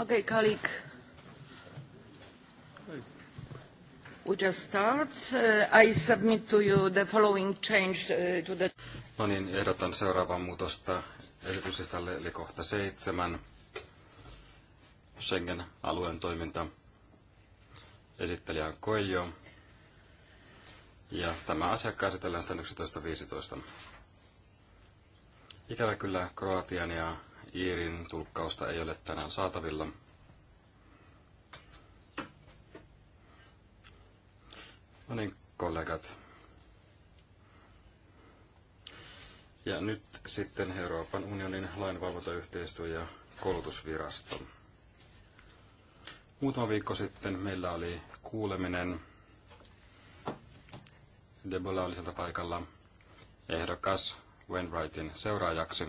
Okay, colleague. We just start. Uh, I submit to you the following change uh, to the... No niin, ehdotan seuraavaa muutosta esityslistalle, eli kohta seitsemän. Schengen-alueen toiminta. Esittelijä on Koijo. Ja tämä asia käsitellään 11.15. Ikävä kyllä Kroatian ja Iirin tulkkausta ei ole tänään saatavilla. No niin, kollegat. Ja nyt sitten Euroopan unionin lainvalvontayhteistyö ja koulutusvirasto. Muutama viikko sitten meillä oli kuuleminen. Debola oli sieltä paikalla ehdokas Wainwrightin seuraajaksi.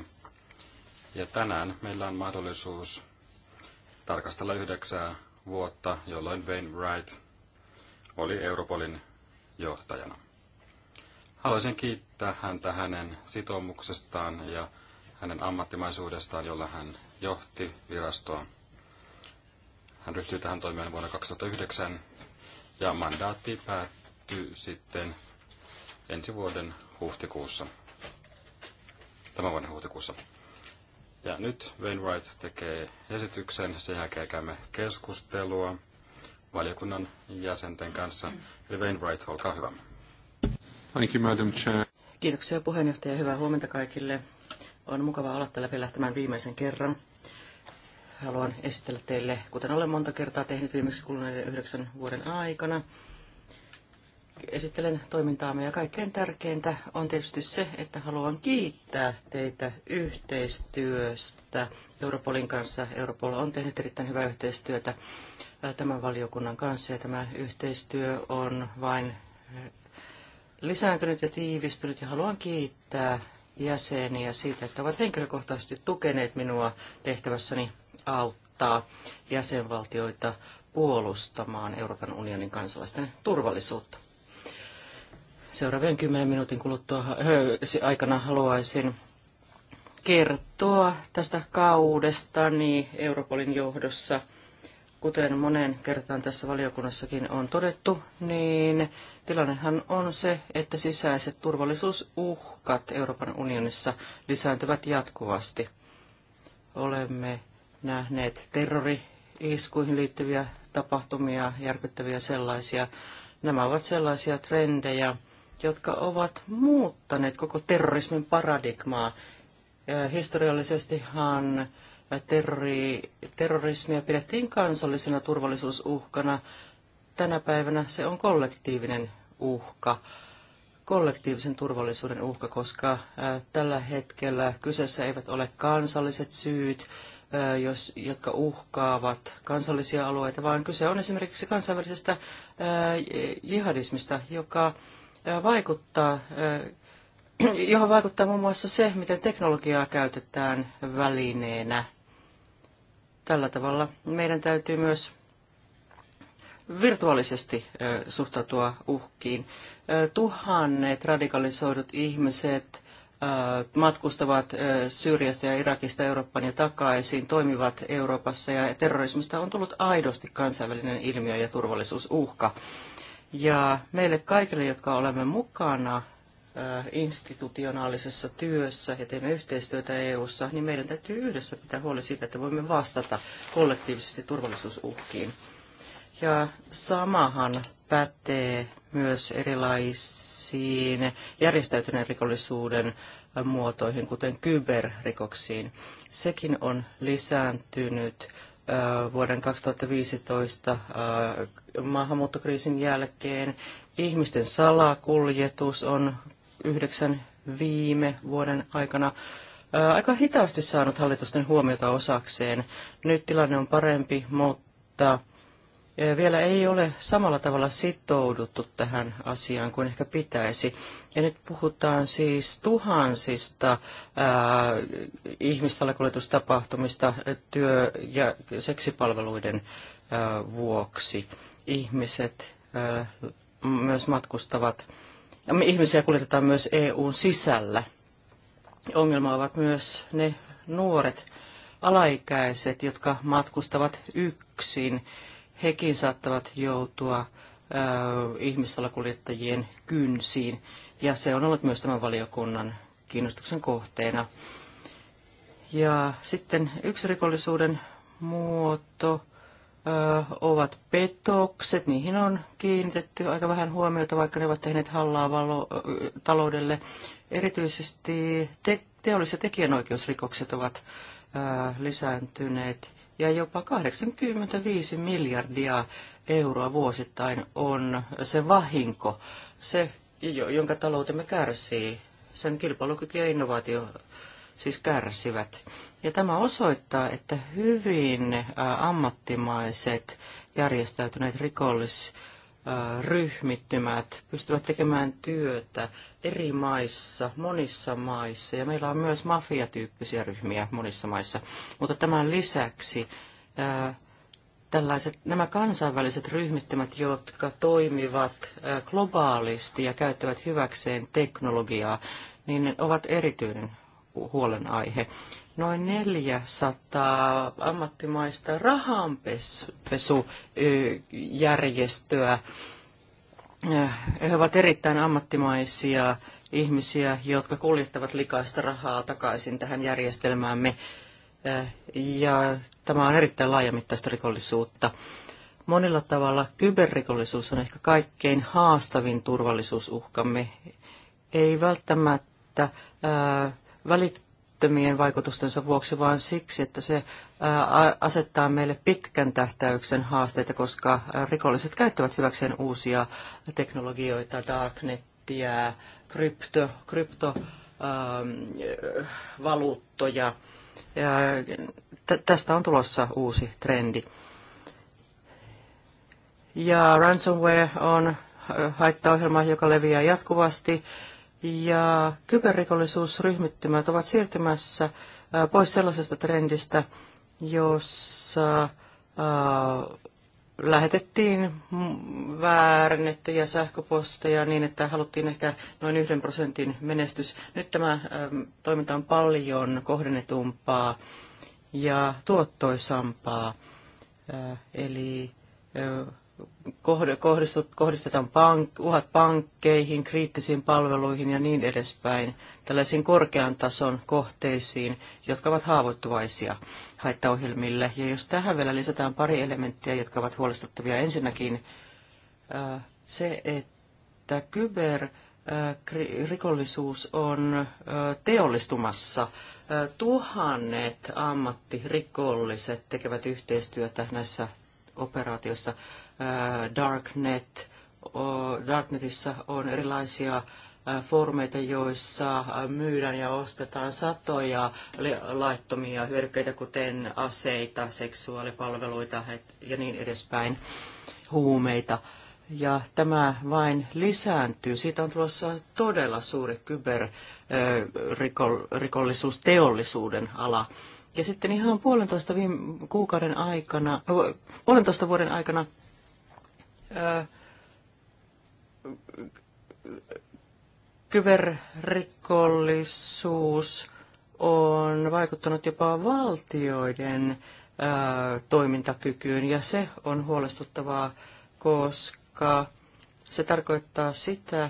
Ja tänään meillä on mahdollisuus tarkastella yhdeksää vuotta, jolloin Wright oli Europolin johtajana. Haluaisin kiittää häntä hänen sitoumuksestaan ja hänen ammattimaisuudestaan, jolla hän johti virastoa. Hän ryhtyi tähän toimeen vuonna 2009 ja mandaatti päättyy sitten ensi vuoden huhtikuussa. Tämän vuoden huhtikuussa. Ja nyt Wainwright tekee esityksen, sen jälkeen käymme keskustelua valiokunnan jäsenten kanssa. Eli Wainwright, olkaa hyvä. Thank you, Madam Chair. Kiitoksia puheenjohtaja, hyvää huomenta kaikille. On mukava olla täällä vielä tämän viimeisen kerran. Haluan esitellä teille, kuten olen monta kertaa tehnyt viimeksi kuluneiden yhdeksän vuoden aikana, esittelen toimintaamme ja kaikkein tärkeintä on tietysti se, että haluan kiittää teitä yhteistyöstä Europolin kanssa. Europol on tehnyt erittäin hyvää yhteistyötä tämän valiokunnan kanssa ja tämä yhteistyö on vain lisääntynyt ja tiivistynyt ja haluan kiittää jäseniä siitä, että ovat henkilökohtaisesti tukeneet minua tehtävässäni auttaa jäsenvaltioita puolustamaan Euroopan unionin kansalaisten turvallisuutta. Seuraavien kymmenen minuutin kuluttua aikana haluaisin kertoa tästä kaudestani Europolin johdossa. Kuten monen kertaan tässä valiokunnassakin on todettu, niin tilannehan on se, että sisäiset turvallisuusuhkat Euroopan unionissa lisääntyvät jatkuvasti. Olemme nähneet terrori-iskuihin liittyviä tapahtumia, järkyttäviä sellaisia. Nämä ovat sellaisia trendejä, jotka ovat muuttaneet koko terrorismin paradigmaa. Historiallisestihan terrori, terrorismia pidettiin kansallisena turvallisuusuhkana. Tänä päivänä se on kollektiivinen uhka, kollektiivisen turvallisuuden uhka, koska tällä hetkellä kyseessä eivät ole kansalliset syyt, jos, jotka uhkaavat kansallisia alueita, vaan kyse on esimerkiksi kansainvälisestä jihadismista, joka vaikuttaa, johon vaikuttaa muun muassa se, miten teknologiaa käytetään välineenä. Tällä tavalla meidän täytyy myös virtuaalisesti suhtautua uhkiin. Tuhannet radikalisoidut ihmiset matkustavat Syyriasta ja Irakista Eurooppaan ja takaisin, toimivat Euroopassa ja terrorismista on tullut aidosti kansainvälinen ilmiö ja turvallisuusuhka. Ja meille kaikille, jotka olemme mukana institutionaalisessa työssä ja teemme yhteistyötä EU-ssa, niin meidän täytyy yhdessä pitää huoli siitä, että voimme vastata kollektiivisesti turvallisuusuhkiin. Ja samahan pätee myös erilaisiin järjestäytyneen rikollisuuden muotoihin, kuten kyberrikoksiin. Sekin on lisääntynyt Äh, vuoden 2015 äh, maahanmuuttokriisin jälkeen. Ihmisten salakuljetus on yhdeksän viime vuoden aikana äh, aika hitaasti saanut hallitusten huomiota osakseen. Nyt tilanne on parempi, mutta vielä ei ole samalla tavalla sitouduttu tähän asiaan kuin ehkä pitäisi. Ja nyt puhutaan siis tuhansista ää, ihmissalakuljetustapahtumista työ- ja seksipalveluiden ää, vuoksi. Ihmiset ää, myös matkustavat, ihmisiä kuljetetaan myös EUn sisällä. Ongelma ovat myös ne nuoret alaikäiset, jotka matkustavat yksin hekin saattavat joutua ihmissalakuljettajien kynsiin. Ja se on ollut myös tämän valiokunnan kiinnostuksen kohteena. Ja sitten yksi rikollisuuden muoto ö, ovat petokset. Niihin on kiinnitetty aika vähän huomiota, vaikka ne ovat tehneet hallaa valo, ö, taloudelle. Erityisesti te, teolliset ja tekijänoikeusrikokset ovat ö, lisääntyneet ja jopa 85 miljardia euroa vuosittain on se vahinko, se, jonka taloutemme kärsii, sen kilpailukyky ja innovaatio siis kärsivät. Ja tämä osoittaa, että hyvin ammattimaiset järjestäytyneet rikollis- ryhmittymät pystyvät tekemään työtä eri maissa, monissa maissa, ja meillä on myös mafiatyyppisiä ryhmiä monissa maissa. Mutta tämän lisäksi tällaiset, nämä kansainväliset ryhmittymät, jotka toimivat globaalisti ja käyttävät hyväkseen teknologiaa, niin ne ovat erityinen huolenaihe noin 400 ammattimaista rahanpesujärjestöä. He ovat erittäin ammattimaisia ihmisiä, jotka kuljettavat likaista rahaa takaisin tähän järjestelmäämme. Ja tämä on erittäin laajamittaista rikollisuutta. Monilla tavalla kyberrikollisuus on ehkä kaikkein haastavin turvallisuusuhkamme. Ei välttämättä ää, välit, välittömien vaikutustensa vuoksi, vaan siksi, että se asettaa meille pitkän tähtäyksen haasteita, koska rikolliset käyttävät hyväkseen uusia teknologioita, darknettiä, krypto, kryptovaluuttoja. Tästä on tulossa uusi trendi. Ja ransomware on haittaohjelma, joka leviää jatkuvasti ja kyberrikollisuusryhmittymät ovat siirtymässä pois sellaisesta trendistä, jossa lähetettiin väärennettyjä sähköposteja niin, että haluttiin ehkä noin yhden prosentin menestys. Nyt tämä toiminta on paljon kohdennetumpaa ja tuottoisampaa. Eli kohdistetaan pank, uhat pankkeihin, kriittisiin palveluihin ja niin edespäin, tällaisiin korkean tason kohteisiin, jotka ovat haavoittuvaisia haittaohjelmille. Ja jos tähän vielä lisätään pari elementtiä, jotka ovat huolestuttavia, ensinnäkin äh, se, että kyberrikollisuus äh, on äh, teollistumassa. Tuhannet ammattirikolliset tekevät yhteistyötä näissä operaatiossa. Darknet. Darknetissa on erilaisia foorumeita, joissa myydään ja ostetaan satoja laittomia hyödykkeitä, kuten aseita, seksuaalipalveluita ja niin edespäin, huumeita. Ja tämä vain lisääntyy. Siitä on tulossa todella suuri kyberrikollisuusteollisuuden ala. Ja sitten ihan puolentoista viime kuukauden aikana, puolentoista vuoden aikana kyberrikollisuus on vaikuttanut jopa valtioiden toimintakykyyn ja se on huolestuttavaa, koska se tarkoittaa sitä,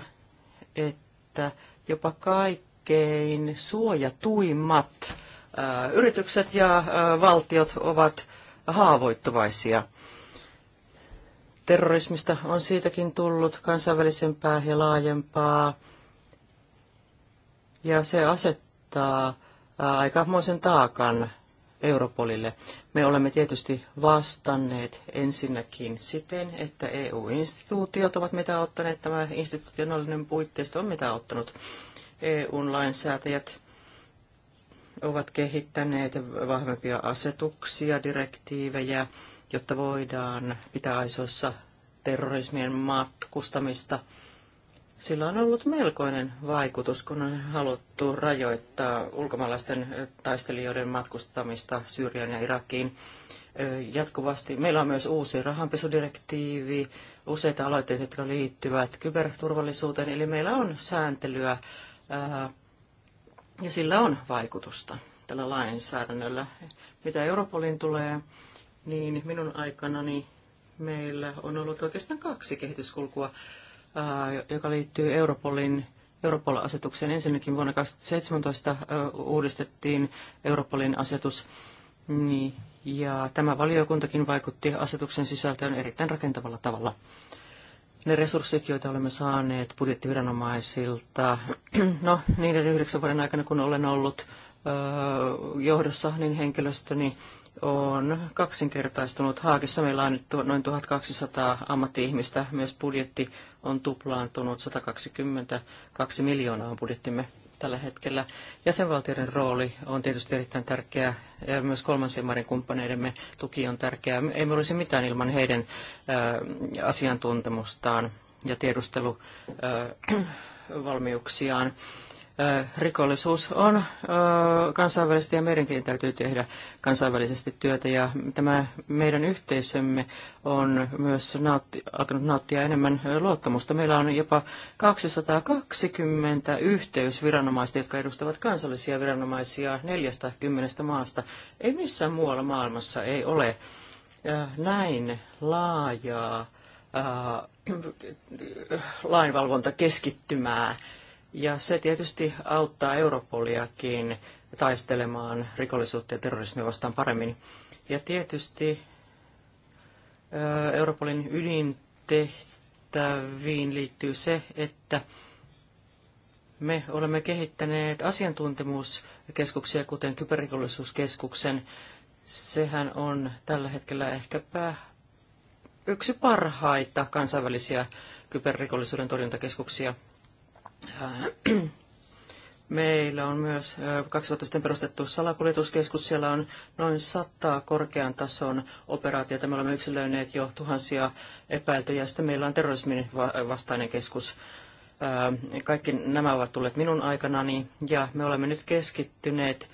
että jopa kaikkein suojatuimmat yritykset ja valtiot ovat haavoittuvaisia terrorismista on siitäkin tullut kansainvälisempää ja laajempaa, ja se asettaa aikamoisen taakan Europolille. Me olemme tietysti vastanneet ensinnäkin siten, että EU-instituutiot ovat mitä ottaneet, tämä institutionaalinen puitteisto on mitä ottanut. EU-lainsäätäjät ovat kehittäneet vahvempia asetuksia, direktiivejä, jotta voidaan pitää aisoissa terrorismien matkustamista. Sillä on ollut melkoinen vaikutus, kun on haluttu rajoittaa ulkomaalaisten taistelijoiden matkustamista Syyrian ja Irakiin jatkuvasti. Meillä on myös uusi rahanpesudirektiivi, useita aloitteita, jotka liittyvät kyberturvallisuuteen, eli meillä on sääntelyä ja sillä on vaikutusta tällä lainsäädännöllä. Mitä Europolin tulee, niin minun aikanani meillä on ollut oikeastaan kaksi kehityskulkua, joka liittyy Europolin Europol-asetukseen. Ensinnäkin vuonna 2017 uudistettiin Europolin asetus, niin ja tämä valiokuntakin vaikutti asetuksen sisältöön erittäin rakentavalla tavalla. Ne resurssit, joita olemme saaneet budjettiviranomaisilta, no niiden yhdeksän vuoden aikana, kun olen ollut johdossa, niin henkilöstöni on kaksinkertaistunut. Haakissa meillä on nyt noin 1200 ammatti-ihmistä. Myös budjetti on tuplaantunut. 122 miljoonaa on budjettimme tällä hetkellä. Jäsenvaltioiden rooli on tietysti erittäin tärkeä. Ja myös kolmansien maiden kumppaneidemme tuki on tärkeää. Ei me olisi mitään ilman heidän asiantuntemustaan ja tiedusteluvalmiuksiaan rikollisuus on kansainvälistä ja meidänkin täytyy tehdä kansainvälisesti työtä. Ja tämä meidän yhteisömme on myös nautti, alkanut nauttia enemmän luottamusta. Meillä on jopa 220 yhteysviranomaista, jotka edustavat kansallisia viranomaisia 40 maasta. Ei missään muualla maailmassa ei ole näin laajaa lainvalvontakeskittymää keskittymää ja se tietysti auttaa Europoliakin taistelemaan rikollisuutta ja terrorismia vastaan paremmin. Ja tietysti Europolin ydintehtäviin liittyy se, että me olemme kehittäneet asiantuntemuskeskuksia, kuten kyberrikollisuuskeskuksen. Sehän on tällä hetkellä ehkäpä yksi parhaita kansainvälisiä kyberrikollisuuden torjuntakeskuksia – Äh, meillä on myös äh, vuotta sitten perustettu salakuljetuskeskus. Siellä on noin sata korkean tason operaatiota. Me olemme yksilöineet jo tuhansia epäiltyjä. Sitten meillä on terrorismin vastainen keskus. Äh, kaikki nämä ovat tulleet minun aikanani ja me olemme nyt keskittyneet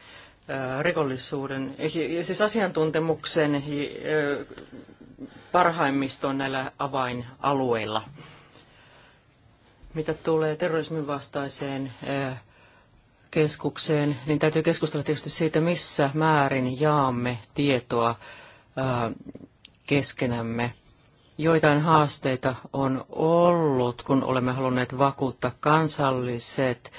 rikollisuuden, siis asiantuntemuksen parhaimmistoon näillä avainalueilla. Mitä tulee terrorismin vastaiseen keskukseen, niin täytyy keskustella tietysti siitä, missä määrin jaamme tietoa keskenämme. Joitain haasteita on ollut, kun olemme halunneet vakuuttaa kansalliset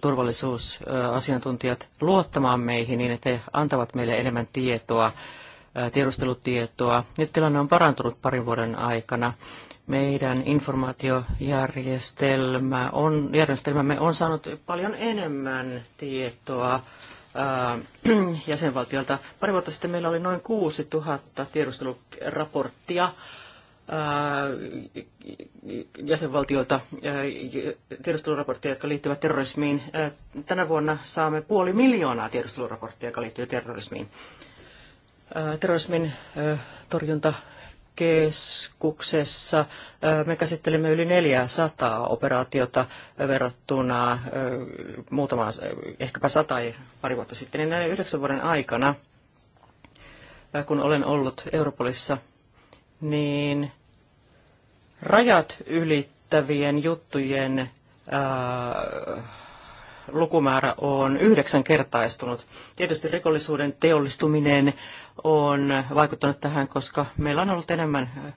turvallisuusasiantuntijat luottamaan meihin niin, että he antavat meille enemmän tietoa, tiedustelutietoa. Nyt tilanne on parantunut parin vuoden aikana meidän informaatiojärjestelmä on, järjestelmämme on saanut paljon enemmän tietoa äh, jäsenvaltiolta. Pari vuotta sitten meillä oli noin 6000 tiedusteluraporttia jäsenvaltioilta äh, jäsenvaltiolta ää, äh, tiedusteluraporttia, jotka liittyvät terrorismiin. Äh, tänä vuonna saamme puoli miljoonaa tiedusteluraporttia, joka liittyy terrorismiin. terrorismin torjunta keskuksessa me käsittelimme yli 400 operaatiota verrattuna muutamaan, ehkäpä sata pari vuotta sitten. Niin näiden yhdeksän vuoden aikana, kun olen ollut Europolissa, niin rajat ylittävien juttujen lukumäärä on yhdeksänkertaistunut. Tietysti rikollisuuden teollistuminen on vaikuttanut tähän, koska meillä on ollut enemmän,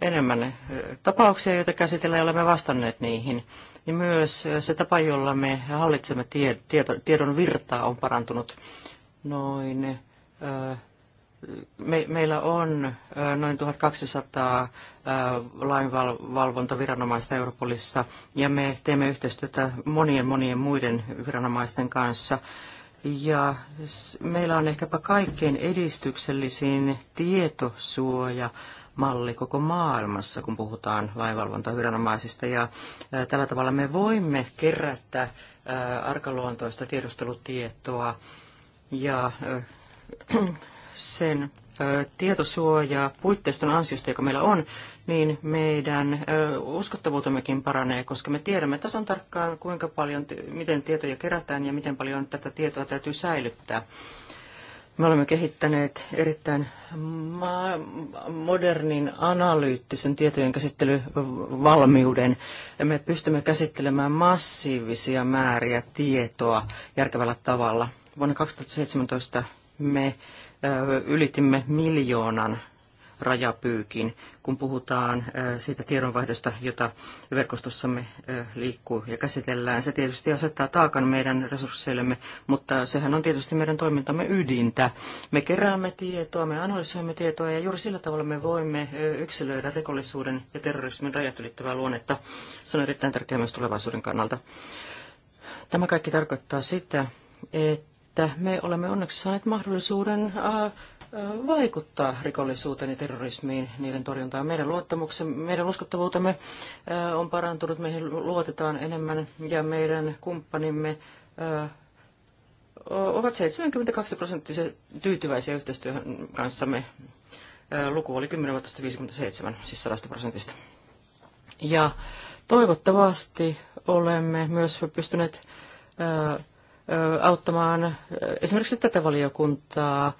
enemmän tapauksia, joita käsitellään ja olemme vastanneet niihin. Ja myös se tapa, jolla me hallitsemme tie, tiedon virtaa, on parantunut noin me, meillä on noin 1200 lainvalvontaviranomaista Europolissa ja me teemme yhteistyötä monien monien muiden viranomaisten kanssa. Ja meillä on ehkäpä kaikkein edistyksellisin tietosuoja malli koko maailmassa, kun puhutaan lainvalvontaviranomaisista. Ja tällä tavalla me voimme kerätä arkaluontoista tiedustelutietoa ja sen tietosuojaa puitteiston ansiosta, joka meillä on, niin meidän uskottavuutemmekin paranee, koska me tiedämme tasan tarkkaan, kuinka paljon, miten tietoja kerätään ja miten paljon tätä tietoa täytyy säilyttää. Me olemme kehittäneet erittäin modernin analyyttisen tietojen käsittelyvalmiuden. Me pystymme käsittelemään massiivisia määriä tietoa järkevällä tavalla. Vuonna 2017 me ylitimme miljoonan rajapyykin, kun puhutaan siitä tiedonvaihdosta, jota verkostossamme liikkuu ja käsitellään. Se tietysti asettaa taakan meidän resursseillemme, mutta sehän on tietysti meidän toimintamme ydintä. Me keräämme tietoa, me analysoimme tietoa ja juuri sillä tavalla me voimme yksilöidä rikollisuuden ja terrorismin rajat ylittävää luonnetta. Se on erittäin tärkeää myös tulevaisuuden kannalta. Tämä kaikki tarkoittaa sitä, että että me olemme onneksi saaneet mahdollisuuden äh, äh, vaikuttaa rikollisuuteen ja terrorismiin, niiden torjuntaan. Meidän, meidän uskottavuutemme äh, on parantunut, meihin luotetaan enemmän ja meidän kumppanimme ovat 72 prosenttisen tyytyväisiä yhteistyöhön kanssamme. Luku oli 10 vuotta 57, siis 100 prosentista. Ja toivottavasti olemme myös pystyneet auttamaan esimerkiksi tätä valiokuntaa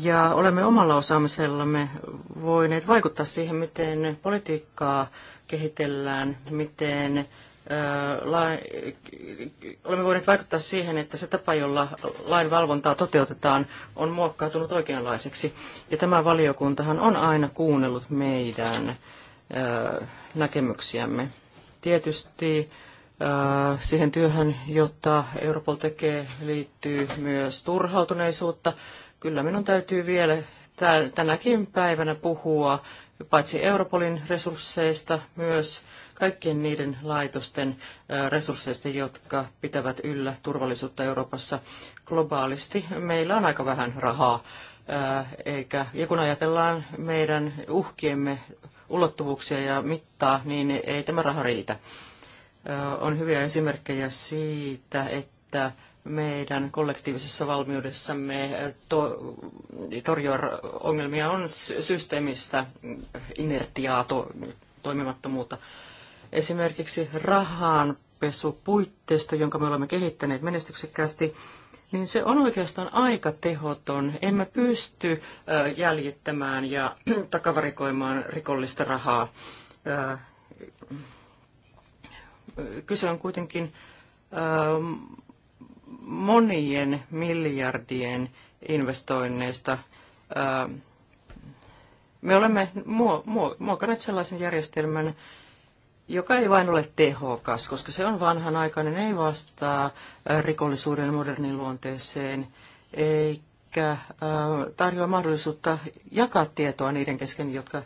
ja olemme omalla osaamisellamme voineet vaikuttaa siihen, miten politiikkaa kehitellään, miten olemme voineet vaikuttaa siihen, että se tapa, jolla lainvalvontaa toteutetaan, on muokkautunut oikeanlaiseksi. Ja tämä valiokuntahan on aina kuunnellut meidän näkemyksiämme. Tietysti Äh, siihen työhön, jota Europol tekee, liittyy myös turhautuneisuutta. Kyllä minun täytyy vielä tänäkin päivänä puhua paitsi Europolin resursseista, myös kaikkien niiden laitosten äh, resursseista, jotka pitävät yllä turvallisuutta Euroopassa globaalisti. Meillä on aika vähän rahaa, äh, eikä, ja kun ajatellaan meidän uhkiemme ulottuvuuksia ja mittaa, niin ei tämä raha riitä on hyviä esimerkkejä siitä, että meidän kollektiivisessa valmiudessamme to, torjua ongelmia on systeemistä inertiaa, to, toimimattomuutta. Esimerkiksi rahanpesupuitteisto, jonka me olemme kehittäneet menestyksekkäästi, niin se on oikeastaan aika tehoton. Emme pysty jäljittämään ja takavarikoimaan rikollista rahaa kyse on kuitenkin ähm, monien miljardien investoinneista. Ähm, me olemme muokanneet sellaisen järjestelmän, joka ei vain ole tehokas, koska se on vanhanaikainen, ei vastaa äh, rikollisuuden modernin luonteeseen, eikä äh, tarjoa mahdollisuutta jakaa tietoa niiden kesken, jotka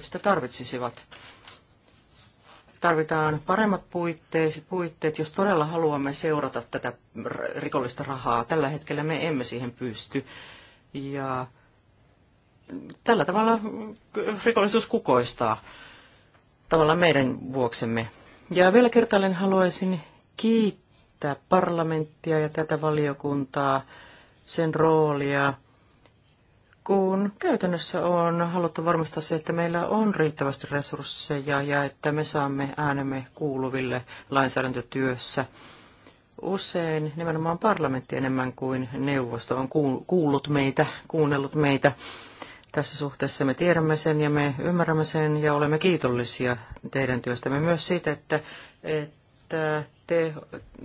sitä tarvitsisivat. Tarvitaan paremmat puitteet, puitteet, jos todella haluamme seurata tätä rikollista rahaa. Tällä hetkellä me emme siihen pysty. Ja tällä tavalla rikollisuus kukoistaa tavallaan meidän vuoksemme. Ja vielä kertaalleen haluaisin kiittää parlamenttia ja tätä valiokuntaa, sen roolia kun käytännössä on haluttu varmistaa se, että meillä on riittävästi resursseja ja että me saamme äänemme kuuluville lainsäädäntötyössä. Usein nimenomaan parlamentti enemmän kuin neuvosto on kuullut meitä, kuunnellut meitä. Tässä suhteessa me tiedämme sen ja me ymmärrämme sen ja olemme kiitollisia teidän työstämme myös siitä, että, että te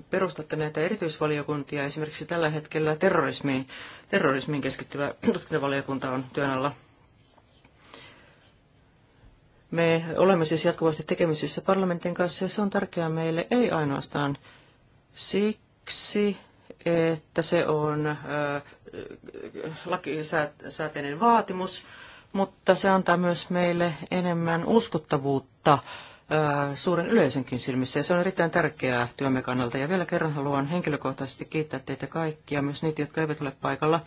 perustatte näitä erityisvaliokuntia, esimerkiksi tällä hetkellä terrorismiin, terrorismiin keskittyvä tutkintavaliokunta on työn alla. Me olemme siis jatkuvasti tekemisissä parlamentin kanssa ja se on tärkeää meille ei ainoastaan siksi, että se on lakisääteinen vaatimus, mutta se antaa myös meille enemmän uskottavuutta Äh, suuren yleisönkin silmissä, ja se on erittäin tärkeää työmme kannalta. Ja vielä kerran haluan henkilökohtaisesti kiittää teitä kaikkia, myös niitä, jotka eivät ole paikalla.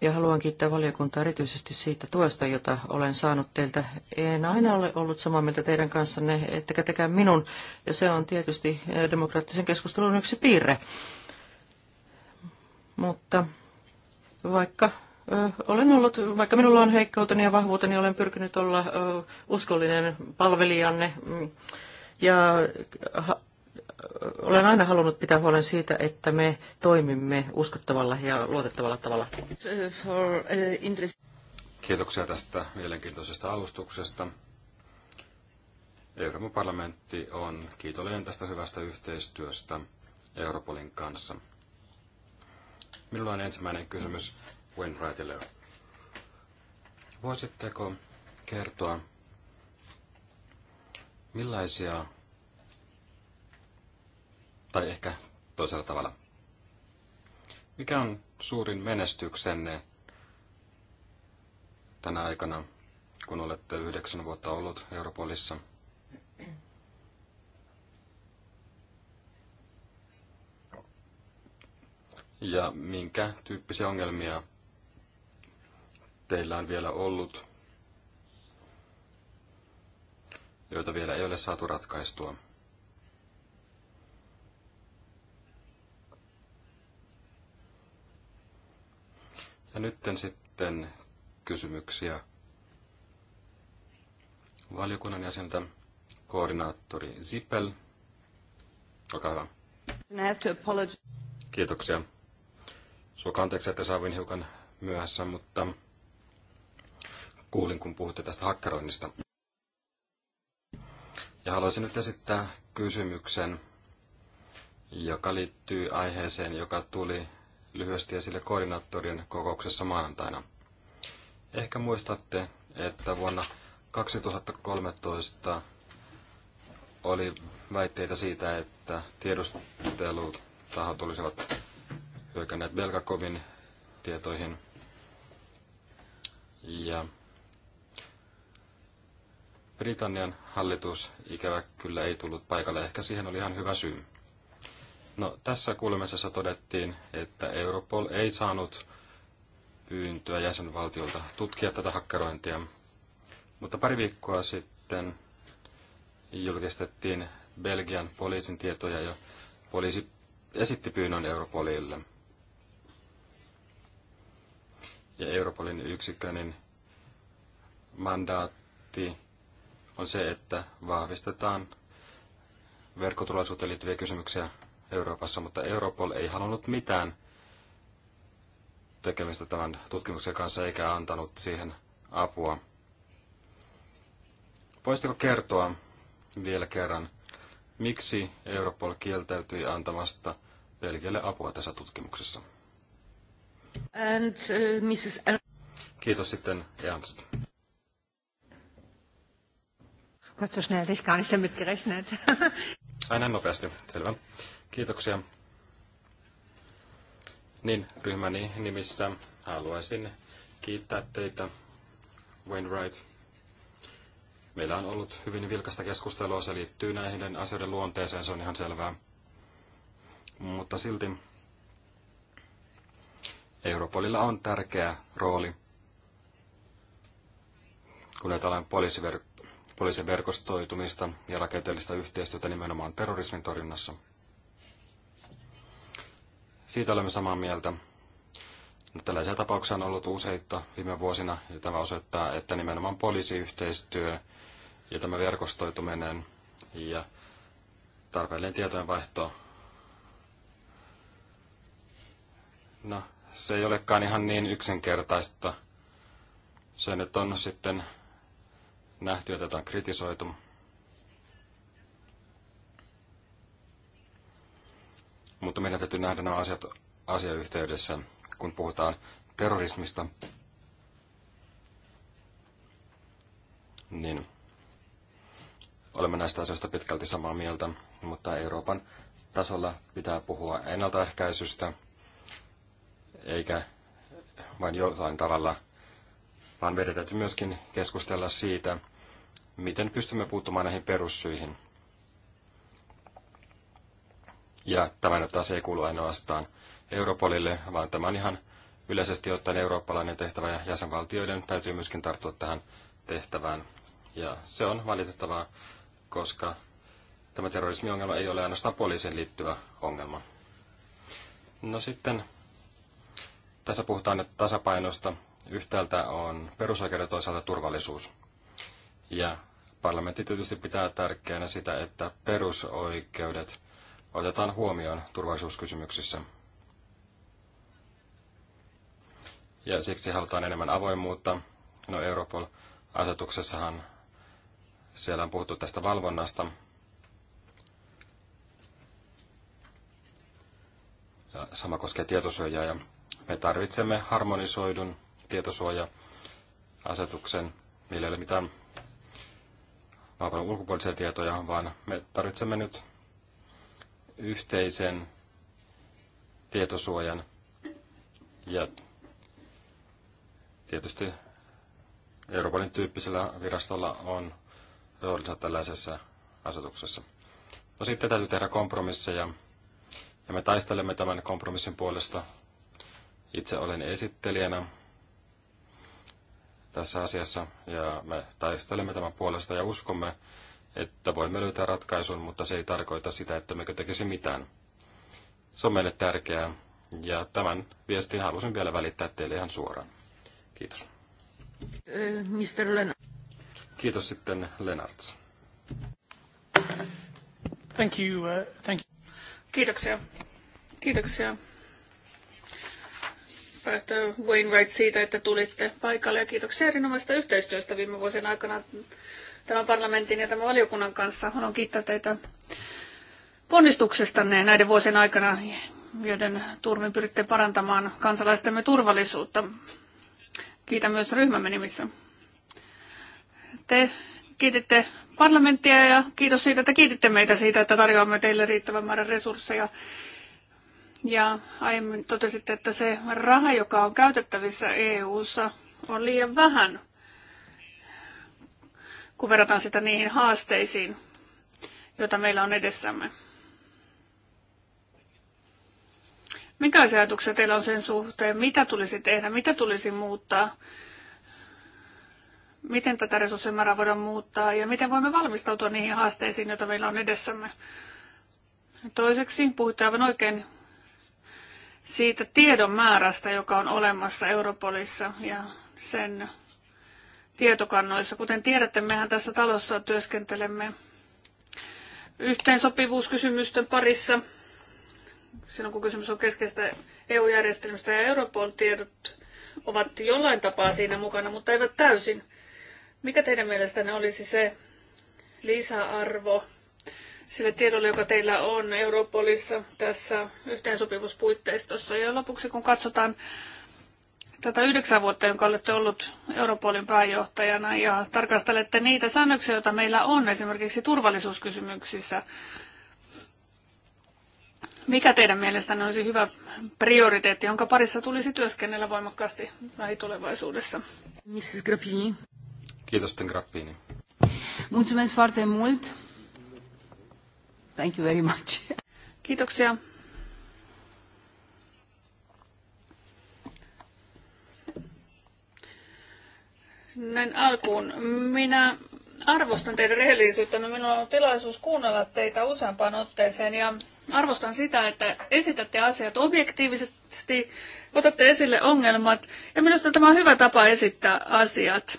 Ja haluan kiittää valiokuntaa erityisesti siitä tuesta, jota olen saanut teiltä. En aina ole ollut samaa mieltä teidän kanssanne, ettekä tekään minun, ja se on tietysti äh, demokraattisen keskustelun yksi piirre. Mutta vaikka olen ollut, vaikka minulla on heikkouteni ja vahvuuteni, olen pyrkinyt olla uskollinen palvelijanne mm. ja olen aina halunnut pitää huolen siitä, että me toimimme uskottavalla ja luotettavalla tavalla. Kiitoksia tästä mielenkiintoisesta alustuksesta. Euroopan parlamentti on kiitollinen tästä hyvästä yhteistyöstä Europolin kanssa. Minulla on ensimmäinen kysymys. Wainwrightille. Voisitteko kertoa, millaisia, tai ehkä toisella tavalla, mikä on suurin menestyksenne tänä aikana, kun olette yhdeksän vuotta ollut Europolissa? Ja minkä tyyppisiä ongelmia teillään vielä ollut, joita vielä ei ole saatu ratkaistua. Ja nyt sitten kysymyksiä valiokunnan jäsentä, koordinaattori Zipel. Olkaa hyvä. Kiitoksia. Suokaa anteeksi, että saavuin hiukan myöhässä, mutta kuulin, kun puhutte tästä hakkeroinnista. Ja haluaisin nyt esittää kysymyksen, joka liittyy aiheeseen, joka tuli lyhyesti esille koordinaattorien kokouksessa maanantaina. Ehkä muistatte, että vuonna 2013 oli väitteitä siitä, että tiedustelutahot olisivat hyökänneet Belgakovin tietoihin. Ja Britannian hallitus ikävä kyllä ei tullut paikalle. Ehkä siihen oli ihan hyvä syy. No, tässä kuulemisessa todettiin, että Europol ei saanut pyyntöä jäsenvaltiolta tutkia tätä hakkerointia. Mutta pari viikkoa sitten julkistettiin Belgian poliisin tietoja ja poliisi esitti pyynnön Europolille. Ja Europolin yksikkönin niin mandaatti on se, että vahvistetaan verkkoturvallisuuteen liittyviä kysymyksiä Euroopassa, mutta Europol ei halunnut mitään tekemistä tämän tutkimuksen kanssa eikä antanut siihen apua. Voisitko kertoa vielä kerran, miksi Europol kieltäytyi antamasta Belgialle apua tässä tutkimuksessa? And, uh, Mrs. Kiitos sitten Ernst. Gott, so schnell ich gar nicht damit gerechnet. nopeasti, selvä. Kiitoksia. Niin, ryhmäni nimissä haluaisin kiittää teitä, Wainwright. Meillä on ollut hyvin vilkasta keskustelua, se liittyy näihin asioiden luonteeseen, se on ihan selvää. Mutta silti Europolilla on tärkeä rooli, kun ajatellaan poliisiverkkoa poliisin verkostoitumista ja rakenteellista yhteistyötä nimenomaan terrorismin torjunnassa. Siitä olemme samaa mieltä. Tällaisia tapauksia on ollut useita viime vuosina, ja tämä osoittaa, että nimenomaan poliisiyhteistyö ja tämä verkostoituminen ja tarpeellinen tietojenvaihto, no, se ei olekaan ihan niin yksinkertaista. Se nyt on sitten nähty ja tätä on kritisoitu. Mutta meidän täytyy nähdä nämä asiat asiayhteydessä, kun puhutaan terrorismista. Niin olemme näistä asioista pitkälti samaa mieltä, mutta Euroopan tasolla pitää puhua ennaltaehkäisystä, eikä vain jollain tavalla, vaan meidän täytyy myöskin keskustella siitä, miten pystymme puuttumaan näihin perussyihin. Ja tämä nyt taas ei kuulu ainoastaan Europolille, vaan tämä on ihan yleisesti ottaen eurooppalainen tehtävä ja jäsenvaltioiden täytyy myöskin tarttua tähän tehtävään. Ja se on valitettavaa, koska tämä terrorismiongelma ei ole ainoastaan poliisin liittyvä ongelma. No sitten tässä puhutaan nyt tasapainosta. Yhtäältä on perusoikeudet, toisaalta turvallisuus. Ja parlamentti tietysti pitää tärkeänä sitä, että perusoikeudet otetaan huomioon turvallisuuskysymyksissä. Ja siksi halutaan enemmän avoimuutta. No Europol-asetuksessahan siellä on puhuttu tästä valvonnasta. Ja sama koskee tietosuojaa ja me tarvitsemme harmonisoidun tietosuoja-asetuksen. millä ei ole mitään maapallon ulkopuolisia tietoja, vaan me tarvitsemme nyt yhteisen tietosuojan ja tietysti Euroopan tyyppisellä virastolla on roolinsa tällaisessa asetuksessa. No sitten täytyy tehdä kompromisseja ja me taistelemme tämän kompromissin puolesta. Itse olen esittelijänä tässä asiassa ja me taistelemme tämän puolesta ja uskomme, että voimme löytää ratkaisun, mutta se ei tarkoita sitä, että mekö tekisi mitään. Se on meille tärkeää ja tämän viestin halusin vielä välittää teille ihan suoraan. Kiitos. Mr. Lennart. Kiitos sitten Lennarts. Thank you, uh, thank you. Kiitoksia. Kiitoksia päättö Wainwright siitä, että tulitte paikalle ja kiitoksia erinomaisesta yhteistyöstä viime vuosien aikana tämän parlamentin ja tämän valiokunnan kanssa. Haluan kiittää teitä ponnistuksestanne näiden vuosien aikana, joiden turvin pyritte parantamaan kansalaistemme turvallisuutta. Kiitän myös ryhmämme nimissä. Te kiititte parlamenttia ja kiitos siitä, että kiititte meitä siitä, että tarjoamme teille riittävän määrän resursseja ja aiemmin totesitte, että se raha, joka on käytettävissä EU:ssa, on liian vähän, kun verrataan sitä niihin haasteisiin, joita meillä on edessämme. Minkälaisia ajatuksia teillä on sen suhteen? Mitä tulisi tehdä? Mitä tulisi muuttaa? Miten tätä määrää voidaan muuttaa ja miten voimme valmistautua niihin haasteisiin, joita meillä on edessämme? Toiseksi, puhuitte aivan oikein siitä tiedon määrästä, joka on olemassa Europolissa ja sen tietokannoissa. Kuten tiedätte, mehän tässä talossa työskentelemme yhteensopivuuskysymysten parissa. Silloin kun kysymys on keskeistä EU-järjestelmistä ja Europol-tiedot ovat jollain tapaa siinä mukana, mutta eivät täysin. Mikä teidän mielestänne olisi se lisäarvo, Sille tiedolle, joka teillä on Europolissa tässä yhteensopivuuspuitteistossa. Ja lopuksi kun katsotaan tätä yhdeksän vuotta, jonka olette ollut Europolin pääjohtajana ja tarkastelette niitä säännöksiä, joita meillä on esimerkiksi turvallisuuskysymyksissä, mikä teidän mielestänne olisi hyvä prioriteetti, jonka parissa tulisi työskennellä voimakkaasti lähitulevaisuudessa? Mrs. Grappini. Kiitos, Grappini. Mulțumesc foarte mult. Thank you very much. Kiitoksia. Näin alkuun. Minä arvostan teidän rehellisyyttä. Minulla on tilaisuus kuunnella teitä useampaan otteeseen ja arvostan sitä, että esitätte asiat objektiivisesti, otatte esille ongelmat ja minusta tämä on hyvä tapa esittää asiat.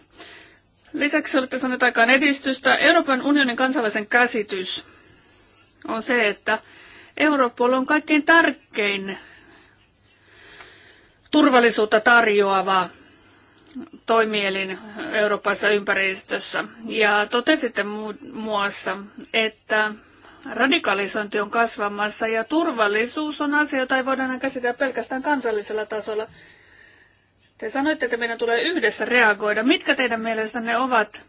Lisäksi olette saaneet aikaan edistystä. Euroopan unionin kansalaisen käsitys on se, että Europol on kaikkein tärkein turvallisuutta tarjoava toimielin Euroopassa ympäristössä. Ja totesitte muassa, että radikalisointi on kasvamassa ja turvallisuus on asia, jota ei voida käsitellä pelkästään kansallisella tasolla. Te sanoitte, että meidän tulee yhdessä reagoida. Mitkä teidän mielestänne ovat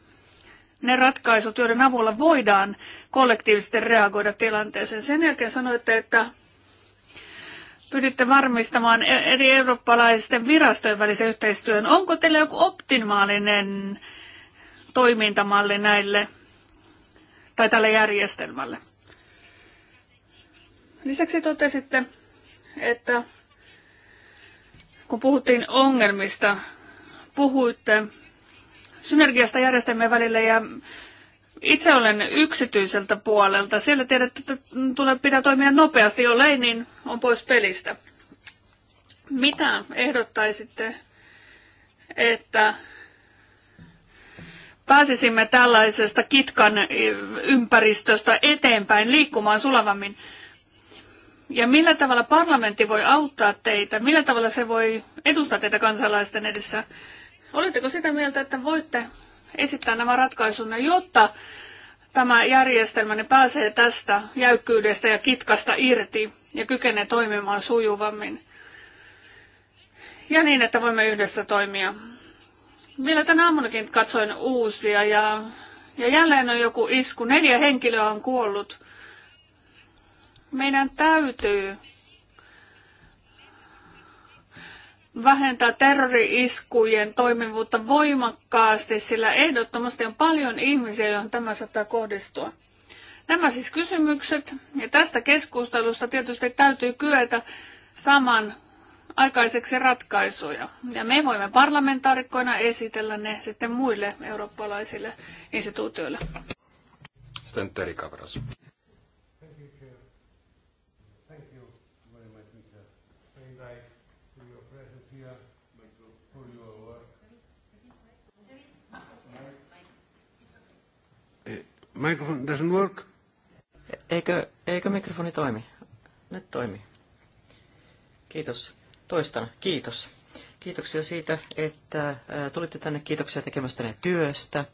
ne ratkaisut, joiden avulla voidaan kollektiivisesti reagoida tilanteeseen. Sen jälkeen sanoitte, että pyritte varmistamaan e- eri eurooppalaisten virastojen välisen yhteistyön. Onko teillä joku optimaalinen toimintamalli näille tai tälle järjestelmälle? Lisäksi totesitte, että kun puhuttiin ongelmista, puhuitte synergiasta järjestelmien välillä ja itse olen yksityiseltä puolelta. Siellä tiedät, että tulee, pitää toimia nopeasti, jollei niin on pois pelistä. Mitä ehdottaisitte, että pääsisimme tällaisesta kitkan ympäristöstä eteenpäin liikkumaan sulavammin? Ja millä tavalla parlamentti voi auttaa teitä? Millä tavalla se voi edustaa teitä kansalaisten edessä? Oletteko sitä mieltä, että voitte esittää nämä ratkaisunne, jotta tämä järjestelmänne pääsee tästä jäykkyydestä ja kitkasta irti ja kykenee toimimaan sujuvammin? Ja niin, että voimme yhdessä toimia. Vielä tänä aamunakin katsoin uusia ja, ja jälleen on joku isku. Neljä henkilöä on kuollut. Meidän täytyy vähentää terrori-iskujen toimivuutta voimakkaasti, sillä ehdottomasti on paljon ihmisiä, joihin tämä saattaa kohdistua. Nämä siis kysymykset, ja tästä keskustelusta tietysti täytyy kyetä saman aikaiseksi ratkaisuja. Ja me voimme parlamentaarikkoina esitellä ne sitten muille eurooppalaisille instituutioille. Sitten Terikavras. Microphone doesn't work. Eikö, eikö mikrofoni toimi? Nyt toimii. Kiitos. Toistan. Kiitos. Kiitoksia siitä, että tulitte tänne. Kiitoksia tekemästänne työstä.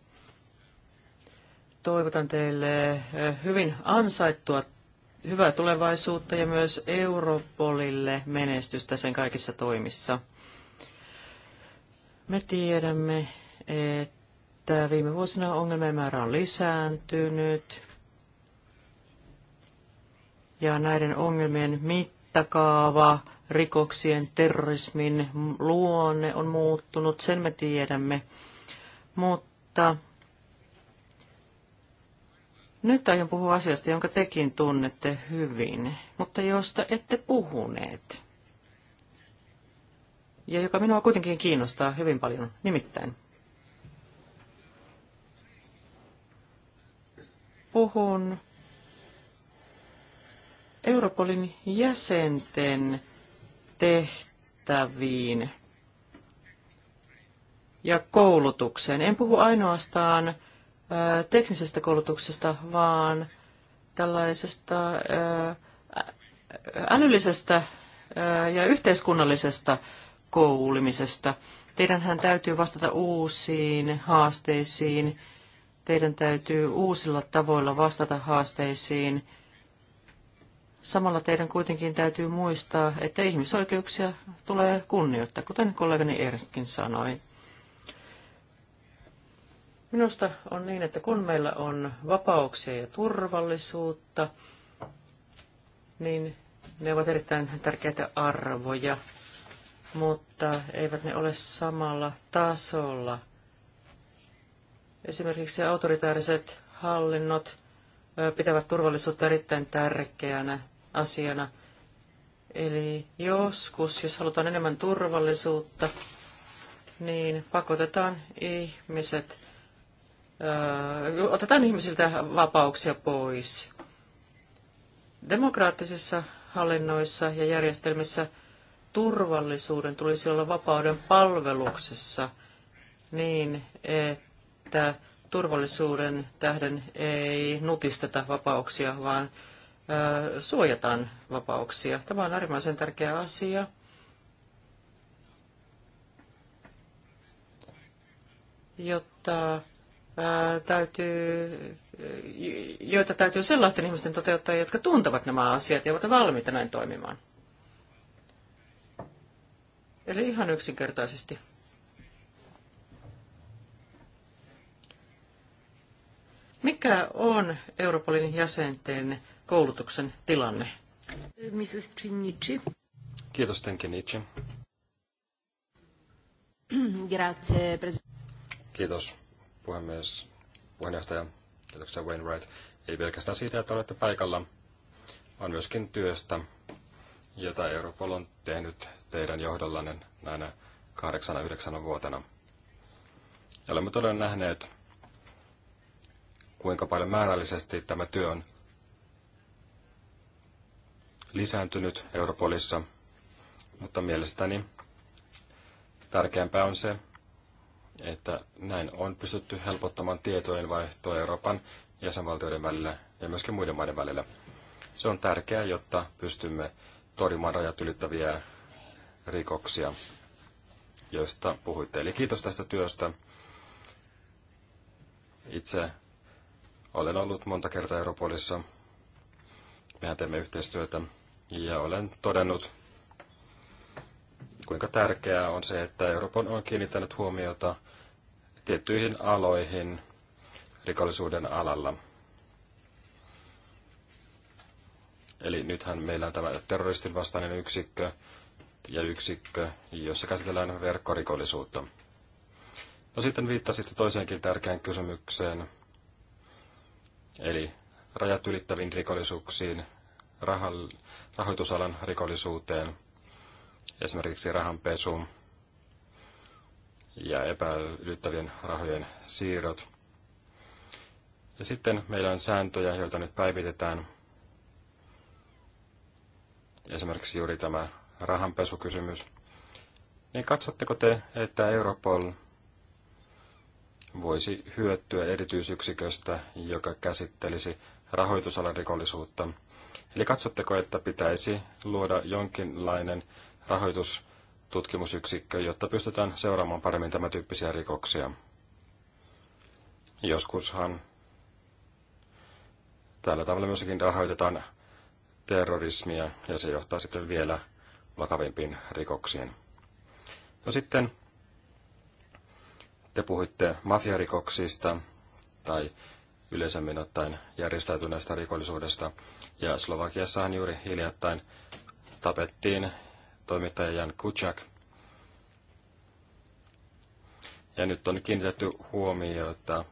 Toivotan teille hyvin ansaittua hyvää tulevaisuutta ja myös Europolille menestystä sen kaikissa toimissa. Me tiedämme, että että viime vuosina ongelmien määrä on lisääntynyt ja näiden ongelmien mittakaava, rikoksien, terrorismin luonne on muuttunut, sen me tiedämme. Mutta nyt aion puhua asiasta, jonka tekin tunnette hyvin, mutta josta ette puhuneet. Ja joka minua kuitenkin kiinnostaa hyvin paljon, nimittäin puhun Europolin jäsenten tehtäviin ja koulutukseen. En puhu ainoastaan teknisestä koulutuksesta, vaan tällaisesta älyllisestä ja yhteiskunnallisesta koulimisesta. Teidänhän täytyy vastata uusiin haasteisiin Teidän täytyy uusilla tavoilla vastata haasteisiin. Samalla teidän kuitenkin täytyy muistaa, että ihmisoikeuksia tulee kunnioittaa, kuten kollegani Erkkin sanoi. Minusta on niin, että kun meillä on vapauksia ja turvallisuutta, niin ne ovat erittäin tärkeitä arvoja, mutta eivät ne ole samalla tasolla Esimerkiksi autoritaariset hallinnot pitävät turvallisuutta erittäin tärkeänä asiana. Eli joskus, jos halutaan enemmän turvallisuutta, niin pakotetaan ihmiset, öö, otetaan ihmisiltä vapauksia pois. Demokraattisissa hallinnoissa ja järjestelmissä turvallisuuden tulisi olla vapauden palveluksessa niin, että että turvallisuuden tähden ei nutisteta vapauksia, vaan suojataan vapauksia. Tämä on äärimmäisen tärkeä asia. jotta ää, täytyy, joita täytyy sellaisten ihmisten toteuttaa, jotka tuntevat nämä asiat ja ovat valmiita näin toimimaan. Eli ihan yksinkertaisesti. Mikä on Europolin jäsenten koulutuksen tilanne? Mrs. Chinnici. Kiitos, Tenkenici. Grazie, Kiitos, puhemies, puheenjohtaja. Kiitoksia Wainwright. Ei pelkästään siitä, että olette paikalla, vaan myöskin työstä, jota Europol on tehnyt teidän johdollanne näinä kahdeksana, yhdeksänä vuotena. Ja olemme todella nähneet, kuinka paljon määrällisesti tämä työ on lisääntynyt Europolissa, mutta mielestäni tärkeämpää on se, että näin on pystytty helpottamaan tietojen vaihtoa Euroopan jäsenvaltioiden välillä ja myöskin muiden maiden välillä. Se on tärkeää, jotta pystymme torjumaan rajat ylittäviä rikoksia, joista puhuitte. Eli kiitos tästä työstä. Itse olen ollut monta kertaa Europolissa. Mehän teemme yhteistyötä ja olen todennut, kuinka tärkeää on se, että Euroopan on kiinnittänyt huomiota tiettyihin aloihin rikollisuuden alalla. Eli nythän meillä on tämä terroristin vastainen yksikkö ja yksikkö, jossa käsitellään verkkorikollisuutta. No sitten viittasitte toiseenkin tärkeään kysymykseen, eli rajat ylittäviin rikollisuuksiin, rahan, rahoitusalan rikollisuuteen, esimerkiksi rahanpesuun ja epäilyttävien rahojen siirrot. Ja sitten meillä on sääntöjä, joita nyt päivitetään. Esimerkiksi juuri tämä rahanpesukysymys. Niin katsotteko te, että Europol – voisi hyötyä erityisyksiköstä, joka käsittelisi rahoitusalan rikollisuutta. Eli katsotteko, että pitäisi luoda jonkinlainen rahoitustutkimusyksikkö, jotta pystytään seuraamaan paremmin tämän tyyppisiä rikoksia? Joskushan tällä tavalla myöskin rahoitetaan terrorismia ja se johtaa sitten vielä vakavimpiin rikoksiin. No sitten te puhuitte mafiarikoksista tai yleisemmin ottaen järjestäytyneestä rikollisuudesta. Ja Slovakiassahan juuri hiljattain tapettiin toimittaja Jan Kuchak. Ja nyt on kiinnitetty huomiota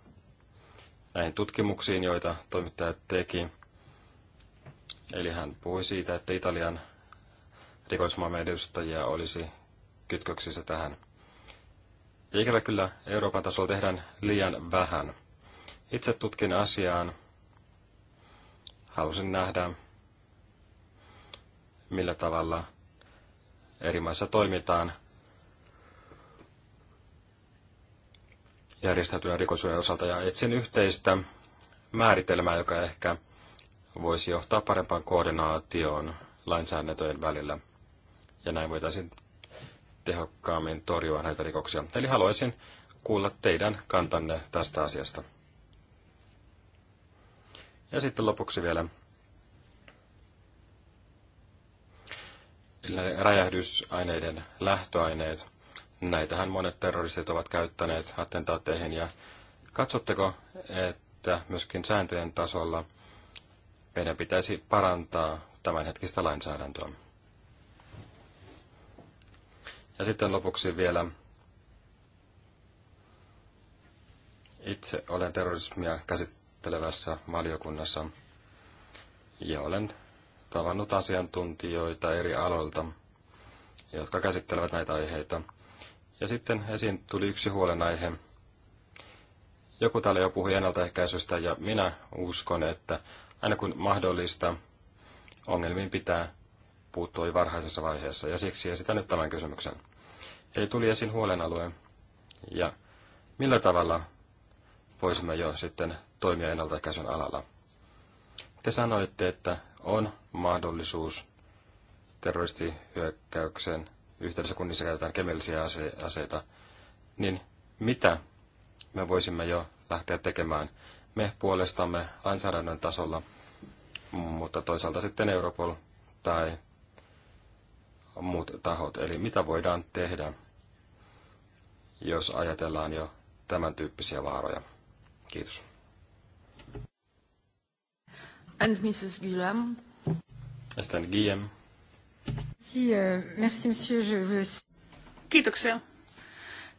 näihin tutkimuksiin, joita toimittaja teki. Eli hän puhui siitä, että Italian rikollismaamme edustajia olisi kytköksissä tähän. Ja ikävä kyllä Euroopan tasolla tehdään liian vähän. Itse tutkin asiaan. Halusin nähdä, millä tavalla eri maissa toimitaan järjestäytyneen rikollisuuden osalta ja etsin yhteistä määritelmää, joka ehkä voisi johtaa parempaan koordinaatioon lainsäädäntöjen välillä. Ja näin voitaisiin tehokkaammin torjua näitä rikoksia. Eli haluaisin kuulla teidän kantanne tästä asiasta. Ja sitten lopuksi vielä räjähdysaineiden lähtöaineet. Näitähän monet terroristit ovat käyttäneet attentaatteihin ja katsotteko, että myöskin sääntöjen tasolla meidän pitäisi parantaa tämänhetkistä lainsäädäntöä? Ja sitten lopuksi vielä itse olen terrorismia käsittelevässä valiokunnassa ja olen tavannut asiantuntijoita eri aloilta, jotka käsittelevät näitä aiheita. Ja sitten esiin tuli yksi huolenaihe. Joku täällä jo puhui ennaltaehkäisystä ja minä uskon, että aina kun mahdollista, ongelmiin pitää puuttua jo varhaisessa vaiheessa, ja siksi esitän nyt tämän kysymyksen. Eli tuli esiin huolenalue, ja millä tavalla voisimme jo sitten toimia ennaltaikäisen alalla? Te sanoitte, että on mahdollisuus terroristihyökkäyksen yhteydessä, kun niissä käytetään kemiallisia ase- aseita, niin mitä me voisimme jo lähteä tekemään me puolestamme lainsäädännön tasolla, mutta toisaalta sitten Europol tai muut tahot. Eli mitä voidaan tehdä, jos ajatellaan jo tämän tyyppisiä vaaroja? Kiitos. And Mrs. Guillem. sitten Guillem. Merci, uh, merci, monsieur. Je veux... Kiitoksia.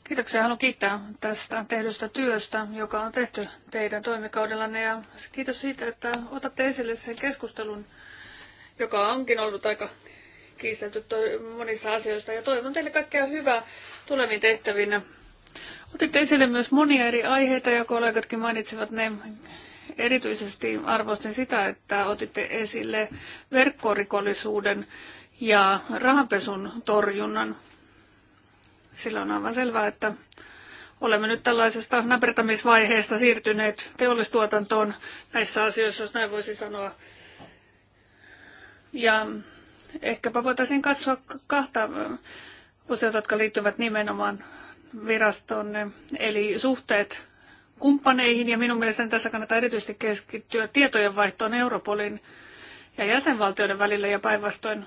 Kiitoksia. Haluan kiittää tästä tehdystä työstä, joka on tehty teidän toimikaudellanne. Ja kiitos siitä, että otatte esille sen keskustelun, joka onkin ollut aika kiistelty monissa asioista ja toivon teille kaikkea hyvää tuleviin tehtäviin. Otitte esille myös monia eri aiheita ja kollegatkin mainitsivat ne. Erityisesti arvostin sitä, että otitte esille verkkorikollisuuden ja rahanpesun torjunnan. Sillä on aivan selvää, että olemme nyt tällaisesta näpertämisvaiheesta siirtyneet teollistuotantoon näissä asioissa, jos näin voisi sanoa. Ja Ehkäpä voitaisiin katsoa kahta osiota, jotka liittyvät nimenomaan viraston eli suhteet kumppaneihin, ja minun mielestäni tässä kannattaa erityisesti keskittyä tietojen vaihtoon Europolin ja jäsenvaltioiden välillä ja päinvastoin.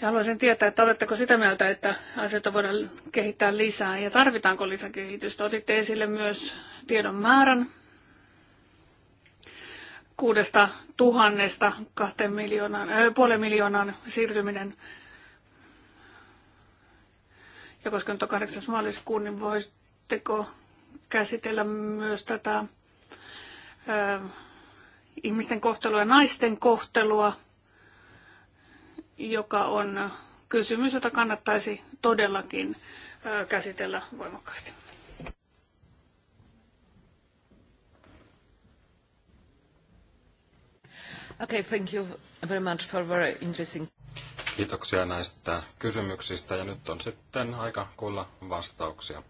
Ja haluaisin tietää, että oletteko sitä mieltä, että asioita voidaan kehittää lisää ja tarvitaanko lisäkehitystä. Otitte esille myös tiedon määrän kuudesta tuhannesta kahteen miljoonaan, äh, puolen miljoonaan siirtyminen. Ja koska nyt on 8. maaliskuun, niin voisitteko käsitellä myös tätä äh, ihmisten kohtelua ja naisten kohtelua, joka on kysymys, jota kannattaisi todellakin äh, käsitellä voimakkaasti. Okay, thank you very much for very interesting. Kiitoksia näistä kysymyksistä ja nyt on sitten aika kuulla vastauksia.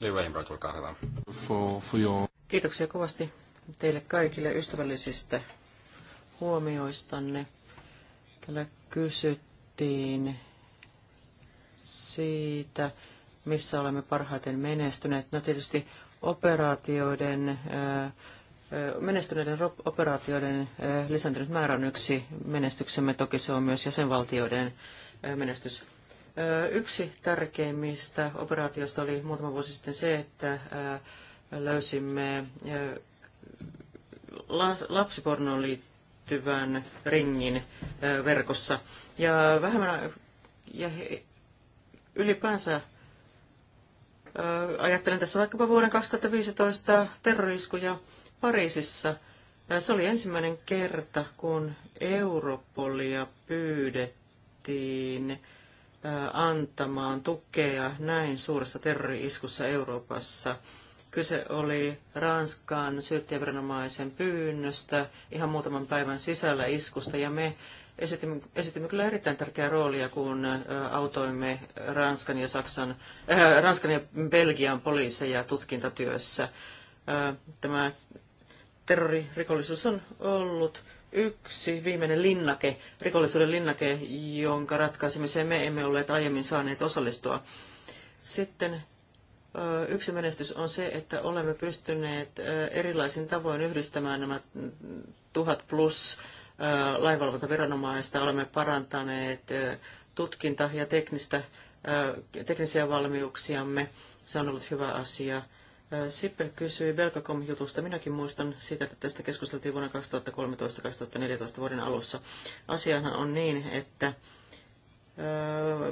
Lee Wainwright, olkaa hyvä. For, for your... Kiitoksia kovasti teille kaikille ystävällisistä huomioistanne. Täällä kysyttiin siitä, missä olemme parhaiten menestyneet. No tietysti operaatioiden Menestyneiden operaatioiden lisääntynyt määrä on yksi menestyksemme, toki se on myös jäsenvaltioiden menestys. Yksi tärkeimmistä operaatioista oli muutama vuosi sitten se, että löysimme lapsipornoon liittyvän ringin verkossa. Ja vähemmän ja ylipäänsä ajattelen tässä vaikkapa vuoden 2015 terroriskuja Pariisissa. Se oli ensimmäinen kerta, kun Europolia pyydettiin antamaan tukea näin suuressa terrori-iskussa Euroopassa. Kyse oli Ranskan syyttäjäviranomaisen pyynnöstä ihan muutaman päivän sisällä iskusta, ja me esitimme, esitimme kyllä erittäin tärkeää roolia, kun autoimme Ranskan ja, Saksan, äh, Ranskan ja Belgian poliiseja tutkintatyössä. Äh, tämä terroririkollisuus on ollut yksi viimeinen linnake, rikollisuuden linnake, jonka ratkaisemiseen me emme olleet aiemmin saaneet osallistua. Sitten yksi menestys on se, että olemme pystyneet erilaisin tavoin yhdistämään nämä tuhat plus laivalvontaviranomaista. Olemme parantaneet tutkinta- ja teknistä, teknisiä valmiuksiamme. Se on ollut hyvä asia. Sippe kysyi Belgacom-jutusta. Minäkin muistan sitä, että tästä keskusteltiin vuonna 2013-2014 vuoden alussa. Asiahan on niin, että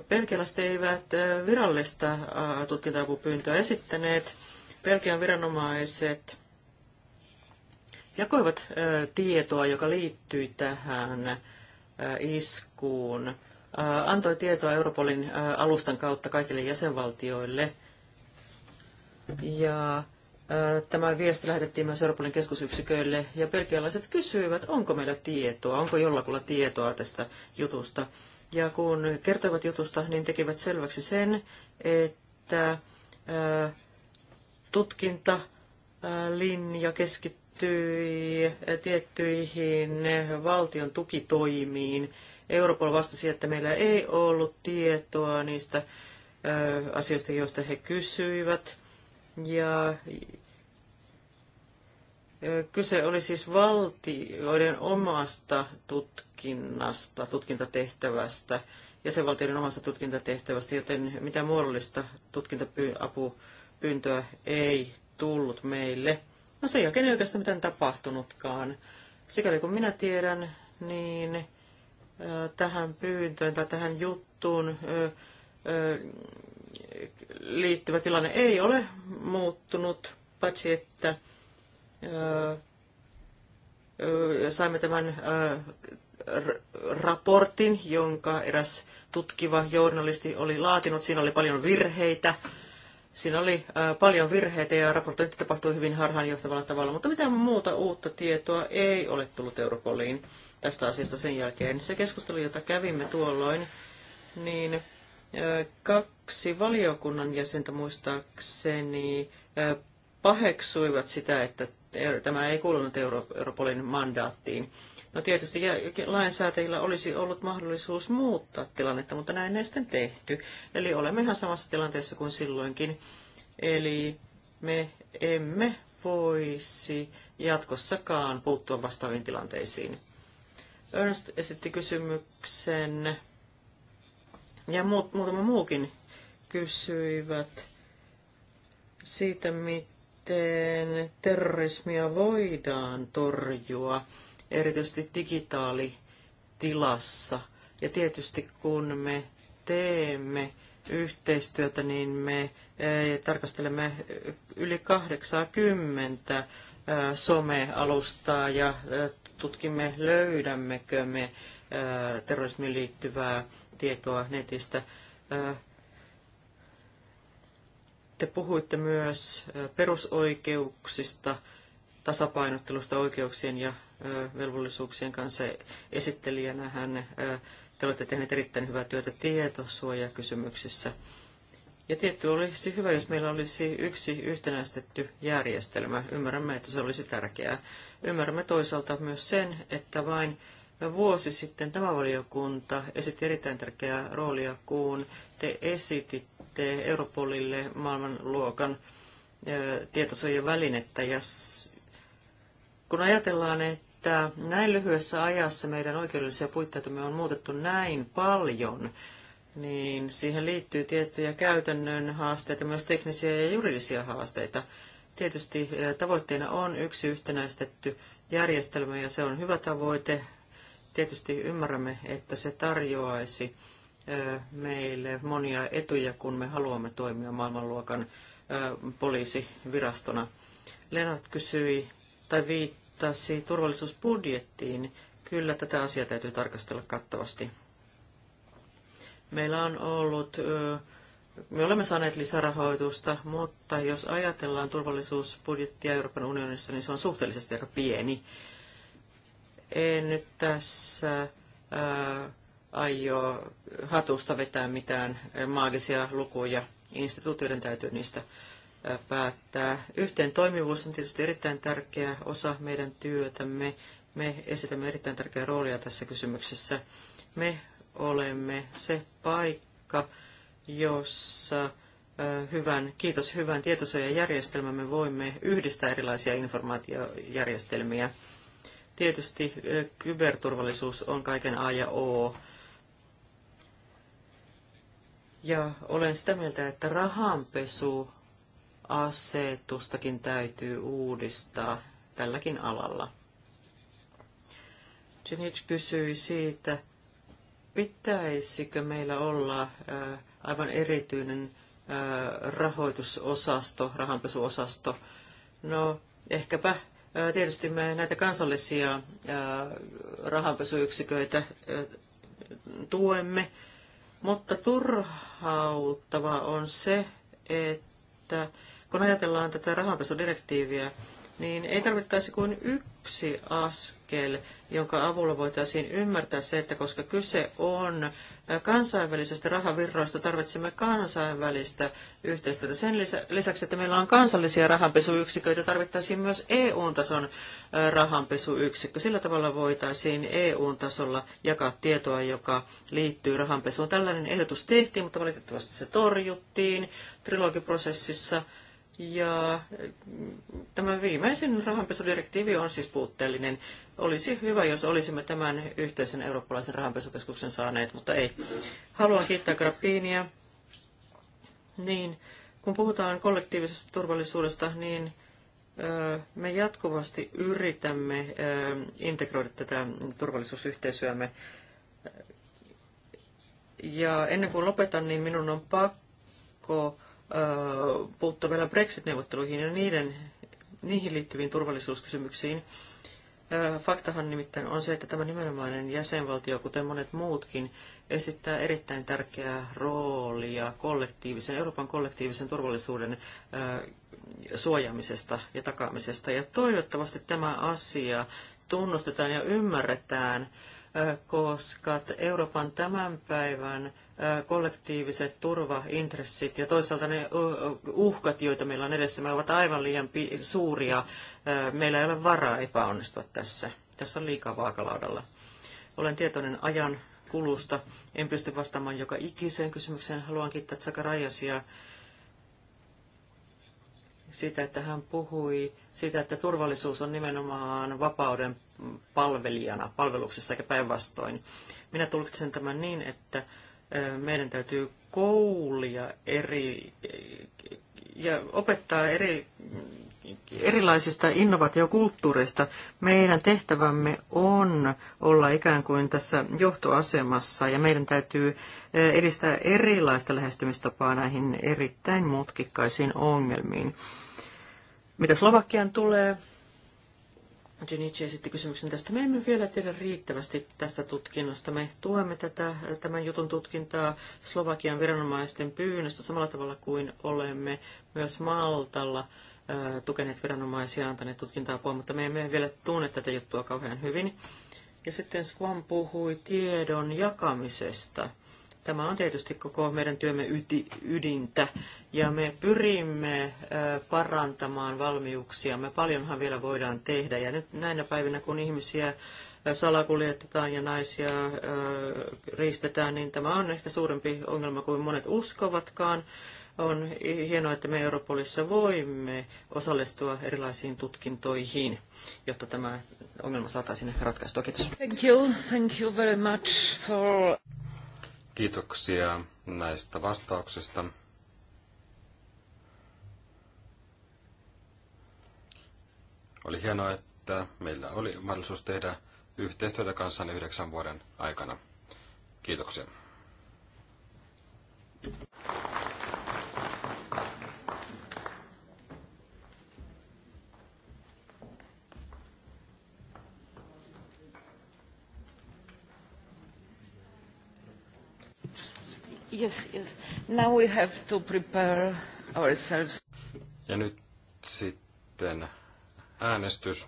belgialaiset eivät virallista tutkinta-apupyyntöä esittäneet. Belgian viranomaiset jakoivat tietoa, joka liittyi tähän iskuun. Antoi tietoa Europolin alustan kautta kaikille jäsenvaltioille – ja Tämä viesti lähetettiin myös Euroopan keskusyksiköille ja pelkialaiset kysyivät, onko meillä tietoa, onko jollakulla tietoa tästä jutusta. Ja kun kertoivat jutusta, niin tekivät selväksi sen, että tutkintalinja keskittyi tiettyihin valtion tukitoimiin. Europol vastasi, että meillä ei ollut tietoa niistä asioista, joista he kysyivät ja kyse oli siis valtioiden omasta tutkinnasta, tutkintatehtävästä, jäsenvaltioiden omasta tutkintatehtävästä, joten mitään muodollista tutkintapyyntöä ei tullut meille. No sen jälkeen ei oikeastaan mitään tapahtunutkaan. Sikäli kun minä tiedän, niin tähän pyyntöön tai tähän juttuun liittyvä tilanne ei ole muuttunut, paitsi että saimme tämän raportin, jonka eräs tutkiva journalisti oli laatinut. Siinä oli paljon virheitä. Siinä oli paljon virheitä ja raportointi tapahtui hyvin harhaanjohtavalla tavalla, mutta mitään muuta uutta tietoa ei ole tullut Europoliin tästä asiasta sen jälkeen. Se keskustelu, jota kävimme tuolloin, niin Kaksi valiokunnan jäsentä muistaakseni paheksuivat sitä, että e- tämä ei kuulunut Europolin mandaattiin. No tietysti lainsäätäjillä olisi ollut mahdollisuus muuttaa tilannetta, mutta näin ei sitten tehty. Eli olemme ihan samassa tilanteessa kuin silloinkin. Eli me emme voisi jatkossakaan puuttua vastaaviin tilanteisiin. Ernst esitti kysymyksen ja muut, muutama muukin kysyivät siitä, miten terrorismia voidaan torjua, erityisesti digitaalitilassa. Ja tietysti kun me teemme yhteistyötä, niin me eh, tarkastelemme yli 80 eh, somealustaa ja eh, tutkimme löydämmekö me terrorismiin liittyvää tietoa netistä. Te puhuitte myös perusoikeuksista, tasapainottelusta oikeuksien ja velvollisuuksien kanssa esittelijänähän. Te olette tehneet erittäin hyvää työtä tietosuojakysymyksissä. Ja tietty olisi hyvä, jos meillä olisi yksi yhtenäistetty järjestelmä. Ymmärrämme, että se olisi tärkeää. Ymmärrämme toisaalta myös sen, että vain Vuosi sitten tämä valiokunta esitti erittäin tärkeää roolia, kun te esititte Europolille maailmanluokan tietosuojan välinettä. Ja kun ajatellaan, että näin lyhyessä ajassa meidän oikeudellisia puitteitamme on muutettu näin paljon, niin siihen liittyy tiettyjä käytännön haasteita, myös teknisiä ja juridisia haasteita. Tietysti tavoitteena on yksi yhtenäistetty järjestelmä ja se on hyvä tavoite. Tietysti ymmärrämme, että se tarjoaisi meille monia etuja, kun me haluamme toimia maailmanluokan poliisivirastona. Lennart kysyi tai viittasi turvallisuusbudjettiin. Kyllä tätä asiaa täytyy tarkastella kattavasti. Meillä on ollut, me olemme saaneet lisärahoitusta, mutta jos ajatellaan turvallisuusbudjettia Euroopan unionissa, niin se on suhteellisesti aika pieni. En nyt tässä ää, aio hatusta vetää mitään maagisia lukuja. Instituutioiden täytyy niistä päättää. Yhteen toimivuus on tietysti erittäin tärkeä osa meidän työtämme. Me esitämme erittäin tärkeää roolia tässä kysymyksessä. Me olemme se paikka, jossa hyvän, kiitos hyvän tietosuojajärjestelmän me voimme yhdistää erilaisia informaatiojärjestelmiä – Tietysti kyberturvallisuus on kaiken A ja O. Ja olen sitä mieltä, että rahanpesu asetustakin täytyy uudistaa tälläkin alalla. Jenich kysyi siitä, pitäisikö meillä olla aivan erityinen rahoitusosasto, rahanpesuosasto. No, ehkäpä Tietysti me näitä kansallisia rahanpesuyksiköitä tuemme, mutta turhauttava on se, että kun ajatellaan tätä rahanpesudirektiiviä, niin ei tarvittaisi kuin yksi askel, jonka avulla voitaisiin ymmärtää se, että koska kyse on kansainvälisestä rahavirroista, tarvitsemme kansainvälistä yhteistyötä. Sen lisäksi, että meillä on kansallisia rahanpesuyksiköitä, tarvittaisiin myös EU-tason rahanpesuyksikkö. Sillä tavalla voitaisiin EU-tasolla jakaa tietoa, joka liittyy rahanpesuun. Tällainen ehdotus tehtiin, mutta valitettavasti se torjuttiin trilogiprosessissa ja tämä viimeisin rahanpesudirektiivi on siis puutteellinen. Olisi hyvä, jos olisimme tämän yhteisen eurooppalaisen rahanpesukeskuksen saaneet, mutta ei. Haluan kiittää Grappiinia. Niin, kun puhutaan kollektiivisesta turvallisuudesta, niin me jatkuvasti yritämme integroida tätä turvallisuusyhteisöämme. Ja ennen kuin lopetan, niin minun on pakko puuttua vielä Brexit-neuvotteluihin ja niiden, niihin liittyviin turvallisuuskysymyksiin. Faktahan nimittäin on se, että tämä nimenomainen jäsenvaltio, kuten monet muutkin, esittää erittäin tärkeää roolia kollektiivisen, Euroopan kollektiivisen turvallisuuden suojaamisesta ja takaamisesta. Ja toivottavasti tämä asia tunnustetaan ja ymmärretään, koska Euroopan tämän päivän kollektiiviset turvaintressit ja toisaalta ne uhkat, joita meillä on edessämme, ovat aivan liian suuria. Meillä ei ole varaa epäonnistua tässä. Tässä on liikaa vaakalaudalla. Olen tietoinen ajan kulusta. En pysty vastaamaan joka ikiseen kysymykseen. Haluan kiittää Tsakarajasia siitä, että hän puhui siitä, että turvallisuus on nimenomaan vapauden palvelijana palveluksessa eikä päinvastoin. Minä tulkitsen tämän niin, että meidän täytyy koulia eri ja opettaa eri, erilaisista innovaatiokulttuureista. Meidän tehtävämme on olla ikään kuin tässä johtoasemassa ja meidän täytyy edistää erilaista lähestymistapaa näihin erittäin mutkikkaisiin ongelmiin. Mitä Slovakian tulee, Junichi esitti kysymyksen tästä. Me emme vielä tiedä riittävästi tästä tutkinnasta. Me tuemme tätä, tämän jutun tutkintaa Slovakian viranomaisten pyynnöstä samalla tavalla kuin olemme myös Maltalla tukeneet viranomaisia antaneet tutkintaa apua mutta me emme vielä tunne tätä juttua kauhean hyvin. Ja sitten Squam puhui tiedon jakamisesta – Tämä on tietysti koko meidän työmme ydintä ja me pyrimme parantamaan valmiuksia. Me paljonhan vielä voidaan tehdä ja nyt näinä päivinä, kun ihmisiä salakuljetetaan ja naisia riistetään, niin tämä on ehkä suurempi ongelma kuin monet uskovatkaan. On hienoa, että me Europolissa voimme osallistua erilaisiin tutkintoihin, jotta tämä ongelma saataisiin ehkä ratkaistua. Kiitos. Thank you. Thank you very much for... Kiitoksia näistä vastauksista. Oli hienoa, että meillä oli mahdollisuus tehdä yhteistyötä kanssani yhdeksän vuoden aikana. Kiitoksia. Yes, yes. Now we have to prepare ourselves. Ja nyt sitten äänestys.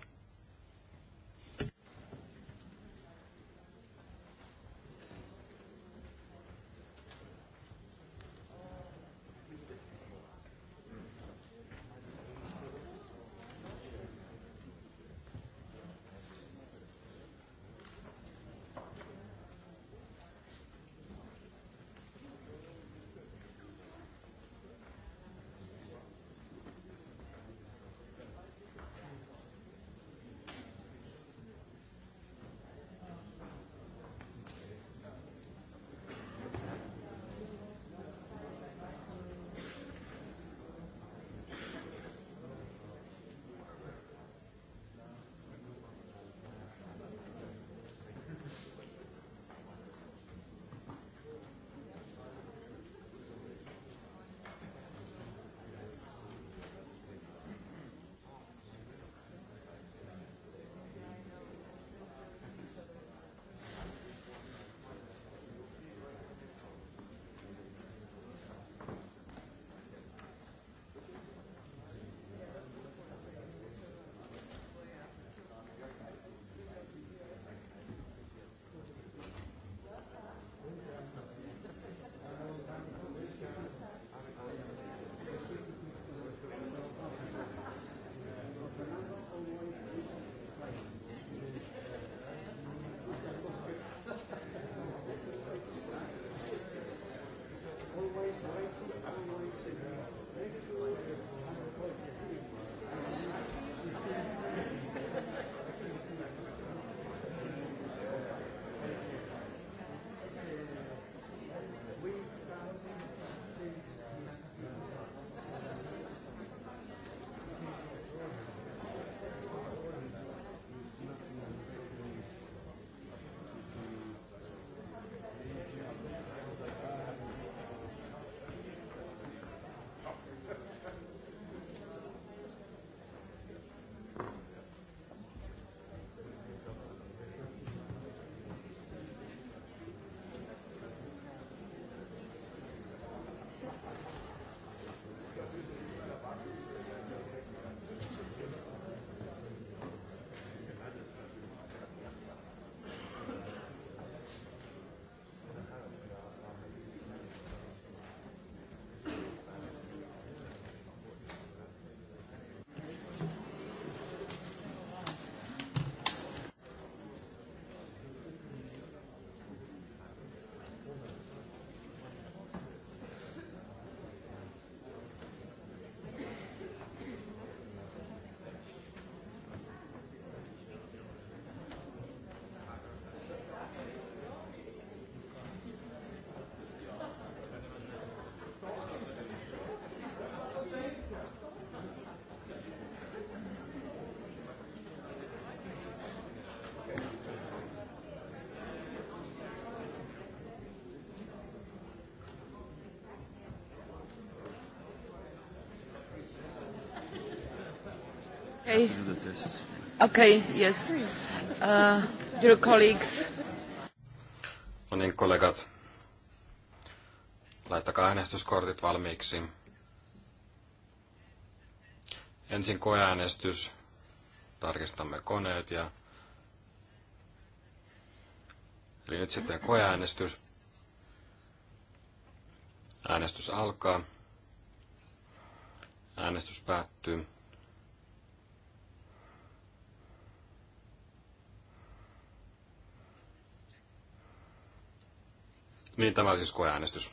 Okay. Okay, yes. Uh, your colleagues. No niin, kollegat. Laittakaa äänestyskortit valmiiksi. Ensin koeäänestys. Tarkistamme koneet ja... Eli nyt sitten koeäänestys. Äänestys alkaa. Äänestys päättyy. Niin, tämä oli siis koeäänestys.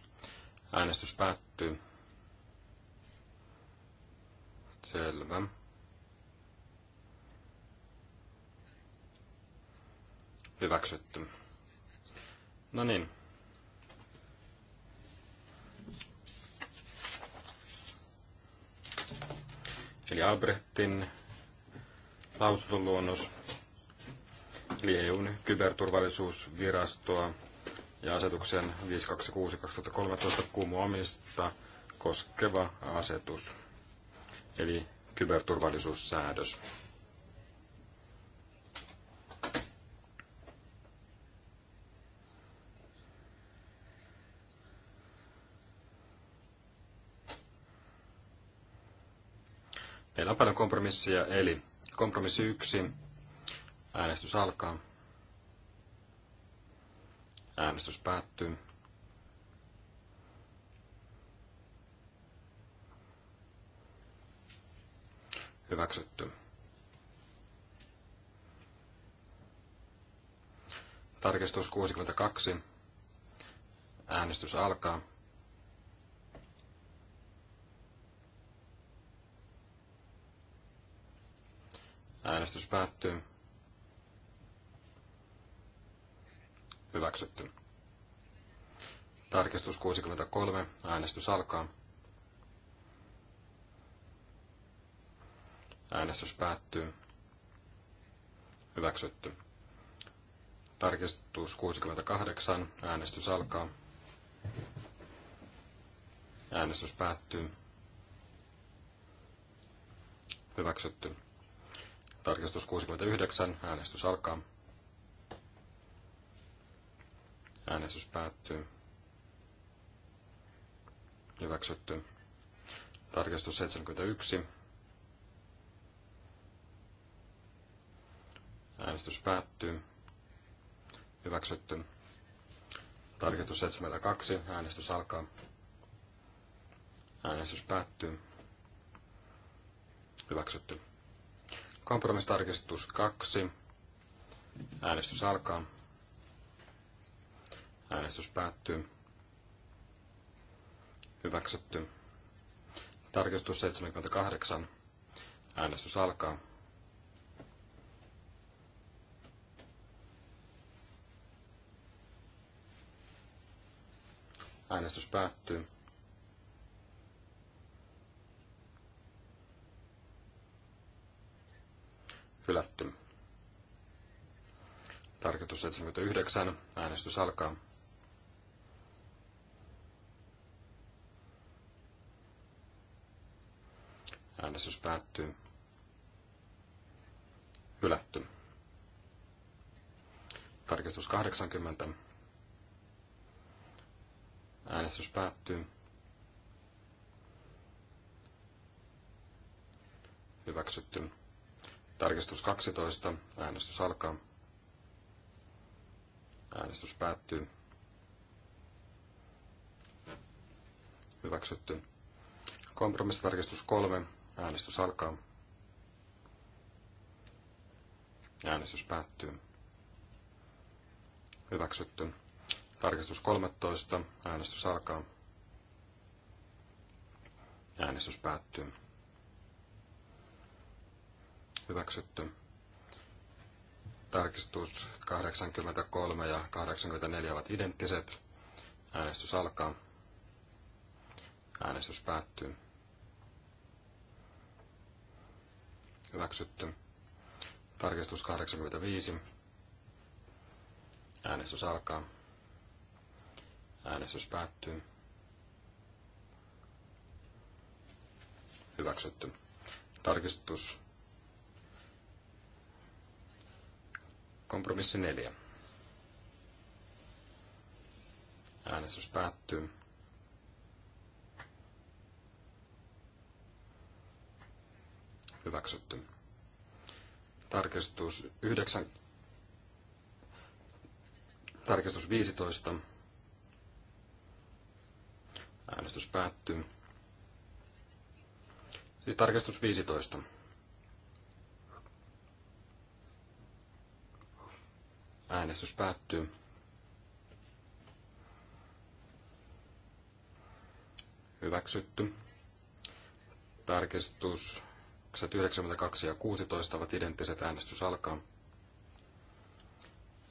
Äänestys päättyy. Selvä. Hyväksytty. No niin. Eli Albrechtin lausuntoluonnos, eli EUn kyberturvallisuusvirastoa ja asetuksen 526-2013 kumoamista koskeva asetus, eli kyberturvallisuussäädös. Meillä on paljon kompromisseja, eli kompromissi yksi, äänestys alkaa. Äänestys päättyy. Hyväksytty. Tarkistus 62. Äänestys alkaa. Äänestys päättyy. hyväksytty. Tarkistus 63, äänestys alkaa. Äänestys päättyy. Hyväksytty. Tarkistus 68, äänestys alkaa. Äänestys päättyy. Hyväksytty. Tarkistus 69, äänestys alkaa. Äänestys päättyy. Hyväksytty. Tarkistus 71. Äänestys päättyy. Hyväksytty. Tarkistus 72. Äänestys alkaa. Äänestys päättyy. Hyväksytty. Kompromissitarkistus 2. Äänestys alkaa. Äänestys päättyy. Hyväksytty. Tarkistus 78. Äänestys alkaa. Äänestys päättyy. Hylätty. Tarkoitus 79. Äänestys alkaa. Äänestys päättyy. Hylätty. Tarkistus 80. Äänestys päättyy. Hyväksytty. Tarkistus 12. Äänestys alkaa. Äänestys päättyy. Hyväksytty. Kompromissitarkistus 3. Äänestys alkaa. Äänestys päättyy. Hyväksytty. Tarkistus 13. Äänestys alkaa. Äänestys päättyy. Hyväksytty. Tarkistus 83 ja 84 ovat identtiset. Äänestys alkaa. Äänestys päättyy. hyväksytty. Tarkistus 85. Äänestys alkaa. Äänestys päättyy. Hyväksytty. Tarkistus. Kompromissi 4. Äänestys päättyy. hyväksytty. Tarkistus 9, tarkistus 15, äänestys päättyy. Siis tarkistus 15. Äänestys päättyy. Hyväksytty. Tarkistus Tarkistukset 92 ja 16 ovat identtiset. Äänestys alkaa.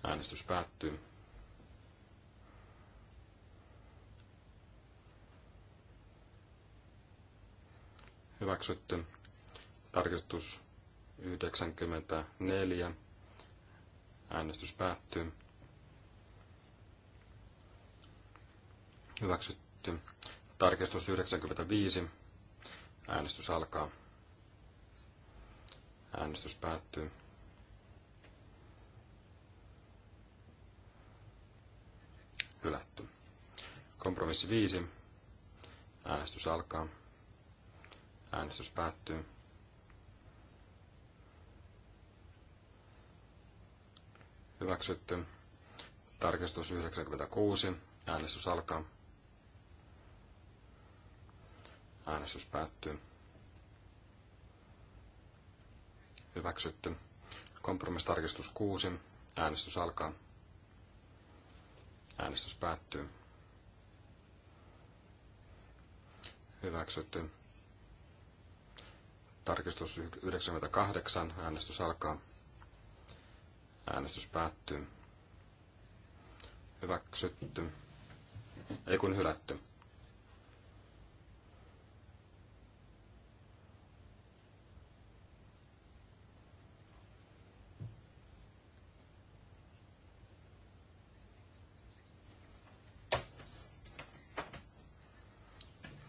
Äänestys päättyy. Hyväksytty. Tarkistus 94. Äänestys päättyy. Hyväksytty. Tarkistus 95. Äänestys alkaa. Äänestys päättyy. Hylätty. Kompromissi 5. Äänestys alkaa. Äänestys päättyy. Hyväksytty. Tarkistus 96. Äänestys alkaa. Äänestys päättyy. hyväksytty. Kompromistarkistus 6, äänestys alkaa. Äänestys päättyy. Hyväksytty. Tarkistus 98, äänestys alkaa. Äänestys päättyy. Hyväksytty. Ei kun hylätty.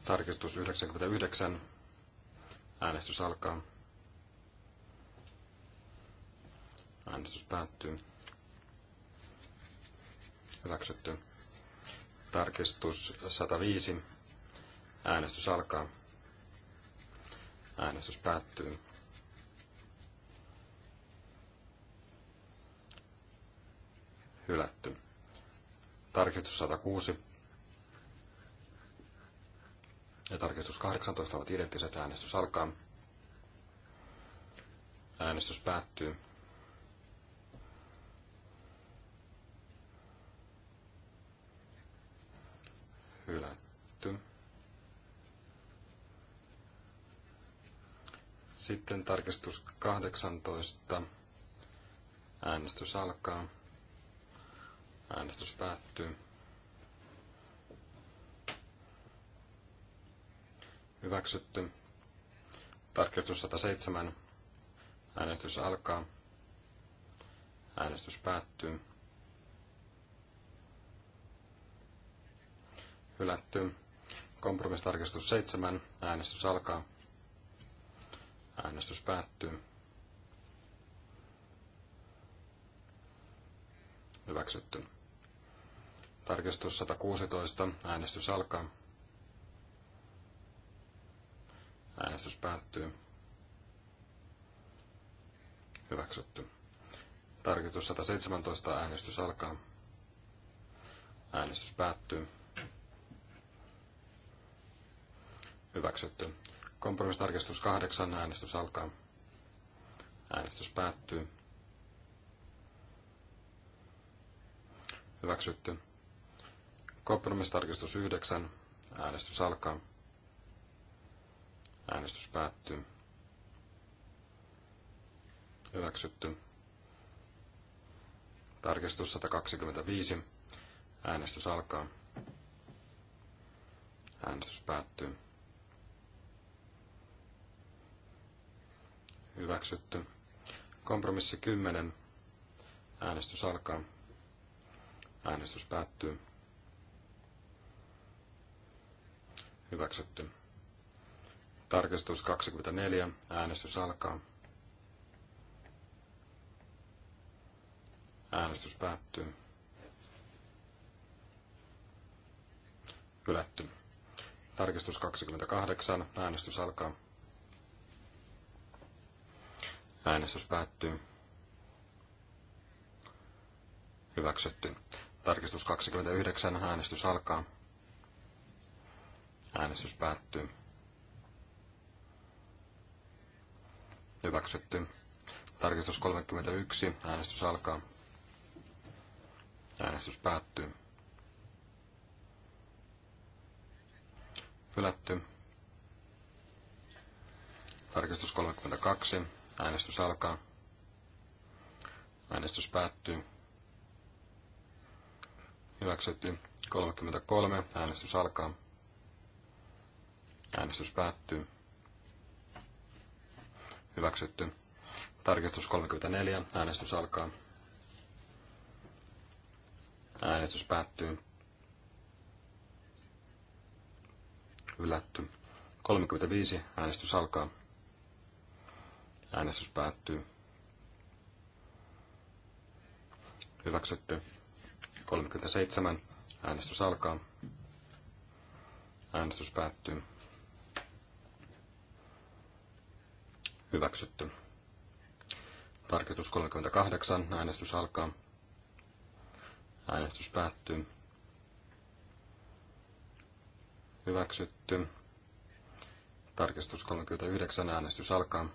Tarkistus 99. Äänestys alkaa. Äänestys päättyy. Hyväksytty. Tarkistus 105. Äänestys alkaa. Äänestys päättyy. Hylätty. Tarkistus 106 ja tarkistus 18 ovat identtiset. Äänestys alkaa. Äänestys päättyy. Hylätty. Sitten tarkistus 18. Äänestys alkaa. Äänestys päättyy. Hyväksytty. Tarkistus 107. Äänestys alkaa. Äänestys päättyy. Hylätty. Kompromissitarkistus 7. Äänestys alkaa. Äänestys päättyy. Hyväksytty. Tarkistus 116. Äänestys alkaa. Äänestys päättyy. Hyväksytty. Tarkistus 117. Äänestys alkaa. Äänestys päättyy. Hyväksytty. Kompromissitarkistus 8. Äänestys alkaa. Äänestys päättyy. Hyväksytty. Kompromissitarkistus 9. Äänestys alkaa. Äänestys päättyy. Hyväksytty. Tarkistus 125. Äänestys alkaa. Äänestys päättyy. Hyväksytty. Kompromissi 10. Äänestys alkaa. Äänestys päättyy. Hyväksytty. Tarkistus 24. Äänestys alkaa. Äänestys päättyy. Ylätty. Tarkistus 28. Äänestys alkaa. Äänestys päättyy. Hyväksytty. Tarkistus 29. Äänestys alkaa. Äänestys päättyy. Hyväksytty. Tarkistus 31. Äänestys alkaa. Äänestys päättyy. Hylätty. Tarkistus 32. Äänestys alkaa. Äänestys päättyy. Hyväksytty. 33. Äänestys alkaa. Äänestys päättyy hyväksytty. Tarkistus 34, äänestys alkaa. Äänestys päättyy. Hylätty. 35, äänestys alkaa. Äänestys päättyy. Hyväksytty. 37, äänestys alkaa. Äänestys päättyy. Hyväksytty. Tarkistus 38. Äänestys alkaa. Äänestys päättyy. Hyväksytty. Tarkistus 39. Äänestys alkaa.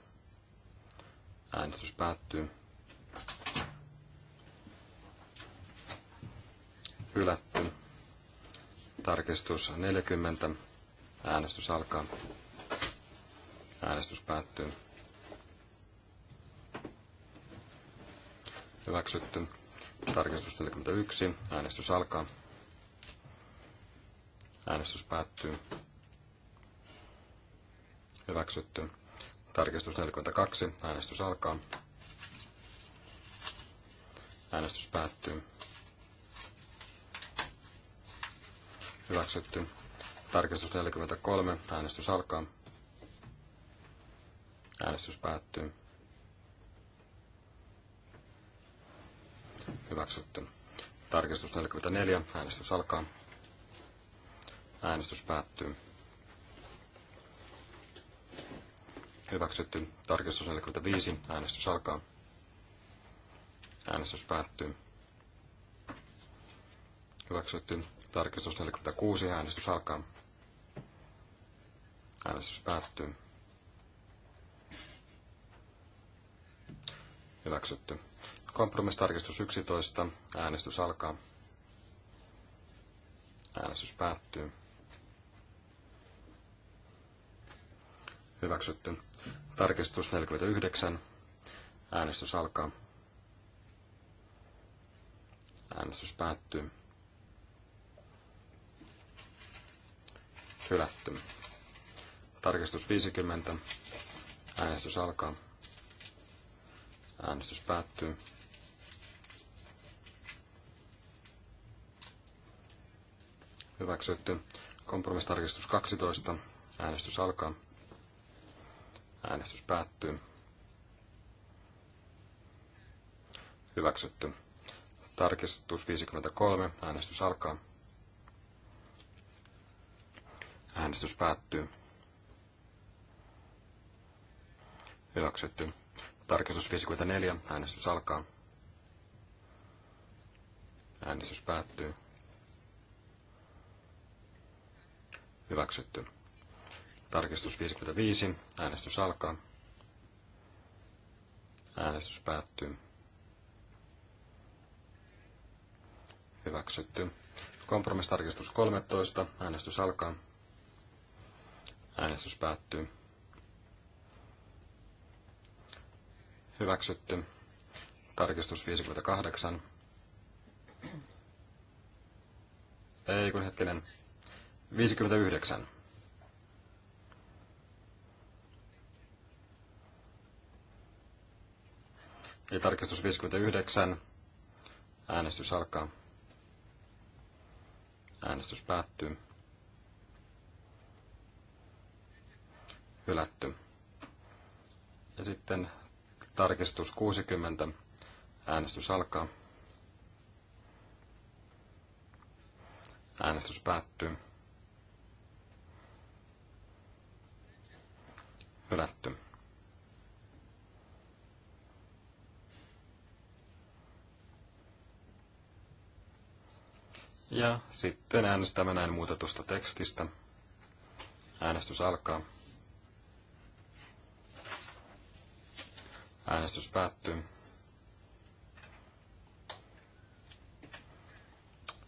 Äänestys päättyy. Hylätty. Tarkistus 40. Äänestys alkaa. Äänestys päättyy. Hyväksytty. Tarkistus 41. Äänestys alkaa. Äänestys päättyy. Hyväksytty. Tarkistus 42. Äänestys alkaa. Äänestys päättyy. Hyväksytty. Tarkistus 43. Äänestys alkaa. Äänestys päättyy. Hyväksytty. Tarkistus 44. Äänestys alkaa. Äänestys päättyy. Hyväksytty. Tarkistus 45. Äänestys alkaa. Äänestys päättyy. Hyväksytty. Tarkistus 46. Äänestys alkaa. Äänestys päättyy. Hyväksytty. Kompromistarkistus 11. Äänestys alkaa. Äänestys päättyy. Hyväksytty. Tarkistus 49. Äänestys alkaa. Äänestys päättyy. Hylätty. Tarkistus 50. Äänestys alkaa. Äänestys päättyy. hyväksytty. Kompromistarkistus 12. Äänestys alkaa. Äänestys päättyy. Hyväksytty. Tarkistus 53. Äänestys alkaa. Äänestys päättyy. Hyväksytty. Tarkistus 54. Äänestys alkaa. Äänestys päättyy. Hyväksytty. Tarkistus 55. Äänestys alkaa. Äänestys päättyy. Hyväksytty. Kompromistarkistus 13. Äänestys alkaa. Äänestys päättyy. Hyväksytty. Tarkistus 58. Ei kun hetkinen. 59. Ja tarkistus 59. Äänestys alkaa. Äänestys päättyy. Hylätty. Ja sitten tarkistus 60. Äänestys alkaa. Äänestys päättyy. hylätty. Ja sitten äänestämme näin muutetusta tekstistä. Äänestys alkaa. Äänestys päättyy.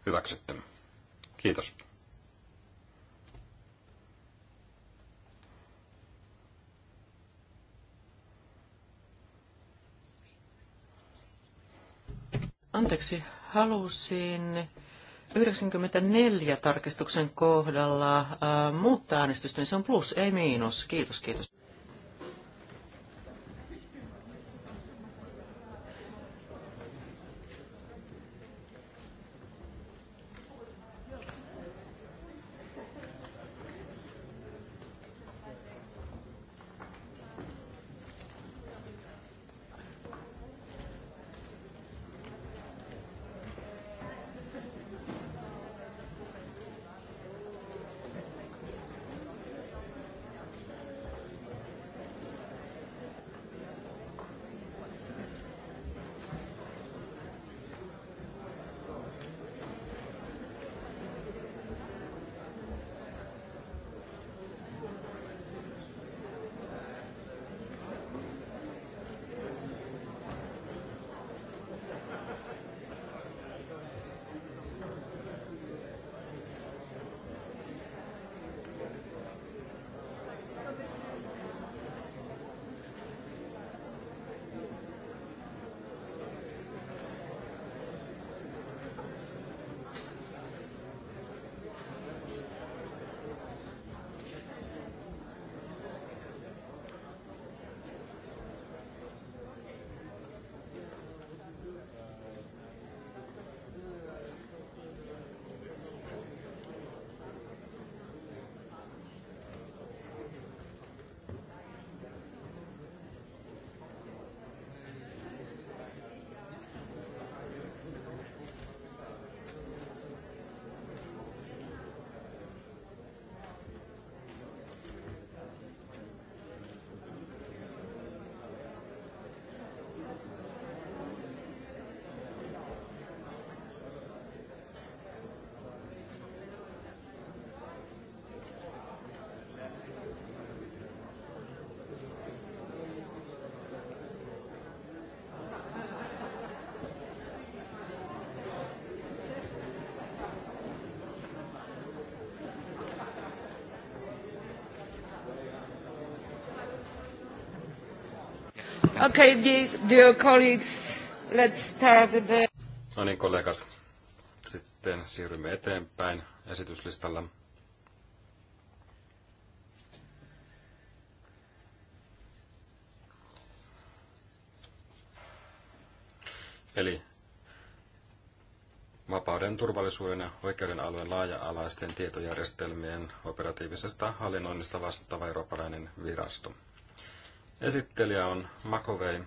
Hyväksytty. Kiitos. Anteeksi, halusin 94 tarkistuksen kohdalla äh, muuttaa äänestystä, niin se on plus, ei miinus. Kiitos, kiitos. Okay, dear colleagues, let's start the... No niin, kollegat. Sitten siirrymme eteenpäin esityslistalla. Eli vapauden, turvallisuuden ja oikeuden alueen laaja-alaisten tietojärjestelmien operatiivisesta hallinnoinnista vastaava eurooppalainen virasto. Esittelijä on Makovei.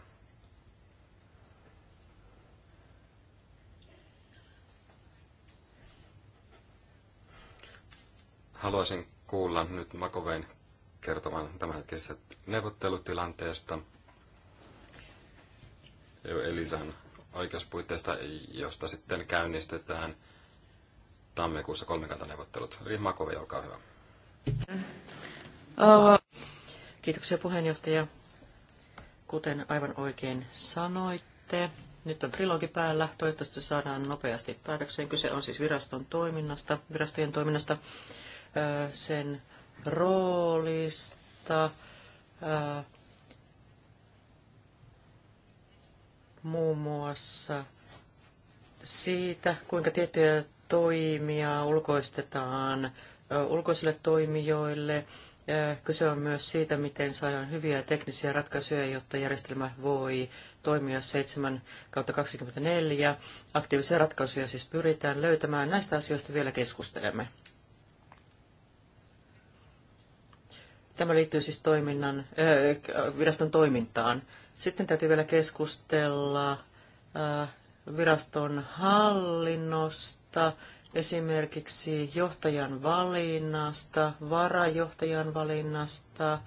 Haluaisin kuulla nyt Makovein kertovan tämänhetkisestä neuvottelutilanteesta. Elisan oikeuspuitteista, josta sitten käynnistetään tammikuussa kolmikantaneuvottelut. Rimma Makovei, olkaa hyvä. Kiitoksia puheenjohtaja kuten aivan oikein sanoitte, nyt on trilogi päällä. Toivottavasti saadaan nopeasti päätökseen. Kyse on siis viraston toiminnasta, virastojen toiminnasta, sen roolista, muun muassa siitä, kuinka tiettyjä toimia ulkoistetaan ulkoisille toimijoille, Kyse on myös siitä, miten saadaan hyviä teknisiä ratkaisuja, jotta järjestelmä voi toimia 7 kautta 24. Aktiivisia ratkaisuja siis pyritään löytämään. Näistä asioista vielä keskustelemme. Tämä liittyy siis toiminnan, äh, viraston toimintaan. Sitten täytyy vielä keskustella äh, viraston hallinnosta esimerkiksi johtajan valinnasta, varajohtajan valinnasta,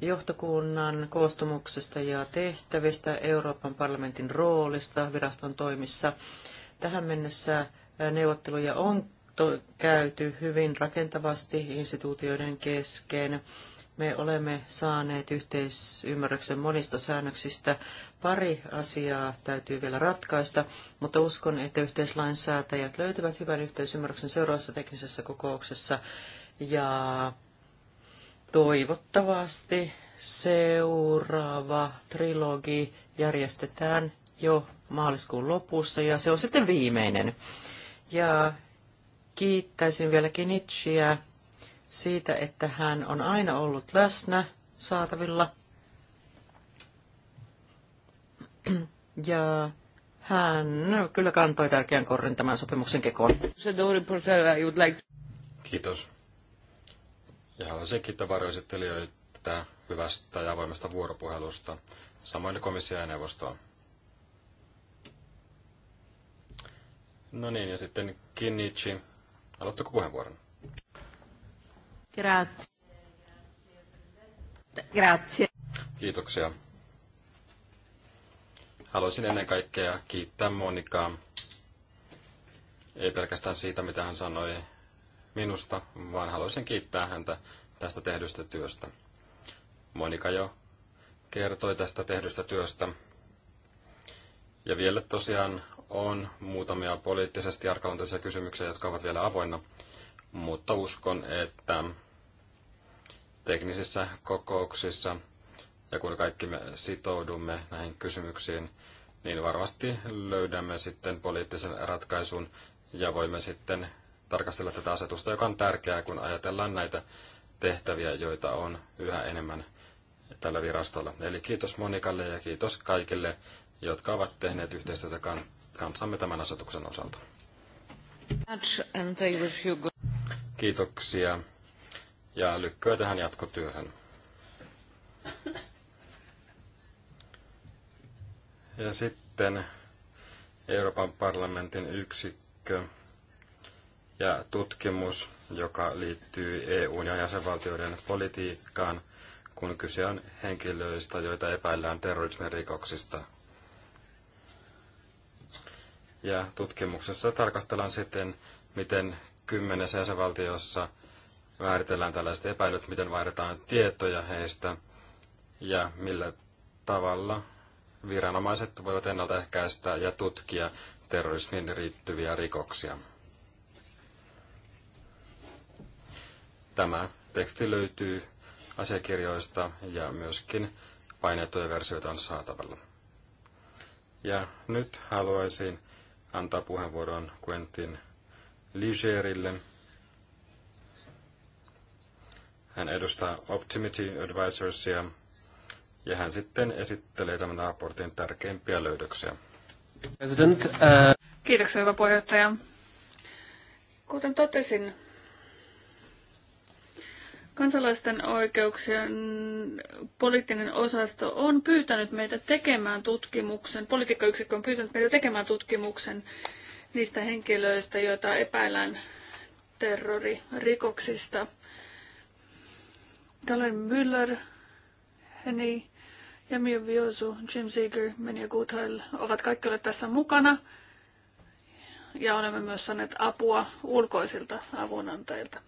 johtokunnan koostumuksesta ja tehtävistä, Euroopan parlamentin roolista viraston toimissa. Tähän mennessä neuvotteluja on käyty hyvin rakentavasti instituutioiden kesken. Me olemme saaneet yhteisymmärryksen monista säännöksistä. Pari asiaa täytyy vielä ratkaista, mutta uskon, että yhteislainsäätäjät löytävät hyvän yhteisymmärryksen seuraavassa teknisessä kokouksessa. Ja toivottavasti seuraava trilogi järjestetään jo maaliskuun lopussa ja se on sitten viimeinen. Ja Kiittäisin vielä Kinitsiä siitä, että hän on aina ollut läsnä saatavilla. Ja hän kyllä kantoi tärkeän korrin tämän sopimuksen kekoon. Kiitos. Ja haluaisin kiittää varjoesittelijöitä hyvästä ja avoimesta vuoropuhelusta, samoin komissio ja neuvostoa. No niin, ja sitten Kinnichi Aloittako puheenvuoron? Grazie. Kiitoksia. Haluaisin ennen kaikkea kiittää Monikaa. Ei pelkästään siitä, mitä hän sanoi minusta, vaan haluaisin kiittää häntä tästä tehdystä työstä. Monika jo kertoi tästä tehdystä työstä. Ja vielä tosiaan on muutamia poliittisesti arkaluontoisia kysymyksiä, jotka ovat vielä avoinna, mutta uskon, että teknisissä kokouksissa ja kun kaikki me sitoudumme näihin kysymyksiin, niin varmasti löydämme sitten poliittisen ratkaisun ja voimme sitten tarkastella tätä asetusta, joka on tärkeää, kun ajatellaan näitä tehtäviä, joita on yhä enemmän tällä virastolla. Eli kiitos Monikalle ja kiitos kaikille, jotka ovat tehneet yhteistyötä kanssamme tämän asetuksen osalta. Kiitoksia ja lykkyä tähän jatkotyöhön. Ja sitten Euroopan parlamentin yksikkö ja tutkimus, joka liittyy EUn ja jäsenvaltioiden politiikkaan, kun kyse on henkilöistä, joita epäillään terrorismirikoksista. rikoksista – ja tutkimuksessa tarkastellaan sitten, miten kymmenessä jäsenvaltiossa määritellään tällaiset epäilyt, miten vaihdetaan tietoja heistä ja millä tavalla viranomaiset voivat ennaltaehkäistä ja tutkia terrorismiin riittyviä rikoksia. Tämä teksti löytyy asiakirjoista ja myöskin painettuja versioita on saatavilla. Ja nyt haluaisin antaa puheenvuoron Quentin Ligerille. Hän edustaa Optimity Advisorsia ja hän sitten esittelee tämän raportin tärkeimpiä löydöksiä. Äh, Kiitoksia, hyvä puheenjohtaja. Kuten totesin, Kansalaisten oikeuksien poliittinen osasto on pyytänyt meitä tekemään tutkimuksen, politiikkayksikkö on pyytänyt meitä tekemään tutkimuksen niistä henkilöistä, joita epäillään terroririkoksista. Galen Müller, Heni, Jamie Viosu, Jim Seeger, Menja Goodhell ovat kaikki olleet tässä mukana. Ja olemme myös saaneet apua ulkoisilta avunantajilta.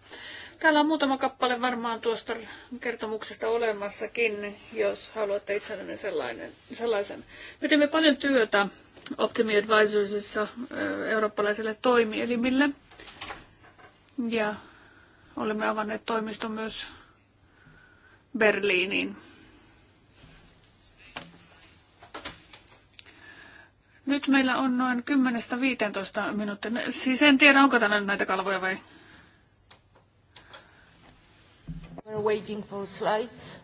Täällä on muutama kappale varmaan tuosta kertomuksesta olemassakin, jos haluatte itsellenne sellainen, sellaisen. Me teemme paljon työtä Optimi Advisorsissa eurooppalaisille toimielimille. Ja olemme avanneet toimisto myös Berliiniin. Nyt meillä on noin 10-15 minuuttia. Siis en tiedä, onko tänään näitä kalvoja vai We're waiting for slides.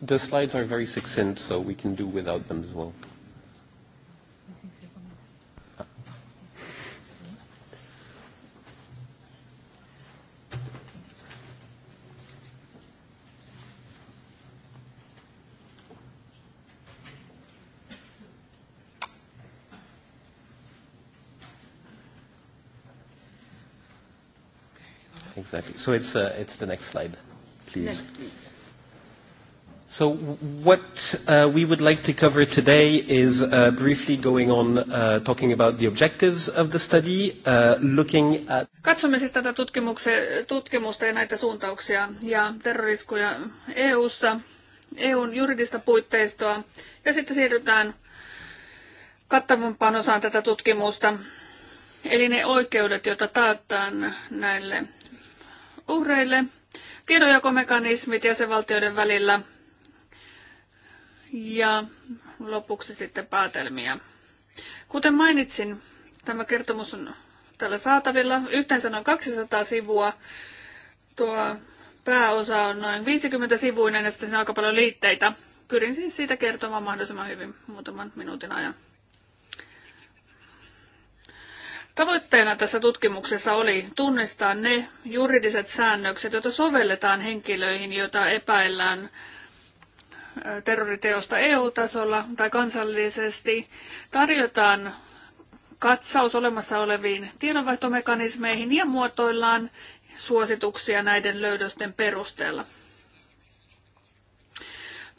The slides are very succinct, so we can do without them as well. exactly. So it's, uh, it's the next slide, please. Next, please. So what uh, we would like to cover today is uh, briefly going on uh, talking about the objectives of the study, uh, looking at... Katsomme siis tätä tutkimusta ja näitä suuntauksia ja terroriskuja EU-ssa, EUn juridista puitteistoa ja sitten siirrytään kattavampaan osaan tätä tutkimusta. Eli ne oikeudet, joita taataan näille uhreille, tiedonjakomekanismit jäsenvaltioiden välillä ja lopuksi sitten päätelmiä. Kuten mainitsin, tämä kertomus on täällä saatavilla. Yhteensä noin 200 sivua. Tuo pääosa on noin 50 sivuinen ja sitten siinä on aika paljon liitteitä. Pyrin siis siitä kertomaan mahdollisimman hyvin muutaman minuutin ajan. Tavoitteena tässä tutkimuksessa oli tunnistaa ne juridiset säännökset, joita sovelletaan henkilöihin, joita epäillään terroriteosta EU-tasolla tai kansallisesti. Tarjotaan katsaus olemassa oleviin tiedonvaihtomekanismeihin ja muotoillaan suosituksia näiden löydösten perusteella.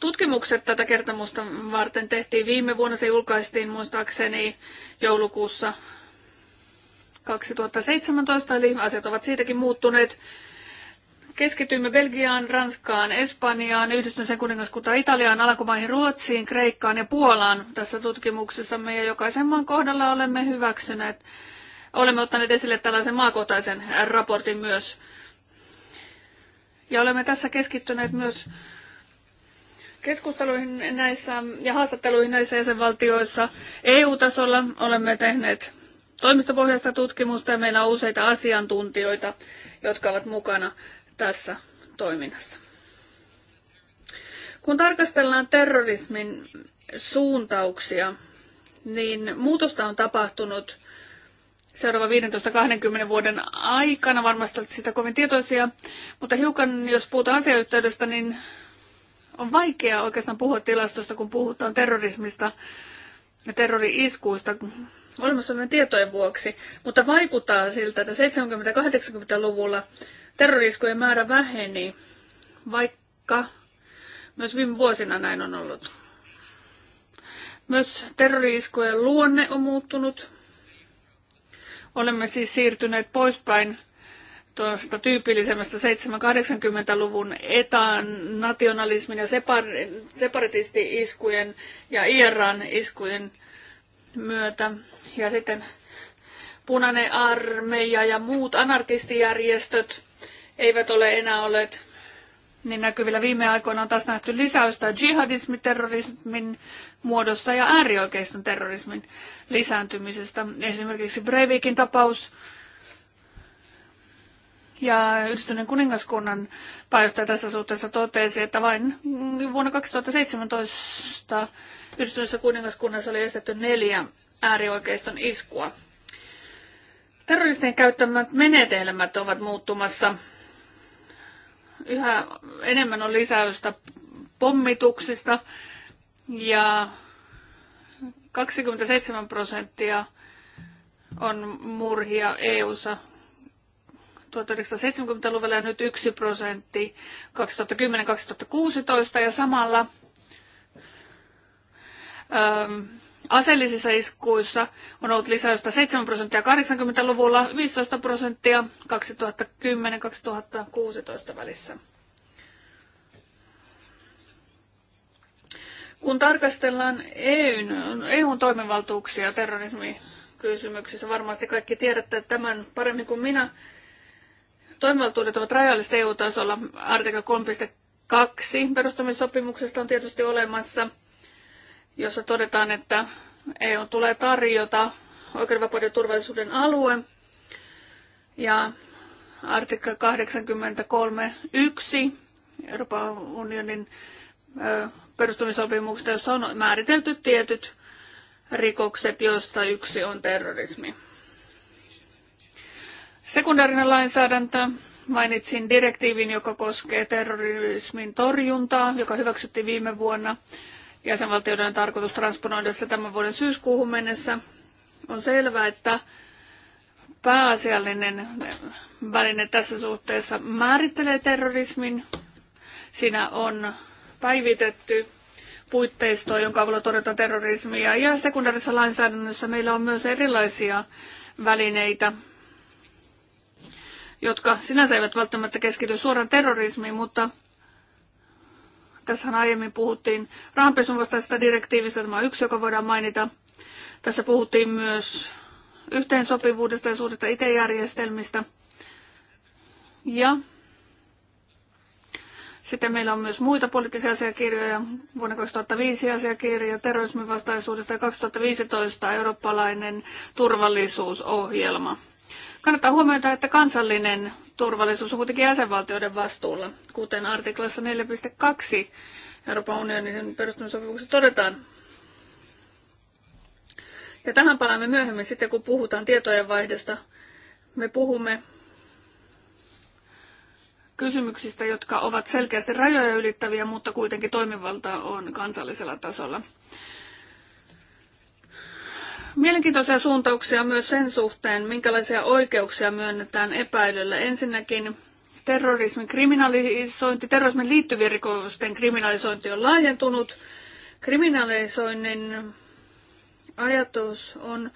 Tutkimukset tätä kertomusta varten tehtiin viime vuonna. Se julkaistiin muistaakseni joulukuussa 2017, eli asiat ovat siitäkin muuttuneet. Keskityimme Belgiaan, Ranskaan, Espanjaan, Yhdistyneeseen kuningaskuntaan, Italiaan, Alankomaihin, Ruotsiin, Kreikkaan ja Puolaan tässä tutkimuksessamme ja jokaisen maan kohdalla olemme hyväksyneet, olemme ottaneet esille tällaisen maakohtaisen raportin myös. Ja olemme tässä keskittyneet myös keskusteluihin näissä ja haastatteluihin näissä jäsenvaltioissa. EU-tasolla olemme tehneet toimistopohjaista tutkimusta ja meillä on useita asiantuntijoita, jotka ovat mukana tässä toiminnassa. Kun tarkastellaan terrorismin suuntauksia, niin muutosta on tapahtunut seuraava 15-20 vuoden aikana, varmasti olette sitä kovin tietoisia, mutta hiukan jos puhutaan asiayhteydestä, niin on vaikea oikeastaan puhua tilastosta, kun puhutaan terrorismista, terrori-iskuista olemassa olevien tietojen vuoksi, mutta vaikuttaa siltä, että 70-80-luvulla terroriskujen määrä väheni, vaikka myös viime vuosina näin on ollut. Myös terroriiskujen luonne on muuttunut. Olemme siis siirtyneet poispäin tuosta tyypillisemmästä 70-80-luvun etan, nationalismin ja separatisti-iskujen ja IRAn iskujen myötä. Ja sitten punainen armeija ja muut anarkistijärjestöt eivät ole enää olleet niin näkyvillä viime aikoina on taas nähty lisäystä jihadismin, terrorismin muodossa ja äärioikeiston terrorismin lisääntymisestä. Esimerkiksi Breivikin tapaus ja yhdistyneen kuningaskunnan pääjohtaja tässä suhteessa totesi, että vain vuonna 2017 yhdistyneessä kuningaskunnassa oli estetty neljä äärioikeiston iskua. Terroristien käyttämät menetelmät ovat muuttumassa. Yhä enemmän on lisäystä pommituksista ja 27 prosenttia on murhia EU:ssa 1970-luvulla ja nyt 1 prosentti 2010-2016 ja samalla äm, aseellisissa iskuissa on ollut lisäystä 7 prosenttia 80-luvulla, 15 prosenttia 2010-2016 välissä. Kun tarkastellaan EUn, EUn toimivaltuuksia terrorismi kysymyksissä. Varmasti kaikki tiedätte tämän paremmin kuin minä, Toimivaltuudet ovat rajalliset EU-tasolla. Artikla 3.2 perustamissopimuksesta on tietysti olemassa, jossa todetaan, että EU tulee tarjota oikeudenvapauden ja turvallisuuden alue. Ja artikla 83.1 Euroopan unionin perustamissopimuksesta, jossa on määritelty tietyt rikokset, joista yksi on terrorismi. Sekundaarinen lainsäädäntö. Mainitsin direktiivin, joka koskee terrorismin torjuntaa, joka hyväksyttiin viime vuonna. Jäsenvaltioiden on tarkoitus transponoida se tämän vuoden syyskuuhun mennessä. On selvää, että pääasiallinen väline tässä suhteessa määrittelee terrorismin. Siinä on päivitetty puitteistoa, jonka avulla torjutaan terrorismia. Ja sekundaarisessa lainsäädännössä meillä on myös erilaisia välineitä jotka sinänsä eivät välttämättä keskity suoraan terrorismiin, mutta tässä aiemmin puhuttiin rahanpesun vastaisesta direktiivistä, tämä on yksi, joka voidaan mainita. Tässä puhuttiin myös yhteensopivuudesta ja suurista IT-järjestelmistä. Ja sitten meillä on myös muita poliittisia asiakirjoja, vuonna 2005 asiakirja terrorismin vastaisuudesta ja 2015 eurooppalainen turvallisuusohjelma. Kannattaa huomioida, että kansallinen turvallisuus on kuitenkin jäsenvaltioiden vastuulla, kuten artiklassa 4.2 Euroopan unionin perustamissopimuksessa todetaan. Ja tähän palaamme myöhemmin sitten, kun puhutaan tietojenvaihdosta. Me puhumme kysymyksistä, jotka ovat selkeästi rajoja ylittäviä, mutta kuitenkin toimivalta on kansallisella tasolla mielenkiintoisia suuntauksia myös sen suhteen, minkälaisia oikeuksia myönnetään epäilylle. Ensinnäkin terrorismin kriminalisointi, terrorismin liittyvien rikosten kriminalisointi on laajentunut. Kriminalisoinnin ajatus on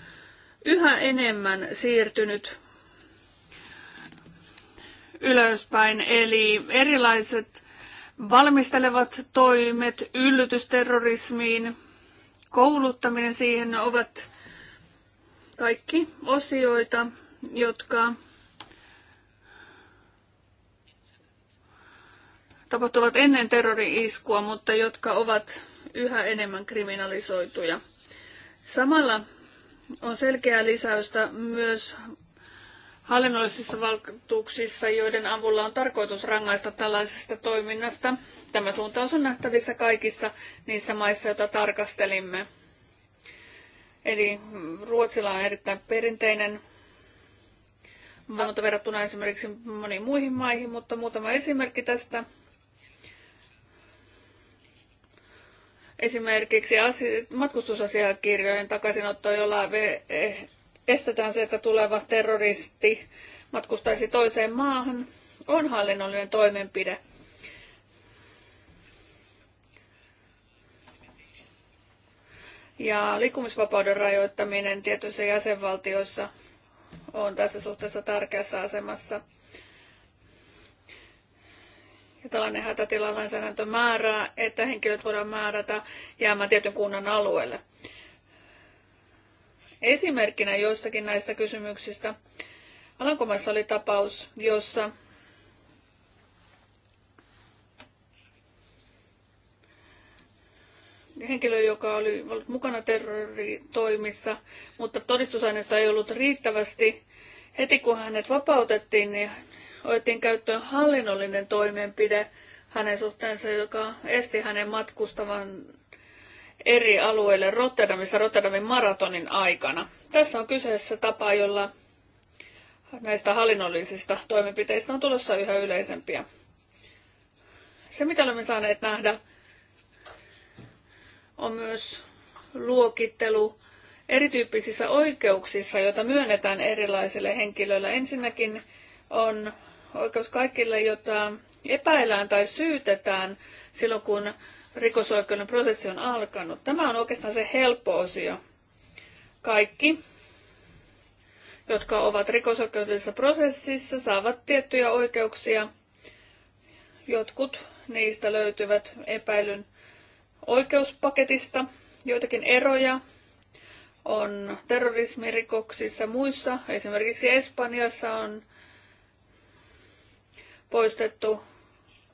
yhä enemmän siirtynyt ylöspäin, eli erilaiset valmistelevat toimet yllytysterrorismiin, kouluttaminen siihen ovat kaikki osioita, jotka tapahtuvat ennen terrori-iskua, mutta jotka ovat yhä enemmän kriminalisoituja. Samalla on selkeää lisäystä myös hallinnollisissa valtuuksissa, joiden avulla on tarkoitus rangaista tällaisesta toiminnasta. Tämä suuntaus on nähtävissä kaikissa niissä maissa, joita tarkastelimme. Eli Ruotsilla on erittäin perinteinen valvonta verrattuna esimerkiksi moniin muihin maihin, mutta muutama esimerkki tästä. Esimerkiksi matkustusasiakirjojen takaisinotto, jolla estetään se, että tuleva terroristi matkustaisi toiseen maahan, on hallinnollinen toimenpide – Ja liikkumisvapauden rajoittaminen tietyissä jäsenvaltioissa on tässä suhteessa tärkeässä asemassa. Ja tällainen hätätilalainsäädäntö määrää, että henkilöt voidaan määrätä jäämään tietyn kunnan alueelle. Esimerkkinä joistakin näistä kysymyksistä. Alankomaissa oli tapaus, jossa henkilö, joka oli ollut mukana terroritoimissa, mutta todistusaineista ei ollut riittävästi. Heti kun hänet vapautettiin, niin otettiin käyttöön hallinnollinen toimenpide hänen suhteensa, joka esti hänen matkustavan eri alueille Rotterdamissa Rotterdamin maratonin aikana. Tässä on kyseessä tapa, jolla näistä hallinnollisista toimenpiteistä on tulossa yhä yleisempiä. Se, mitä olemme saaneet nähdä, on myös luokittelu erityyppisissä oikeuksissa, joita myönnetään erilaisille henkilöille. Ensinnäkin on oikeus kaikille, jota epäillään tai syytetään silloin, kun rikosoikeuden prosessi on alkanut. Tämä on oikeastaan se helppo osio. Kaikki, jotka ovat rikosoikeudellisessa prosessissa, saavat tiettyjä oikeuksia. Jotkut niistä löytyvät epäilyn oikeuspaketista. Joitakin eroja on terrorismirikoksissa muissa. Esimerkiksi Espanjassa on poistettu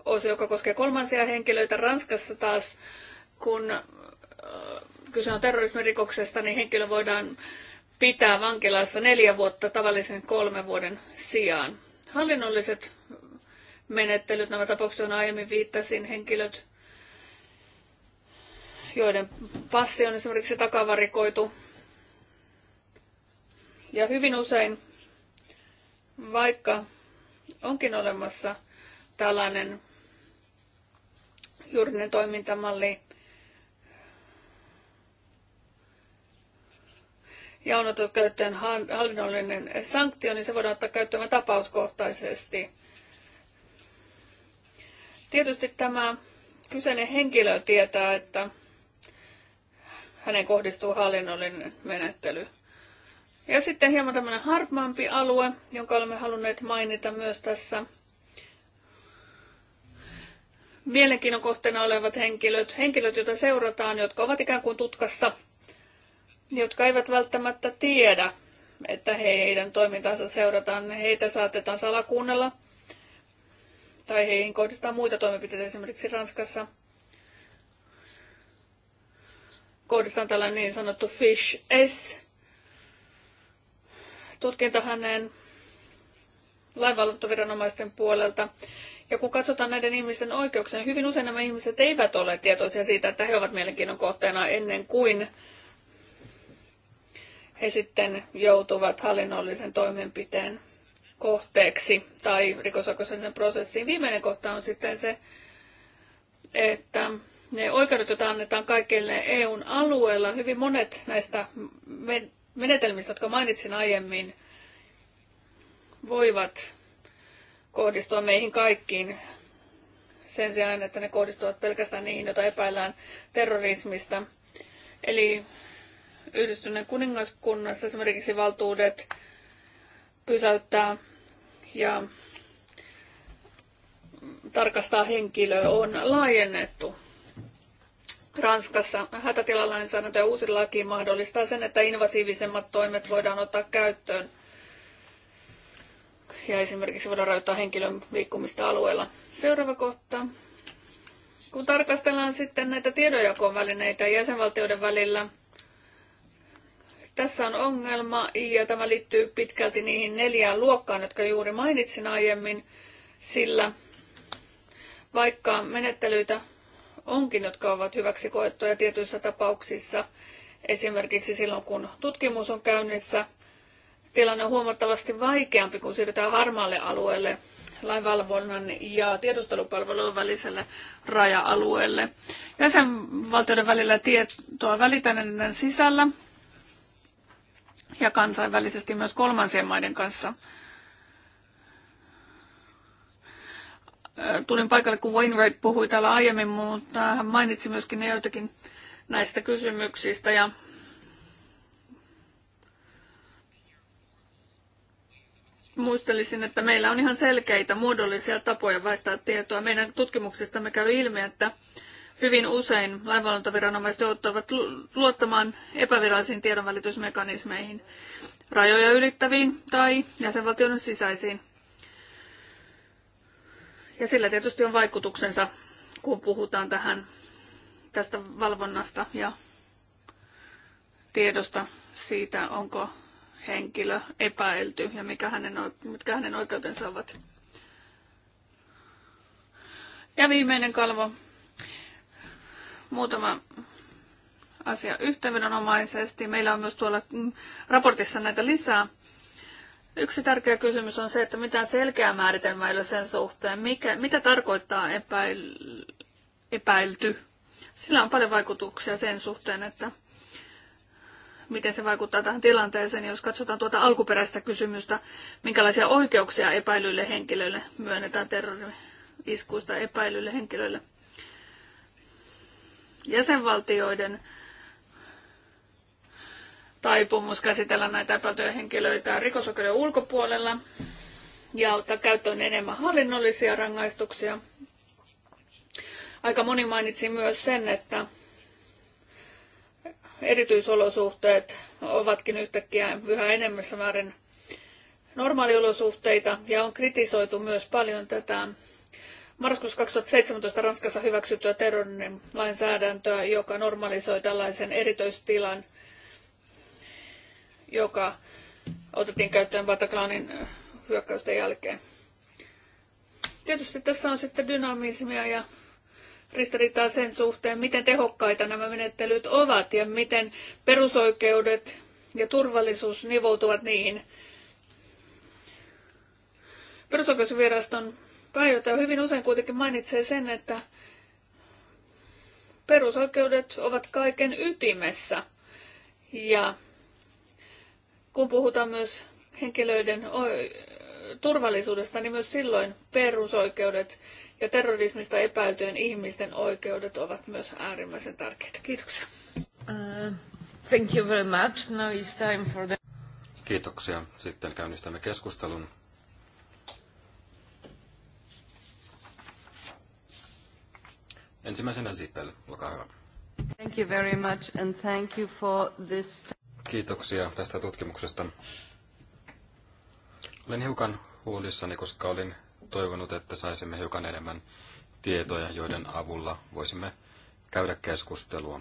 osio, joka koskee kolmansia henkilöitä. Ranskassa taas, kun äh, kyse on terrorismirikoksesta, niin henkilö voidaan pitää vankilassa neljä vuotta tavallisen kolmen vuoden sijaan. Hallinnolliset menettelyt, nämä tapaukset, on aiemmin viittasin, henkilöt joiden passi on esimerkiksi takavarikoitu. Ja hyvin usein, vaikka onkin olemassa tällainen juridinen toimintamalli, ja on otettu käyttöön hallinnollinen sanktio, niin se voidaan ottaa käyttöön tapauskohtaisesti. Tietysti tämä kyseinen henkilö tietää, että hänen kohdistuu hallinnollinen menettely. Ja sitten hieman tämmöinen harmaampi alue, jonka olemme halunneet mainita myös tässä. Mielenkiinnon kohteena olevat henkilöt, henkilöt, joita seurataan, jotka ovat ikään kuin tutkassa, jotka eivät välttämättä tiedä, että heidän toimintansa seurataan, heitä saatetaan salakuunnella tai heihin kohdistaa muita toimenpiteitä esimerkiksi Ranskassa – kohdistan tällä niin sanottu Fish S tutkinta hänen lainvalvontaviranomaisten puolelta. Ja kun katsotaan näiden ihmisten oikeuksia, niin hyvin usein nämä ihmiset eivät ole tietoisia siitä, että he ovat mielenkiinnon kohteena ennen kuin he sitten joutuvat hallinnollisen toimenpiteen kohteeksi tai rikosoikeudellisen prosessiin. Viimeinen kohta on sitten se, että ne oikeudet, joita annetaan kaikille EUn alueella, hyvin monet näistä menetelmistä, jotka mainitsin aiemmin, voivat kohdistua meihin kaikkiin sen sijaan, että ne kohdistuvat pelkästään niihin, joita epäillään terrorismista. Eli yhdistyneen kuningaskunnassa esimerkiksi valtuudet pysäyttää ja tarkastaa henkilö on laajennettu Ranskassa hätätilalainsäädäntö ja uusi laki mahdollistaa sen, että invasiivisemmat toimet voidaan ottaa käyttöön ja esimerkiksi voidaan rajoittaa henkilön liikkumista alueella. Seuraava kohta. Kun tarkastellaan sitten näitä tiedonjakovälineitä jäsenvaltioiden välillä, tässä on ongelma ja tämä liittyy pitkälti niihin neljään luokkaan, jotka juuri mainitsin aiemmin, sillä vaikka menettelyitä onkin, jotka ovat hyväksi koettuja tietyissä tapauksissa. Esimerkiksi silloin, kun tutkimus on käynnissä, tilanne on huomattavasti vaikeampi, kun siirrytään harmaalle alueelle, lainvalvonnan ja tiedustelupalvelujen väliselle raja-alueelle. Jäsenvaltioiden välillä tietoa välitännen sisällä ja kansainvälisesti myös kolmansien maiden kanssa – tulin paikalle, kun Wainwright puhui täällä aiemmin, mutta hän mainitsi myöskin ne joitakin näistä kysymyksistä. Ja muistelisin, että meillä on ihan selkeitä muodollisia tapoja vaihtaa tietoa. Meidän me käy ilmi, että hyvin usein lainvalvontaviranomaiset joutuvat luottamaan epävirallisiin tiedonvälitysmekanismeihin, rajoja ylittäviin tai jäsenvaltioiden sisäisiin ja sillä tietysti on vaikutuksensa, kun puhutaan tähän tästä valvonnasta ja tiedosta siitä, onko henkilö epäilty ja mikä hänen, mitkä hänen oikeutensa ovat. Ja viimeinen kalvo. Muutama asia yhteydenomaisesti. Meillä on myös tuolla mm, raportissa näitä lisää. Yksi tärkeä kysymys on se, että mitä selkeää määritelmää ei ole sen suhteen, mikä, mitä tarkoittaa epäil, epäilty. Sillä on paljon vaikutuksia sen suhteen, että miten se vaikuttaa tähän tilanteeseen, jos katsotaan tuota alkuperäistä kysymystä, minkälaisia oikeuksia epäilyille henkilöille myönnetään terrori-iskuista epäilyille henkilöille. Jäsenvaltioiden taipumus käsitellä näitä epäiltyjä henkilöitä rikosoikeuden ulkopuolella ja ottaa käyttöön enemmän hallinnollisia rangaistuksia. Aika moni mainitsi myös sen, että erityisolosuhteet ovatkin yhtäkkiä yhä enemmässä määrin normaaliolosuhteita ja on kritisoitu myös paljon tätä marraskuussa 2017 Ranskassa hyväksyttyä terrorin lainsäädäntöä, joka normalisoi tällaisen erityistilan joka otettiin käyttöön Bataclanin hyökkäysten jälkeen. Tietysti tässä on sitten dynamismia ja ristiriitaa sen suhteen, miten tehokkaita nämä menettelyt ovat ja miten perusoikeudet ja turvallisuus nivoutuvat niihin. Perusoikeusviraston pääjohtaja hyvin usein kuitenkin mainitsee sen, että perusoikeudet ovat kaiken ytimessä. Ja kun puhutaan myös henkilöiden turvallisuudesta, niin myös silloin perusoikeudet ja terrorismista epäiltyjen ihmisten oikeudet ovat myös äärimmäisen tärkeitä. Kiitoksia. Uh, thank you very much. Now it's time for the... Kiitoksia. Sitten käynnistämme keskustelun. Ensimmäisenä Sipel, olkaa hyvä. Thank you very much and thank you for this... Kiitoksia tästä tutkimuksesta. Olen hiukan huolissani, koska olin toivonut, että saisimme hiukan enemmän tietoja, joiden avulla voisimme käydä keskustelua.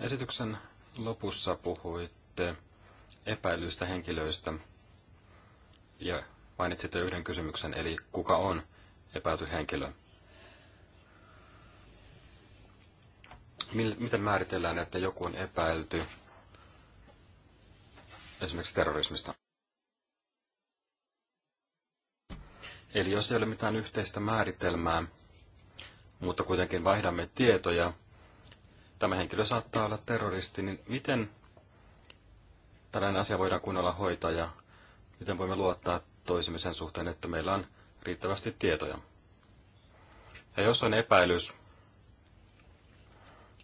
Esityksen lopussa puhuitte epäilyistä henkilöistä ja mainitsitte yhden kysymyksen, eli kuka on epäilty henkilö. miten määritellään, että joku on epäilty esimerkiksi terrorismista? Eli jos ei ole mitään yhteistä määritelmää, mutta kuitenkin vaihdamme tietoja, tämä henkilö saattaa olla terroristi, niin miten tällainen asia voidaan kunnolla hoitaa ja miten voimme luottaa toisemme sen suhteen, että meillä on riittävästi tietoja? Ja jos on epäilys,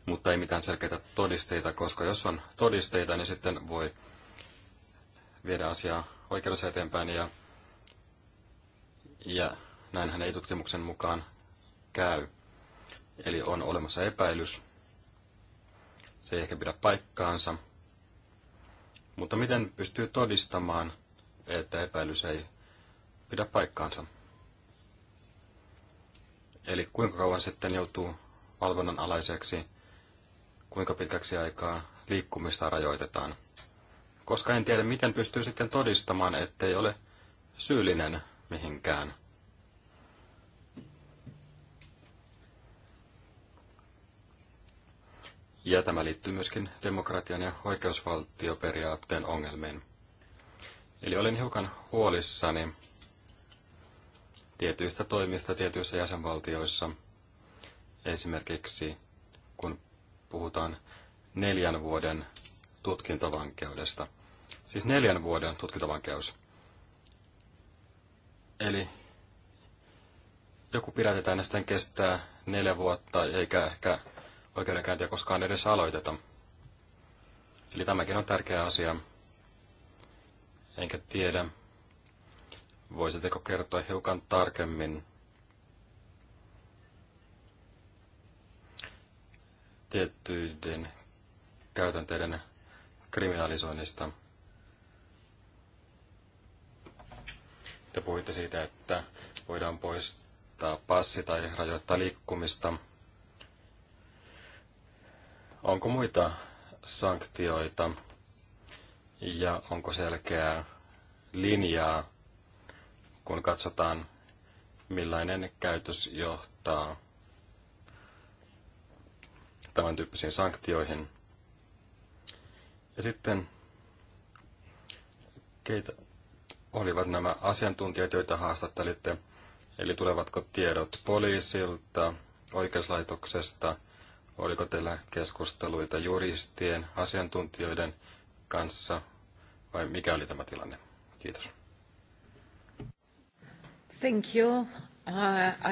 mutta ei mitään selkeitä todisteita, koska jos on todisteita, niin sitten voi viedä asiaa oikeudessa eteenpäin ja, ja näinhän ei tutkimuksen mukaan käy. Eli on olemassa epäilys. Se ei ehkä pidä paikkaansa. Mutta miten pystyy todistamaan, että epäilys ei pidä paikkaansa? Eli kuinka kauan sitten joutuu valvonnan alaiseksi kuinka pitkäksi aikaa liikkumista rajoitetaan. Koska en tiedä, miten pystyy sitten todistamaan, ettei ole syyllinen mihinkään. Ja tämä liittyy myöskin demokratian ja oikeusvaltioperiaatteen ongelmiin. Eli olen hiukan huolissani tietyistä toimista tietyissä jäsenvaltioissa, esimerkiksi kun puhutaan neljän vuoden tutkintavankeudesta. Siis neljän vuoden tutkintavankeus. Eli joku pidätetään ja sitten kestää neljä vuotta, eikä ehkä oikeudenkäyntiä koskaan edes aloiteta. Eli tämäkin on tärkeä asia. Enkä tiedä, voisitteko kertoa hiukan tarkemmin tiettyiden käytänteiden kriminalisoinnista. Te puhuitte siitä, että voidaan poistaa passi tai rajoittaa liikkumista. Onko muita sanktioita ja onko selkeää linjaa, kun katsotaan, millainen käytös johtaa tämän tyyppisiin sanktioihin. Ja sitten, keitä olivat nämä asiantuntijat, joita haastattelitte? Eli tulevatko tiedot poliisilta, oikeuslaitoksesta, oliko teillä keskusteluita juristien, asiantuntijoiden kanssa vai mikä oli tämä tilanne? Kiitos. Thank you. Uh,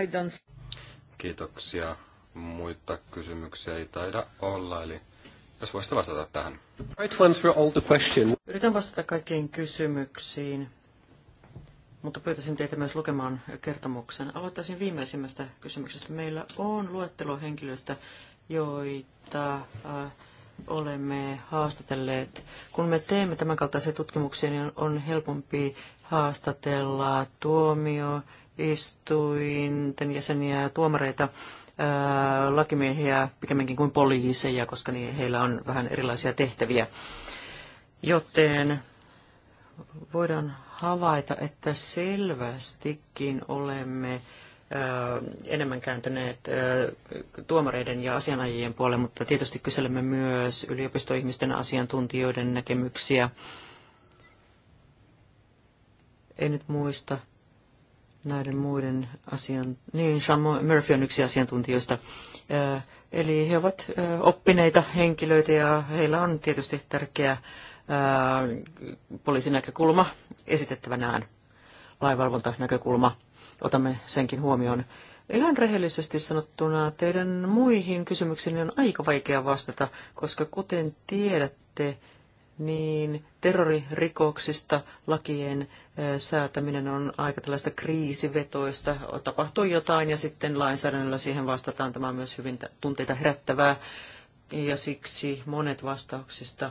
I don't... Kiitoksia. Muita kysymyksiä ei taida olla, eli jos voisitte vastata tähän. Right one through all the question. Yritän vastata kaikkiin kysymyksiin, mutta pyytäisin teitä myös lukemaan kertomuksen. Aloittaisin viimeisimmästä kysymyksestä. Meillä on luettelo henkilöistä, joita äh, olemme haastatelleet. Kun me teemme tämän kaltaisia tutkimuksia, niin on helpompi haastatella tuomioistuinten jäseniä ja tuomareita Äh, lakimiehiä pikemminkin kuin poliiseja, koska niin heillä on vähän erilaisia tehtäviä. Joten voidaan havaita, että selvästikin olemme äh, enemmän kääntyneet äh, tuomareiden ja asianajien puolelle, mutta tietysti kyselemme myös yliopistoihmisten asiantuntijoiden näkemyksiä. En nyt muista näiden muiden asian... Niin, Sean Murphy on yksi asiantuntijoista. Eli he ovat oppineita henkilöitä ja heillä on tietysti tärkeä poliisin näkökulma esitettävänään, laivalvontanäkökulma. Otamme senkin huomioon. Ihan rehellisesti sanottuna teidän muihin kysymyksiin on aika vaikea vastata, koska kuten tiedätte, niin terroririkoksista lakien säätäminen on aika tällaista kriisivetoista. Tapahtuu jotain ja sitten lainsäädännöllä siihen vastataan. Tämä on myös hyvin tunteita herättävää ja siksi monet vastauksista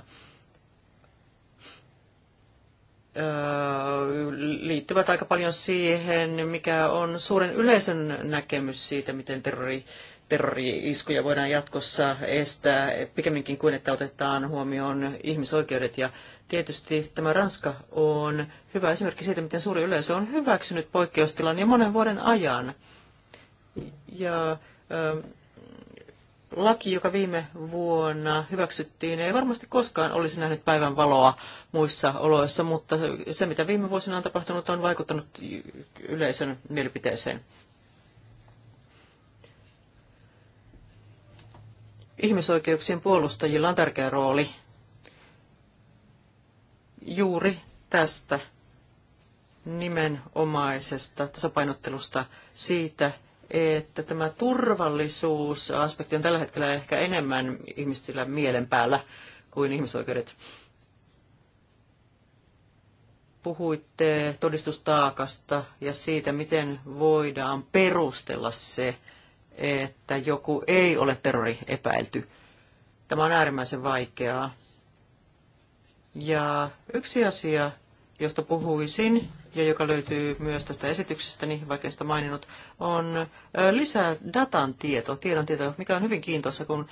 liittyvät aika paljon siihen, mikä on suuren yleisön näkemys siitä, miten terrori, terrori-iskuja voidaan jatkossa estää, pikemminkin kuin että otetaan huomioon ihmisoikeudet ja Tietysti tämä Ranska on hyvä esimerkki siitä, miten suuri yleisö on hyväksynyt poikkeustilan ja monen vuoden ajan. Ja ähm, laki, joka viime vuonna hyväksyttiin, ei varmasti koskaan olisi nähnyt päivän valoa muissa oloissa, mutta se, mitä viime vuosina on tapahtunut, on vaikuttanut yleisön mielipiteeseen. Ihmisoikeuksien puolustajilla on tärkeä rooli juuri tästä nimenomaisesta tasapainottelusta siitä, että tämä turvallisuusaspekti on tällä hetkellä ehkä enemmän ihmisillä mielen päällä kuin ihmisoikeudet. Puhuitte todistustaakasta ja siitä, miten voidaan perustella se, että joku ei ole terrori epäilty. Tämä on äärimmäisen vaikeaa ja yksi asia, josta puhuisin ja joka löytyy myös tästä esityksestä, niin vaikka sitä maininnut, on lisää datan tieto, tiedon tieto, mikä on hyvin kiintoista, kun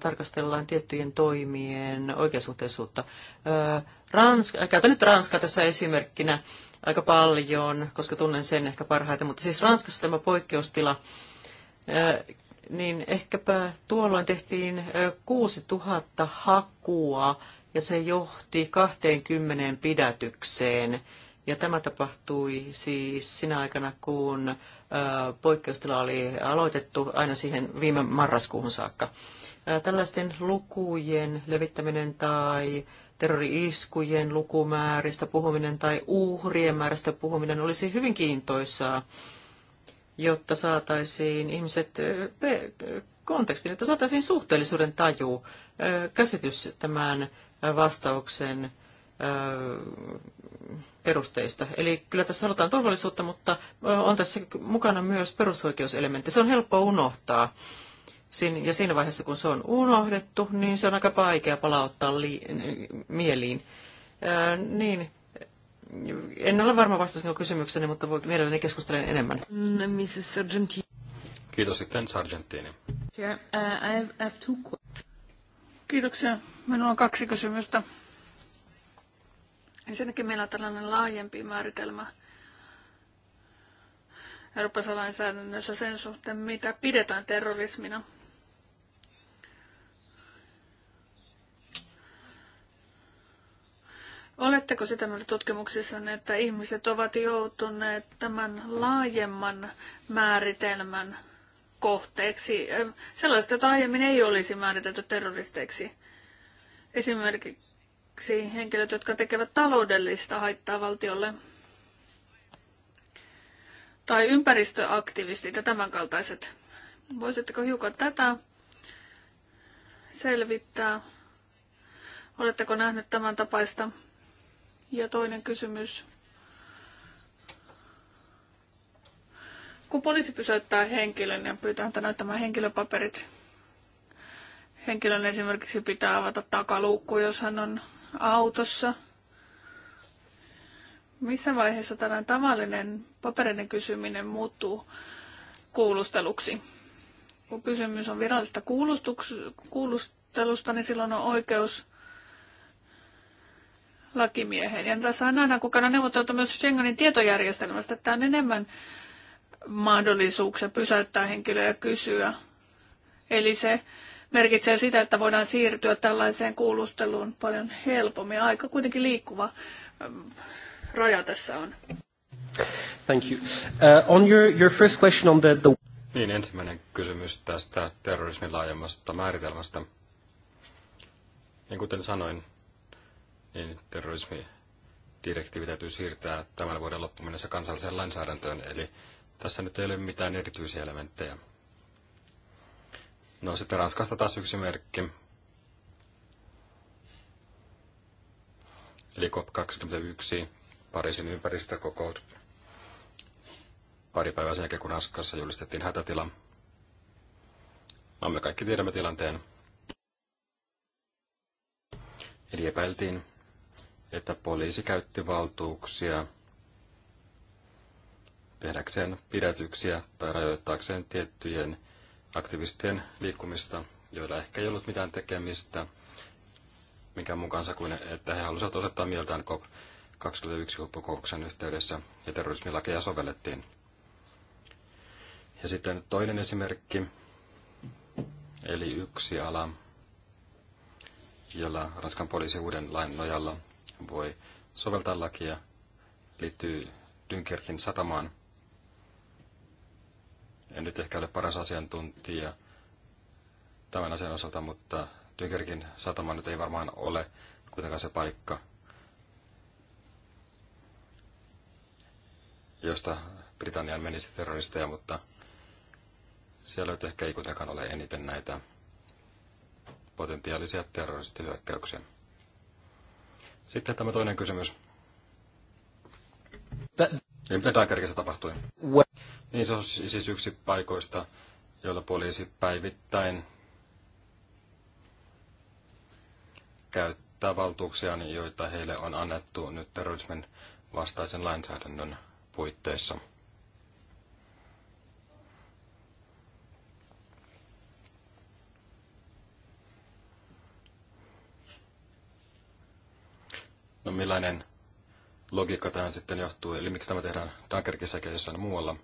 tarkastellaan tiettyjen toimien oikeasuhteisuutta. Ranska, käytän nyt Ranska tässä esimerkkinä aika paljon, koska tunnen sen ehkä parhaiten, mutta siis Ranskassa tämä poikkeustila, niin ehkäpä tuolloin tehtiin 6000 hakua ja se johti 20 pidätykseen. Ja tämä tapahtui siis sinä aikana, kun poikkeustila oli aloitettu aina siihen viime marraskuuhun saakka. Tällaisten lukujen levittäminen tai terrori-iskujen lukumääristä puhuminen tai uhrien määrästä puhuminen olisi hyvin kiintoisaa, jotta saataisiin ihmiset kontekstin että saataisiin suhteellisuuden taju, käsitys tämän vastauksen perusteista. Eli kyllä tässä sanotaan turvallisuutta, mutta on tässä mukana myös perusoikeuselementti. Se on helppo unohtaa. Ja siinä vaiheessa, kun se on unohdettu, niin se on aika vaikea palauttaa li- mieliin. Ää, niin, en ole varma vasta kysymykseni, mutta voi, mielelläni keskustelen enemmän. Mrs. Sargentini. Kiitos sitten Sargentini. Sure. Uh, I have, I have two Kiitoksia. Minulla on kaksi kysymystä. Ensinnäkin meillä on tällainen laajempi määritelmä Euroopassa lainsäädännössä sen suhteen, mitä pidetään terrorismina. Oletteko sitä mieltä tutkimuksissa, että ihmiset ovat joutuneet tämän laajemman määritelmän kohteeksi, sellaista, jota aiemmin ei olisi määritelty terroristeiksi. Esimerkiksi henkilöt, jotka tekevät taloudellista haittaa valtiolle, tai ympäristöaktivistit ja tämän kaltaiset. Voisitteko hiukan tätä selvittää? Oletteko nähnyt tämän tapaista? Ja toinen kysymys. Kun poliisi pysäyttää henkilön ja pyytää häntä näyttämään henkilöpaperit, henkilön esimerkiksi pitää avata takaluukku, jos hän on autossa. Missä vaiheessa tällainen tavallinen paperinen kysyminen muuttuu kuulusteluksi? Kun kysymys on virallisesta kuulustelusta, niin silloin on oikeus lakimieheen. Ja tässä on aina, kukana neuvoteltu myös Schengenin tietojärjestelmästä, että tämä on enemmän mahdollisuuksia pysäyttää henkilöä ja kysyä. Eli se merkitsee sitä, että voidaan siirtyä tällaiseen kuulusteluun paljon helpommin. Aika kuitenkin liikkuva ähm, raja tässä on. Thank you. Uh, on your, your first question on the, the... Niin, ensimmäinen kysymys tästä terrorismin laajemmasta määritelmästä. Niin kuten sanoin, niin terrorismi direktiivi täytyy siirtää tämän vuoden loppuun mennessä kansalliseen lainsäädäntöön, eli tässä nyt ei ole mitään erityisiä elementtejä. No sitten Ranskasta taas yksi merkki. Eli COP21, Pariisin ympäristökokous. Pari päivää sen jälkeen, kun Ranskassa julistettiin hätätila. No me kaikki tiedämme tilanteen. Eli epäiltiin, että poliisi käytti valtuuksia tehdäkseen pidätyksiä tai rajoittaakseen tiettyjen aktivistien liikkumista, joilla ehkä ei ollut mitään tekemistä, mikä mukaansa kuin, että he halusivat osoittaa mieltään COP21 kokouksen yhteydessä ja terrorismilakeja sovellettiin. Ja sitten toinen esimerkki, eli yksi ala, jolla Ranskan poliisi uuden lain nojalla voi soveltaa lakia, liittyy Dunkerkin satamaan en nyt ehkä ole paras asiantuntija tämän asian osalta, mutta Dynkerkin satama nyt ei varmaan ole kuitenkaan se paikka, josta Britannian menisi terroristeja, mutta siellä nyt ehkä ei kuitenkaan ole eniten näitä potentiaalisia terroristihyökkäyksiä. Sitten tämä toinen kysymys. Eli mitä Dunkerkissa tapahtui? Niin se on siis yksi paikoista, joilla poliisi päivittäin käyttää valtuuksia, joita heille on annettu nyt terrorismin vastaisen lainsäädännön puitteissa. No millainen logiikka tähän sitten johtuu, eli miksi tämä tehdään Dunkerkissä ja jossain muualla,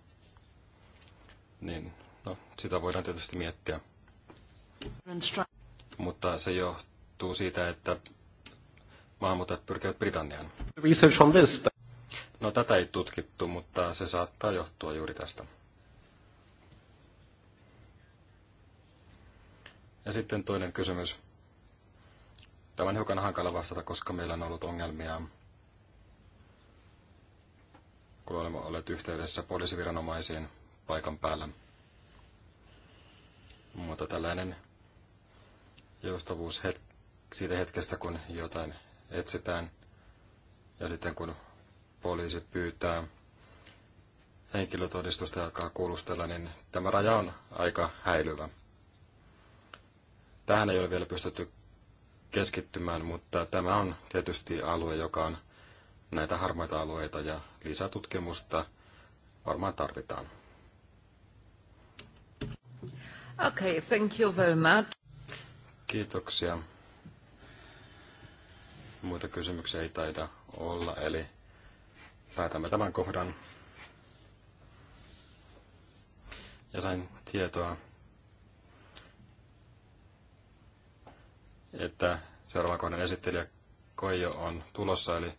niin no, sitä voidaan tietysti miettiä. Mutta se johtuu siitä, että maahanmuuttajat pyrkivät Britanniaan. No tätä ei tutkittu, mutta se saattaa johtua juuri tästä. Ja sitten toinen kysymys. Tämä on hiukan hankala vastata, koska meillä on ollut ongelmia kun olemme olleet yhteydessä poliisiviranomaisiin paikan päällä. Mutta tällainen joustavuus het- siitä hetkestä, kun jotain etsitään ja sitten kun poliisi pyytää henkilötodistusta ja alkaa kuulustella, niin tämä raja on aika häilyvä. Tähän ei ole vielä pystytty keskittymään, mutta tämä on tietysti alue, joka on näitä harmaita alueita ja lisätutkimusta varmaan tarvitaan. Okay, thank you very much. Kiitoksia. Muita kysymyksiä ei taida olla, eli päätämme tämän kohdan. Ja sain tietoa, että seuraava kohdan esittelijä Koijo on tulossa, eli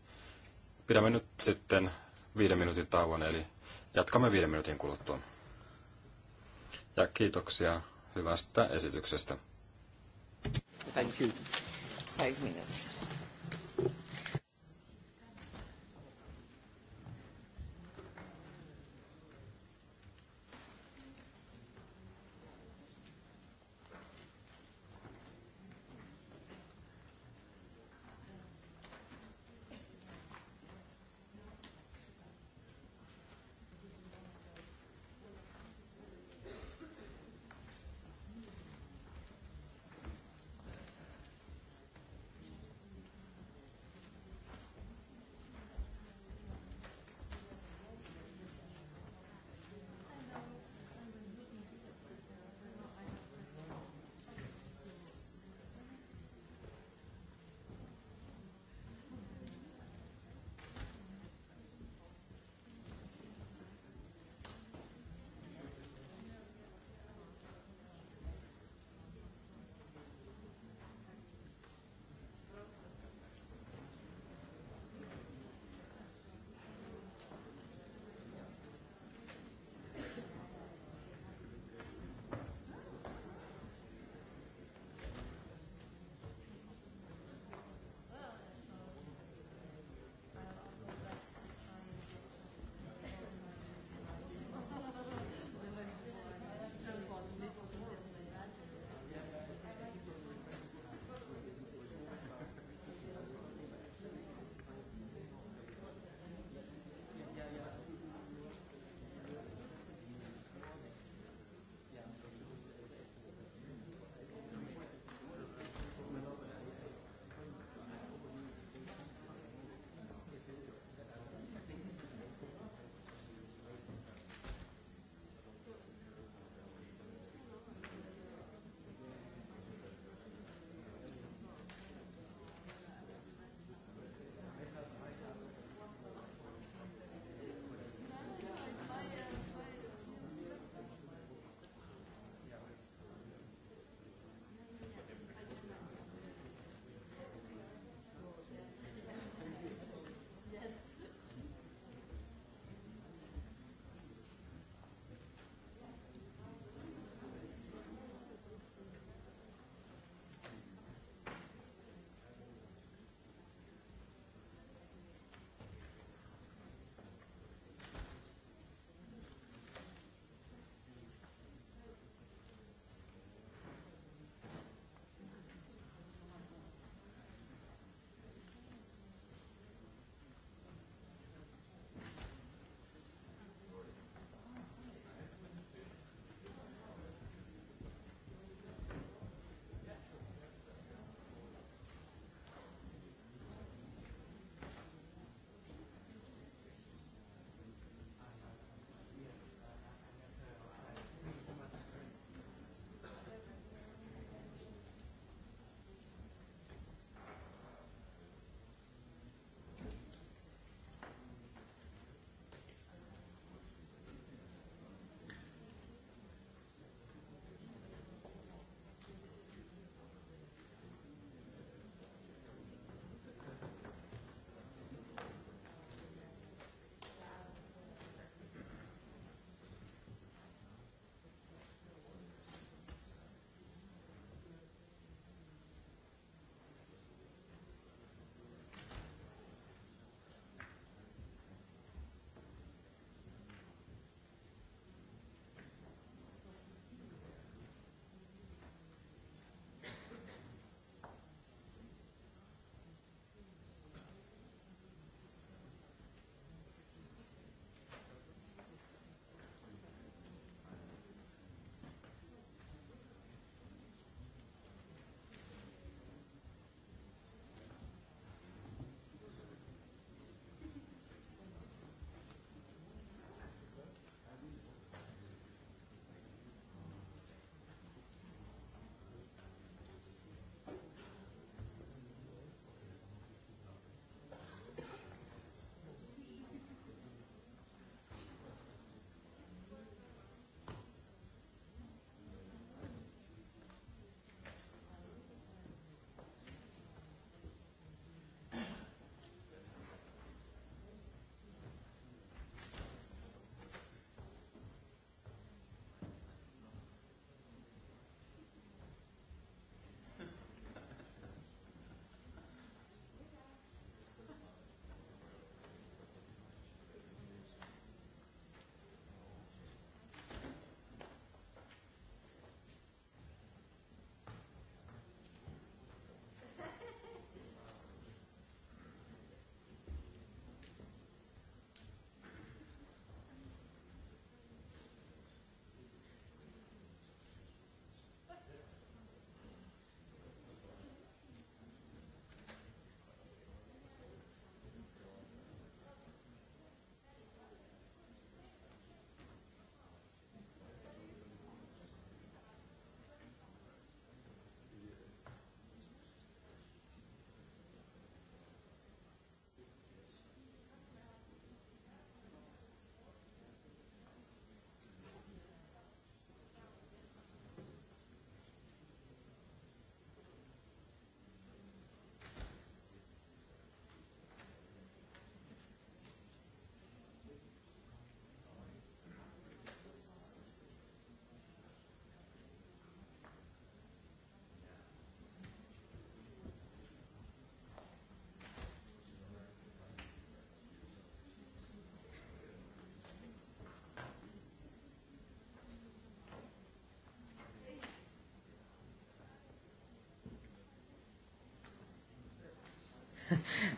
Pidämme nyt sitten viiden minuutin tauon, eli jatkamme viiden minuutin kuluttua. Ja kiitoksia hyvästä esityksestä. Thank you. Five minutes.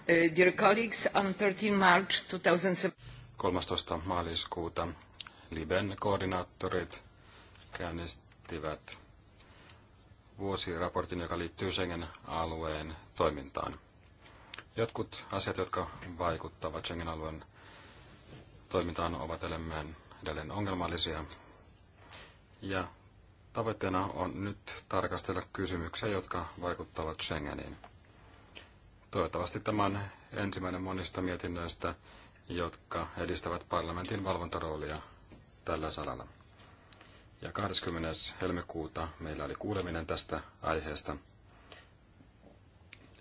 Uh, dear colleagues, on 13 March 13. maaliskuuta Liben koordinaattorit käynnistivät vuosiraportin, joka liittyy Schengen-alueen toimintaan. Jotkut asiat, jotka vaikuttavat Schengen-alueen toimintaan, ovat edelleen, edelleen ongelmallisia. Ja tavoitteena on nyt tarkastella kysymyksiä, jotka vaikuttavat Schengeniin. Toivottavasti tämä on ensimmäinen monista mietinnöistä, jotka edistävät parlamentin valvontaroolia tällä salalla. Ja 20. helmikuuta meillä oli kuuleminen tästä aiheesta.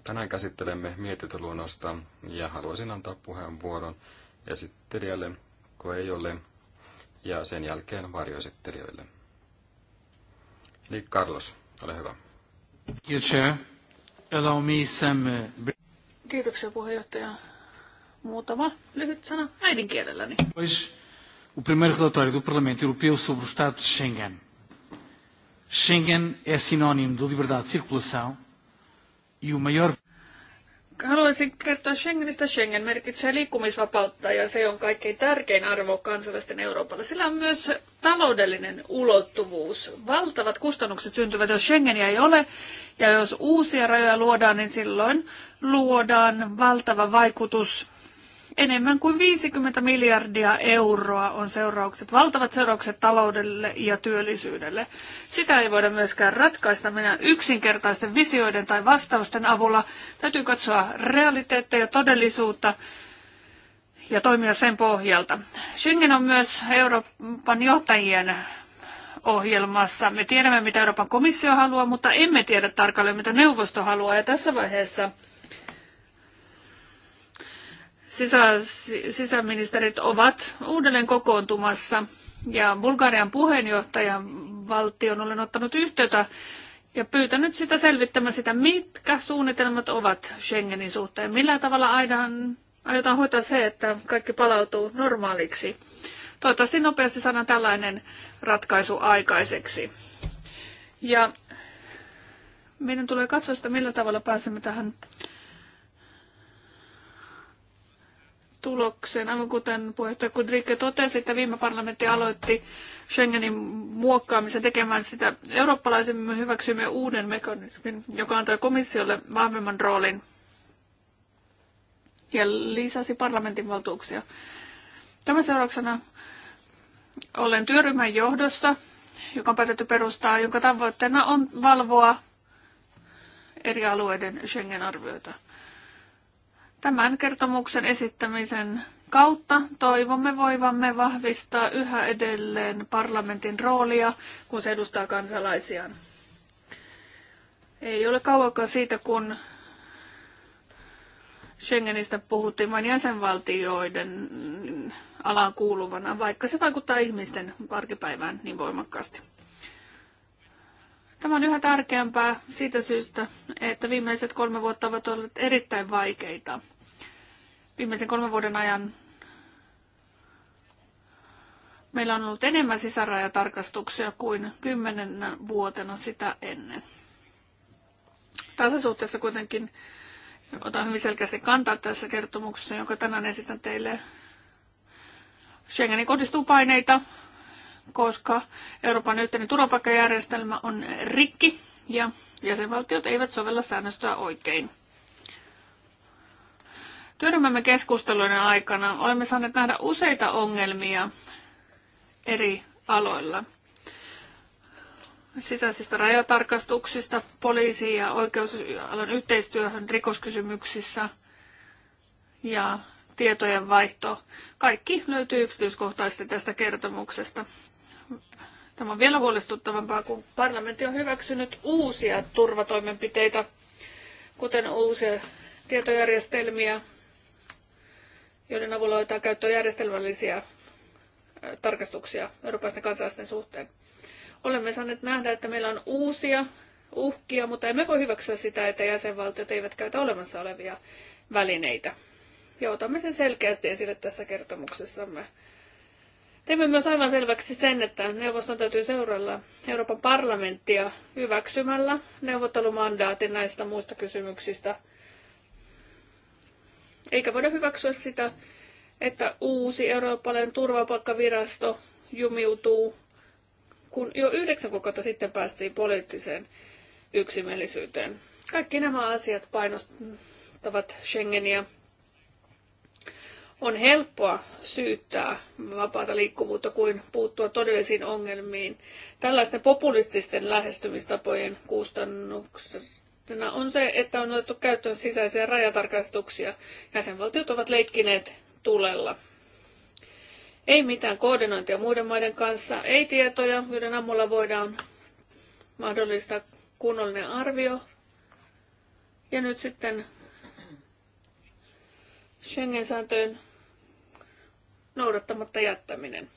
Tänään käsittelemme mietintöluonnosta ja haluaisin antaa puheenvuoron esittelijälle Koejolle ja sen jälkeen varjoesittelijöille. Eli niin, Carlos, ole hyvä. Allow me some... Uh, Kiitoksia puheenjohtaja. Muutama lyhyt sana äidinkielelläni. Pois o primeiro relatório do Parlamento Europeo sobre o Estado de Schengen. Schengen é sinónimo de liberdade de circulação e o maior... Haluaisin kertoa Schengenistä. Schengen merkitsee liikkumisvapautta ja se on kaikkein tärkein arvo kansalaisten Euroopalla. Sillä on myös taloudellinen ulottuvuus. Valtavat kustannukset syntyvät, jos Schengeniä ei ole. Ja jos uusia rajoja luodaan, niin silloin luodaan valtava vaikutus Enemmän kuin 50 miljardia euroa on seuraukset, valtavat seuraukset taloudelle ja työllisyydelle. Sitä ei voida myöskään ratkaista minä yksinkertaisten visioiden tai vastausten avulla. Täytyy katsoa realiteetteja ja todellisuutta ja toimia sen pohjalta. Schengen on myös Euroopan johtajien ohjelmassa. Me tiedämme, mitä Euroopan komissio haluaa, mutta emme tiedä tarkalleen, mitä neuvosto haluaa. Ja tässä vaiheessa sisä, sisäministerit ovat uudelleen kokoontumassa ja Bulgarian puheenjohtajan valtion olen ottanut yhteyttä ja pyytänyt sitä selvittämään sitä, mitkä suunnitelmat ovat Schengenin suhteen. Millä tavalla aidaan, aiotaan hoitaa se, että kaikki palautuu normaaliksi. Toivottavasti nopeasti saadaan tällainen ratkaisu aikaiseksi. Ja meidän tulee katsoa sitä, millä tavalla pääsemme tähän tulokseen, aivan kuten puheenjohtaja Kudrike totesi, että viime parlamentti aloitti Schengenin muokkaamisen tekemään sitä eurooppalaisemmin hyväksymme uuden mekanismin, joka antoi komissiolle vahvemman roolin ja lisäsi parlamentin valtuuksia. Tämän seurauksena olen työryhmän johdossa, joka on päätetty perustaa, jonka tavoitteena on valvoa eri alueiden Schengen-arvioita. Tämän kertomuksen esittämisen kautta toivomme voivamme vahvistaa yhä edelleen parlamentin roolia, kun se edustaa kansalaisiaan. Ei ole kauankaan siitä, kun Schengenistä puhuttiin vain jäsenvaltioiden alaan kuuluvana, vaikka se vaikuttaa ihmisten arkipäivään niin voimakkaasti. Tämä on yhä tärkeämpää siitä syystä, että viimeiset kolme vuotta ovat olleet erittäin vaikeita. Viimeisen kolmen vuoden ajan meillä on ollut enemmän sisärajatarkastuksia kuin kymmenen vuotena sitä ennen. Tässä suhteessa kuitenkin otan hyvin selkeästi kantaa tässä kertomuksessa, jonka tänään esitän teille. Schengenin kohdistuu paineita koska Euroopan yhteinen turvapaikkajärjestelmä on rikki ja jäsenvaltiot eivät sovella säännöstöä oikein. Työryhmämme keskusteluiden aikana olemme saaneet nähdä useita ongelmia eri aloilla. Sisäisistä rajatarkastuksista, poliisi- ja oikeusalan yhteistyöhön rikoskysymyksissä ja tietojen vaihto. Kaikki löytyy yksityiskohtaisesti tästä kertomuksesta. Tämä on vielä huolestuttavampaa, kun parlamentti on hyväksynyt uusia turvatoimenpiteitä, kuten uusia tietojärjestelmiä, joiden avulla otetaan käyttöön järjestelmällisiä tarkastuksia eurooppalaisten kansalaisten suhteen. Olemme saaneet nähdä, että meillä on uusia uhkia, mutta emme voi hyväksyä sitä, että jäsenvaltiot eivät käytä olemassa olevia välineitä. Ja otamme sen selkeästi esille tässä kertomuksessamme. Teemme myös aivan selväksi sen, että neuvoston täytyy seuralla Euroopan parlamenttia hyväksymällä neuvottelumandaatin näistä muista kysymyksistä. Eikä voida hyväksyä sitä, että uusi eurooppalainen turvapaikkavirasto jumiutuu, kun jo yhdeksän kuukautta sitten päästiin poliittiseen yksimielisyyteen. Kaikki nämä asiat painostavat Schengeniä on helppoa syyttää vapaata liikkuvuutta kuin puuttua todellisiin ongelmiin. Tällaisten populististen lähestymistapojen kustannuksena on se, että on otettu käyttöön sisäisiä rajatarkastuksia. Jäsenvaltiot ovat leikkineet tulella. Ei mitään koordinointia muiden maiden kanssa, ei tietoja, joiden ammulla voidaan mahdollistaa kunnollinen arvio. Ja nyt sitten Schengen-sääntöön noudattamatta jättäminen,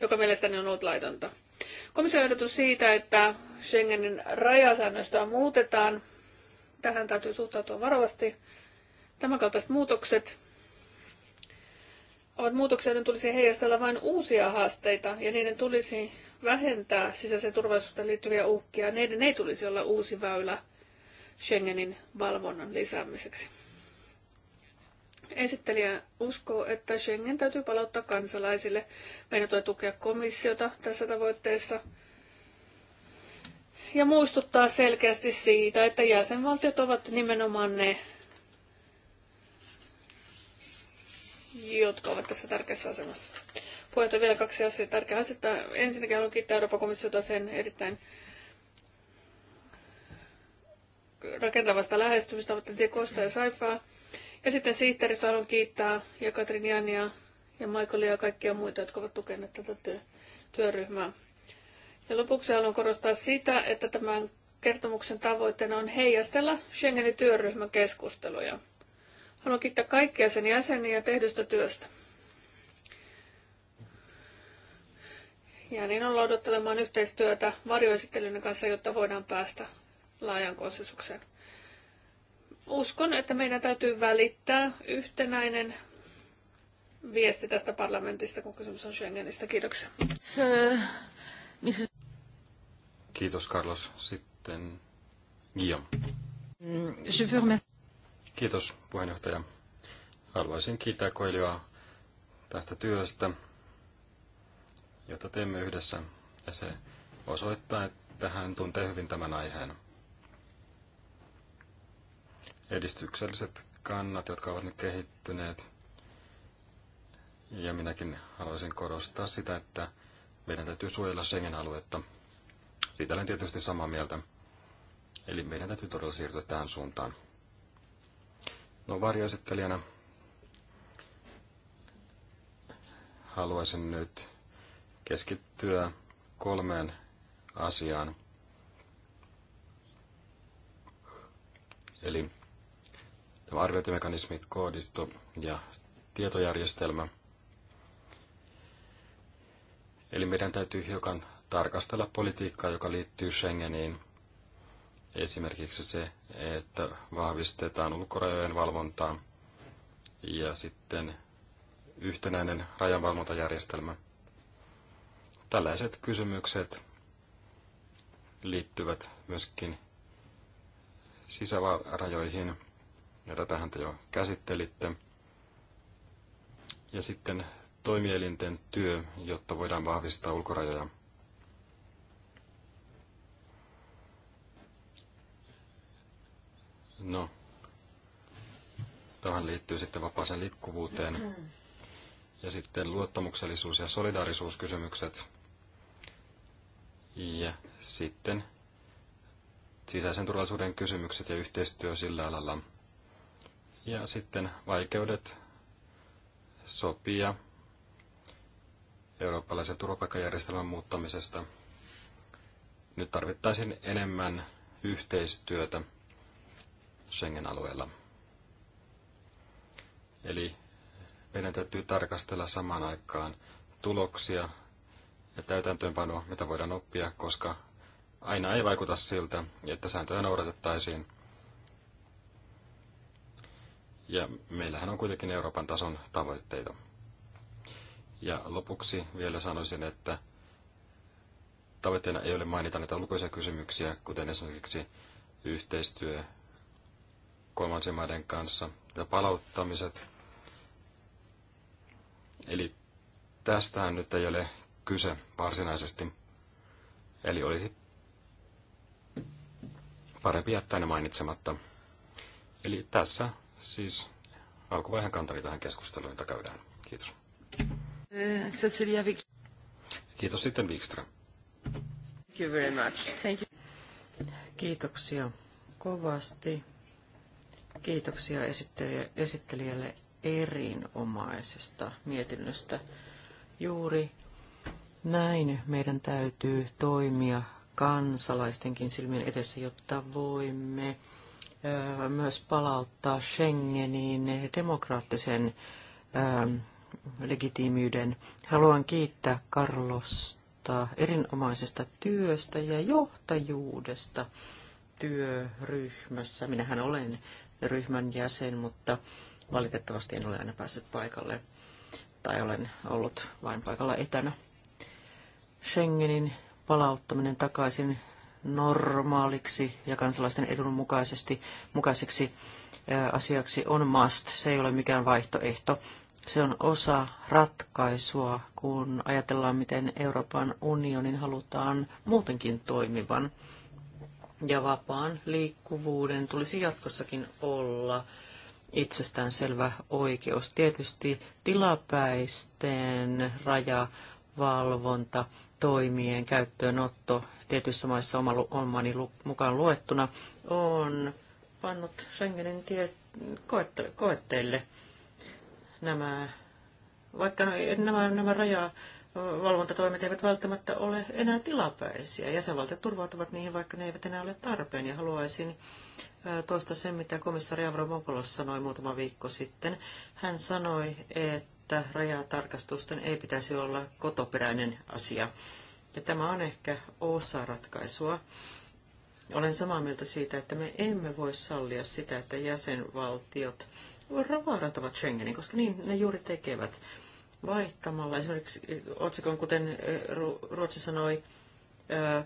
joka mielestäni on ollut laitonta. Komission ehdotus siitä, että Schengenin rajasäännöstä muutetaan, tähän täytyy suhtautua varovasti. kaltaiset muutokset ovat muutoksia, joiden tulisi heijastella vain uusia haasteita ja niiden tulisi vähentää sisäiseen turvallisuuteen liittyviä uhkia. Niiden ei tulisi olla uusi väylä Schengenin valvonnan lisäämiseksi. Esittelijä uskoo, että Schengen täytyy palauttaa kansalaisille. Meidän tulee tukea komissiota tässä tavoitteessa ja muistuttaa selkeästi siitä, että jäsenvaltiot ovat nimenomaan ne, jotka ovat tässä tärkeässä asemassa. Puheenjohtaja vielä kaksi asiaa tärkeää asettaa. Ensinnäkin haluan kiittää Euroopan komissiota sen erittäin rakentavasta lähestymistä, mutta Kosta ja Saifaa. Ja sitten sihteeristä haluan kiittää ja Katrin Jania ja Michaelia ja kaikkia muita, jotka ovat tukeneet tätä työryhmää. Ja lopuksi haluan korostaa sitä, että tämän kertomuksen tavoitteena on heijastella Schengenin työryhmän keskusteluja. Haluan kiittää kaikkia sen jäseniä tehdystä työstä. Ja niin ollaan odottelemaan yhteistyötä varjoesittelyn kanssa, jotta voidaan päästä laajan konsensukseen uskon, että meidän täytyy välittää yhtenäinen viesti tästä parlamentista, kun kysymys on Schengenistä. Kiitoksia. Kiitos Carlos. Sitten Guillaume. Mm, Kiitos puheenjohtaja. Haluaisin kiittää Koilioa tästä työstä, jota teemme yhdessä. Ja se osoittaa, että hän tuntee hyvin tämän aiheen edistykselliset kannat, jotka ovat nyt kehittyneet. Ja minäkin haluaisin korostaa sitä, että meidän täytyy suojella Schengen-aluetta. Siitä olen tietysti samaa mieltä. Eli meidän täytyy todella siirtyä tähän suuntaan. No varjoesittelijänä haluaisin nyt keskittyä kolmeen asiaan. Eli tämä arviointimekanismi, koodisto ja tietojärjestelmä. Eli meidän täytyy hiukan tarkastella politiikkaa, joka liittyy Schengeniin. Esimerkiksi se, että vahvistetaan ulkorajojen valvontaa ja sitten yhtenäinen rajanvalvontajärjestelmä. Tällaiset kysymykset liittyvät myöskin sisärajoihin ja tätähän te jo käsittelitte. Ja sitten toimielinten työ, jotta voidaan vahvistaa ulkorajoja. No, tähän liittyy sitten vapaaseen liikkuvuuteen. Ja sitten luottamuksellisuus- ja solidaarisuuskysymykset. Ja sitten sisäisen turvallisuuden kysymykset ja yhteistyö sillä alalla – ja sitten vaikeudet sopia eurooppalaisen turvapaikkajärjestelmän muuttamisesta. Nyt tarvittaisiin enemmän yhteistyötä Schengen-alueella. Eli meidän täytyy tarkastella samaan aikaan tuloksia ja täytäntöönpanoa, mitä voidaan oppia, koska aina ei vaikuta siltä, että sääntöjä noudatettaisiin ja meillähän on kuitenkin Euroopan tason tavoitteita. Ja lopuksi vielä sanoisin, että tavoitteena ei ole mainita näitä ulkoisia kysymyksiä, kuten esimerkiksi yhteistyö kolmansien maiden kanssa ja palauttamiset. Eli tästähän nyt ei ole kyse varsinaisesti. Eli olisi parempi jättää ne mainitsematta. Eli tässä siis alkuvaiheen kantani tähän keskusteluun, jota käydään. Kiitos. Cecilia Kiitos sitten Wikström. Thank you very much. Thank you. Kiitoksia kovasti. Kiitoksia esittelijälle erinomaisesta mietinnöstä. Juuri näin meidän täytyy toimia kansalaistenkin silmien edessä, jotta voimme myös palauttaa Schengenin demokraattisen legitiimiyden. Haluan kiittää Karlosta erinomaisesta työstä ja johtajuudesta työryhmässä. Minähän olen ryhmän jäsen, mutta valitettavasti en ole aina päässyt paikalle tai olen ollut vain paikalla etänä. Schengenin palauttaminen takaisin normaaliksi ja kansalaisten edun mukaisesti, mukaiseksi asiaksi on must. Se ei ole mikään vaihtoehto. Se on osa ratkaisua, kun ajatellaan, miten Euroopan unionin halutaan muutenkin toimivan. Ja vapaan liikkuvuuden tulisi jatkossakin olla itsestäänselvä oikeus. Tietysti tilapäisten rajavalvonta toimien käyttöönotto tietyissä maissa omani mukaan luettuna, on pannut Schengenin tie koette, koetteille nämä, vaikka no, nämä, nämä raja, valvontatoimet eivät välttämättä ole enää tilapäisiä. Jäsenvaltiot turvautuvat niihin, vaikka ne eivät enää ole tarpeen. Ja haluaisin toistaa sen, mitä komissaari Avramopoulos sanoi muutama viikko sitten. Hän sanoi, että rajatarkastusten ei pitäisi olla kotoperäinen asia. Ja tämä on ehkä osa ratkaisua. Olen samaa mieltä siitä, että me emme voi sallia sitä, että jäsenvaltiot vaarantavat Schengenin, koska niin ne juuri tekevät vaihtamalla. Esimerkiksi eh, otsikon, kuten eh, Ruotsi sanoi, eh,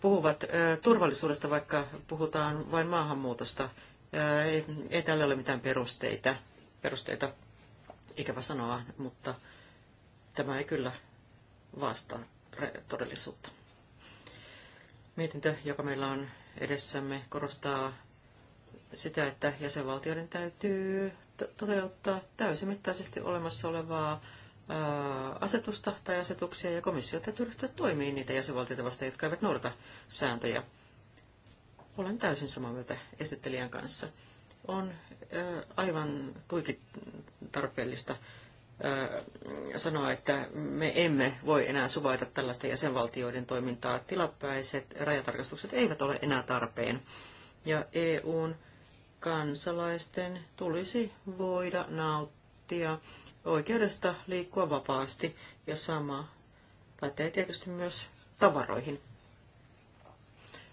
puhuvat turvallisuudesta, vaikka puhutaan vain maahanmuutosta. Ei, ei tälle ole mitään perusteita, perusteita, ikävä sanoa, mutta tämä ei kyllä vastaa todellisuutta. Mietintö, joka meillä on edessämme, korostaa sitä, että jäsenvaltioiden täytyy toteuttaa täysimittaisesti olemassa olevaa asetusta tai asetuksia, ja komissio täytyy ryhtyä toimiin niitä jäsenvaltioita vastaan, jotka eivät noudata sääntöjä. Olen täysin samaa mieltä esittelijän kanssa. On aivan tuikin tarpeellista sanoa, että me emme voi enää suvaita tällaista jäsenvaltioiden toimintaa. Tilapäiset rajatarkastukset eivät ole enää tarpeen. Ja EUn kansalaisten tulisi voida nauttia oikeudesta liikkua vapaasti ja sama pätee tietysti myös tavaroihin.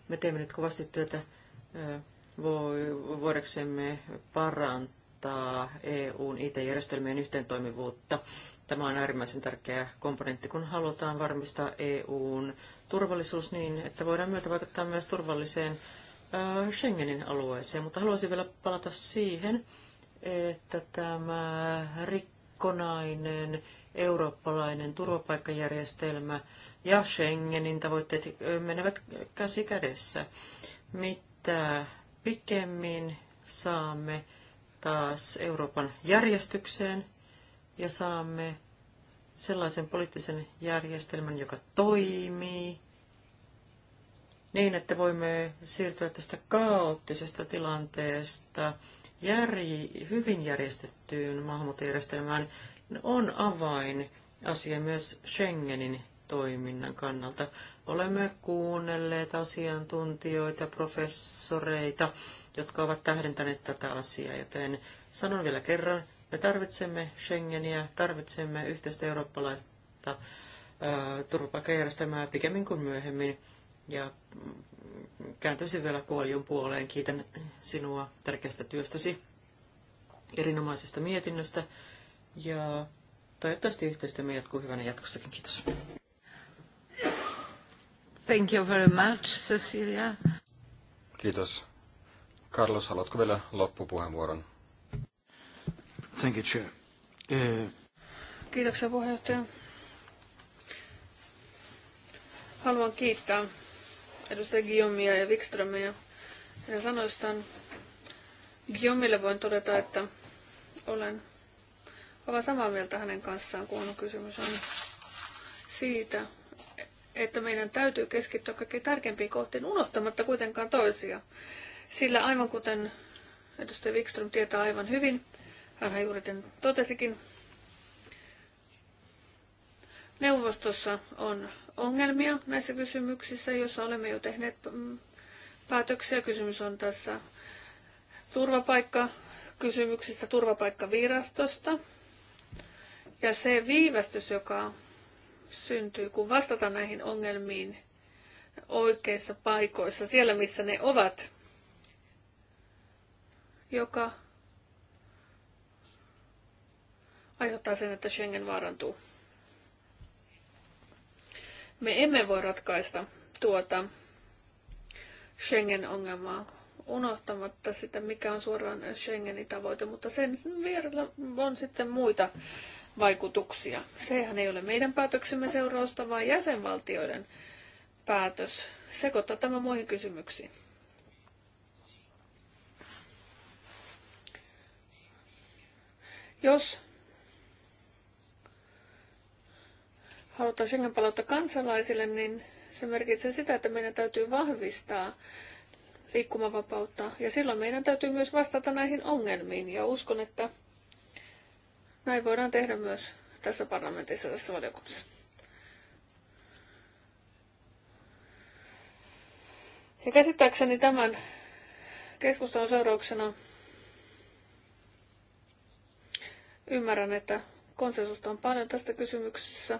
Me teemme nyt kovasti työtä voidaksemme parantaa parantaa EUn IT-järjestelmien yhteentoimivuutta. Tämä on äärimmäisen tärkeä komponentti, kun halutaan varmistaa EUn turvallisuus niin, että voidaan myötä vaikuttaa myös turvalliseen Schengenin alueeseen. Mutta haluaisin vielä palata siihen, että tämä rikkonainen eurooppalainen turvapaikkajärjestelmä ja Schengenin tavoitteet menevät käsi kädessä. Mitä pikemmin saamme taas Euroopan järjestykseen ja saamme sellaisen poliittisen järjestelmän, joka toimii niin, että voimme siirtyä tästä kaoottisesta tilanteesta järj- hyvin järjestettyyn maahanmuuttojärjestelmään, on avain asia myös Schengenin toiminnan kannalta. Olemme kuunnelleet asiantuntijoita, professoreita, jotka ovat tähdentäneet tätä asiaa, joten sanon vielä kerran, me tarvitsemme Schengeniä, tarvitsemme yhteistä eurooppalaista turvapaikkajärjestelmää pikemmin kuin myöhemmin. Ja kääntyisin vielä Kuoljun puoleen. Kiitän sinua tärkeästä työstäsi, erinomaisesta mietinnöstä ja toivottavasti yhteistyömme jatkuu hyvänä jatkossakin. Kiitos. Thank you very much, Cecilia. Kiitos, Carlos, haluatko vielä loppupuheenvuoron? Thank you, Chair. Eh, Kiitoksia puheenjohtaja. Haluan kiittää edustaja Guillaumea ja Wikströmiä heidän sanoistaan. Guillaumille voin todeta, että olen aivan samaa mieltä hänen kanssaan, kun kysymys on siitä, että meidän täytyy keskittyä kaikkein tärkeimpiin kohtiin unohtamatta kuitenkaan toisia. Sillä aivan kuten edustaja Wikström tietää aivan hyvin, hän juuri totesikin, neuvostossa on ongelmia näissä kysymyksissä, joissa olemme jo tehneet mm, päätöksiä. Kysymys on tässä turvapaikka kysymyksistä turvapaikkavirastosta. Ja se viivästys, joka syntyy, kun vastata näihin ongelmiin oikeissa paikoissa, siellä missä ne ovat, joka aiheuttaa sen, että Schengen vaarantuu. Me emme voi ratkaista tuota Schengen-ongelmaa unohtamatta sitä, mikä on suoraan Schengenin tavoite, mutta sen vierellä on sitten muita vaikutuksia. Sehän ei ole meidän päätöksemme seurausta, vaan jäsenvaltioiden päätös sekoittaa tämä muihin kysymyksiin. Jos halutaan Schengen palautta kansalaisille, niin se merkitsee sitä, että meidän täytyy vahvistaa liikkumavapautta. Ja silloin meidän täytyy myös vastata näihin ongelmiin. Ja uskon, että näin voidaan tehdä myös tässä parlamentissa, tässä valiokunnassa. Ja käsittääkseni tämän keskustelun seurauksena Ymmärrän, että konsensusta on paljon tästä kysymyksessä.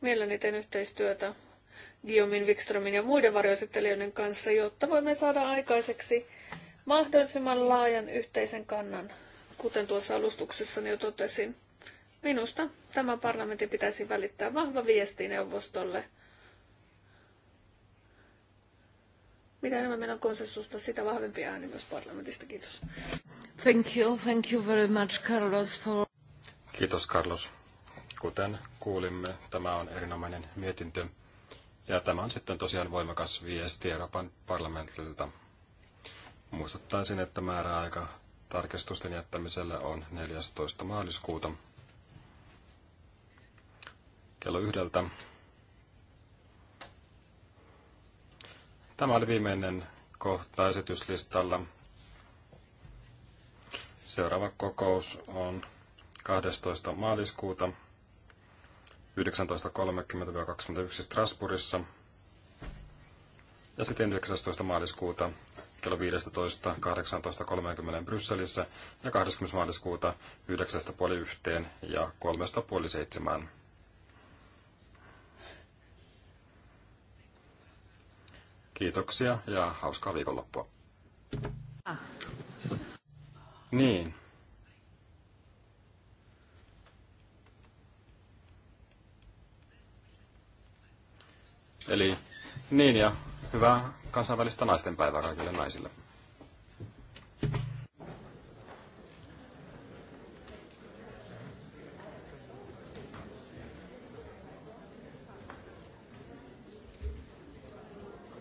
Mielelläni teen yhteistyötä Guillaumin, Wikströmin ja muiden varjoesittelijöiden kanssa, jotta voimme saada aikaiseksi mahdollisimman laajan yhteisen kannan, kuten tuossa alustuksessani jo totesin. Minusta tämän parlamentin pitäisi välittää vahva viesti neuvostolle. Mitä enemmän meillä on konsensusta, sitä vahvempi ääni myös parlamentista. Kiitos. Thank you, thank you very much, Carlos, for... Kiitos, Carlos. Kuten kuulimme, tämä on erinomainen mietintö. Ja tämä on sitten tosiaan voimakas viesti Euroopan parlamentilta. Muistuttaisin, että määräaika tarkistusten jättämiselle on 14. maaliskuuta kello yhdeltä. Tämä oli viimeinen kohta esityslistalla. Seuraava kokous on 12. maaliskuuta 19.30-21 Strasbourgissa ja sitten 19. maaliskuuta kello 15.18.30 Brysselissä ja 20. maaliskuuta 9.30 ja 3.30. Kiitoksia ja hauskaa viikonloppua. Ah. Niin. Eli niin ja hyvää kansainvälistä naistenpäivää kaikille naisille.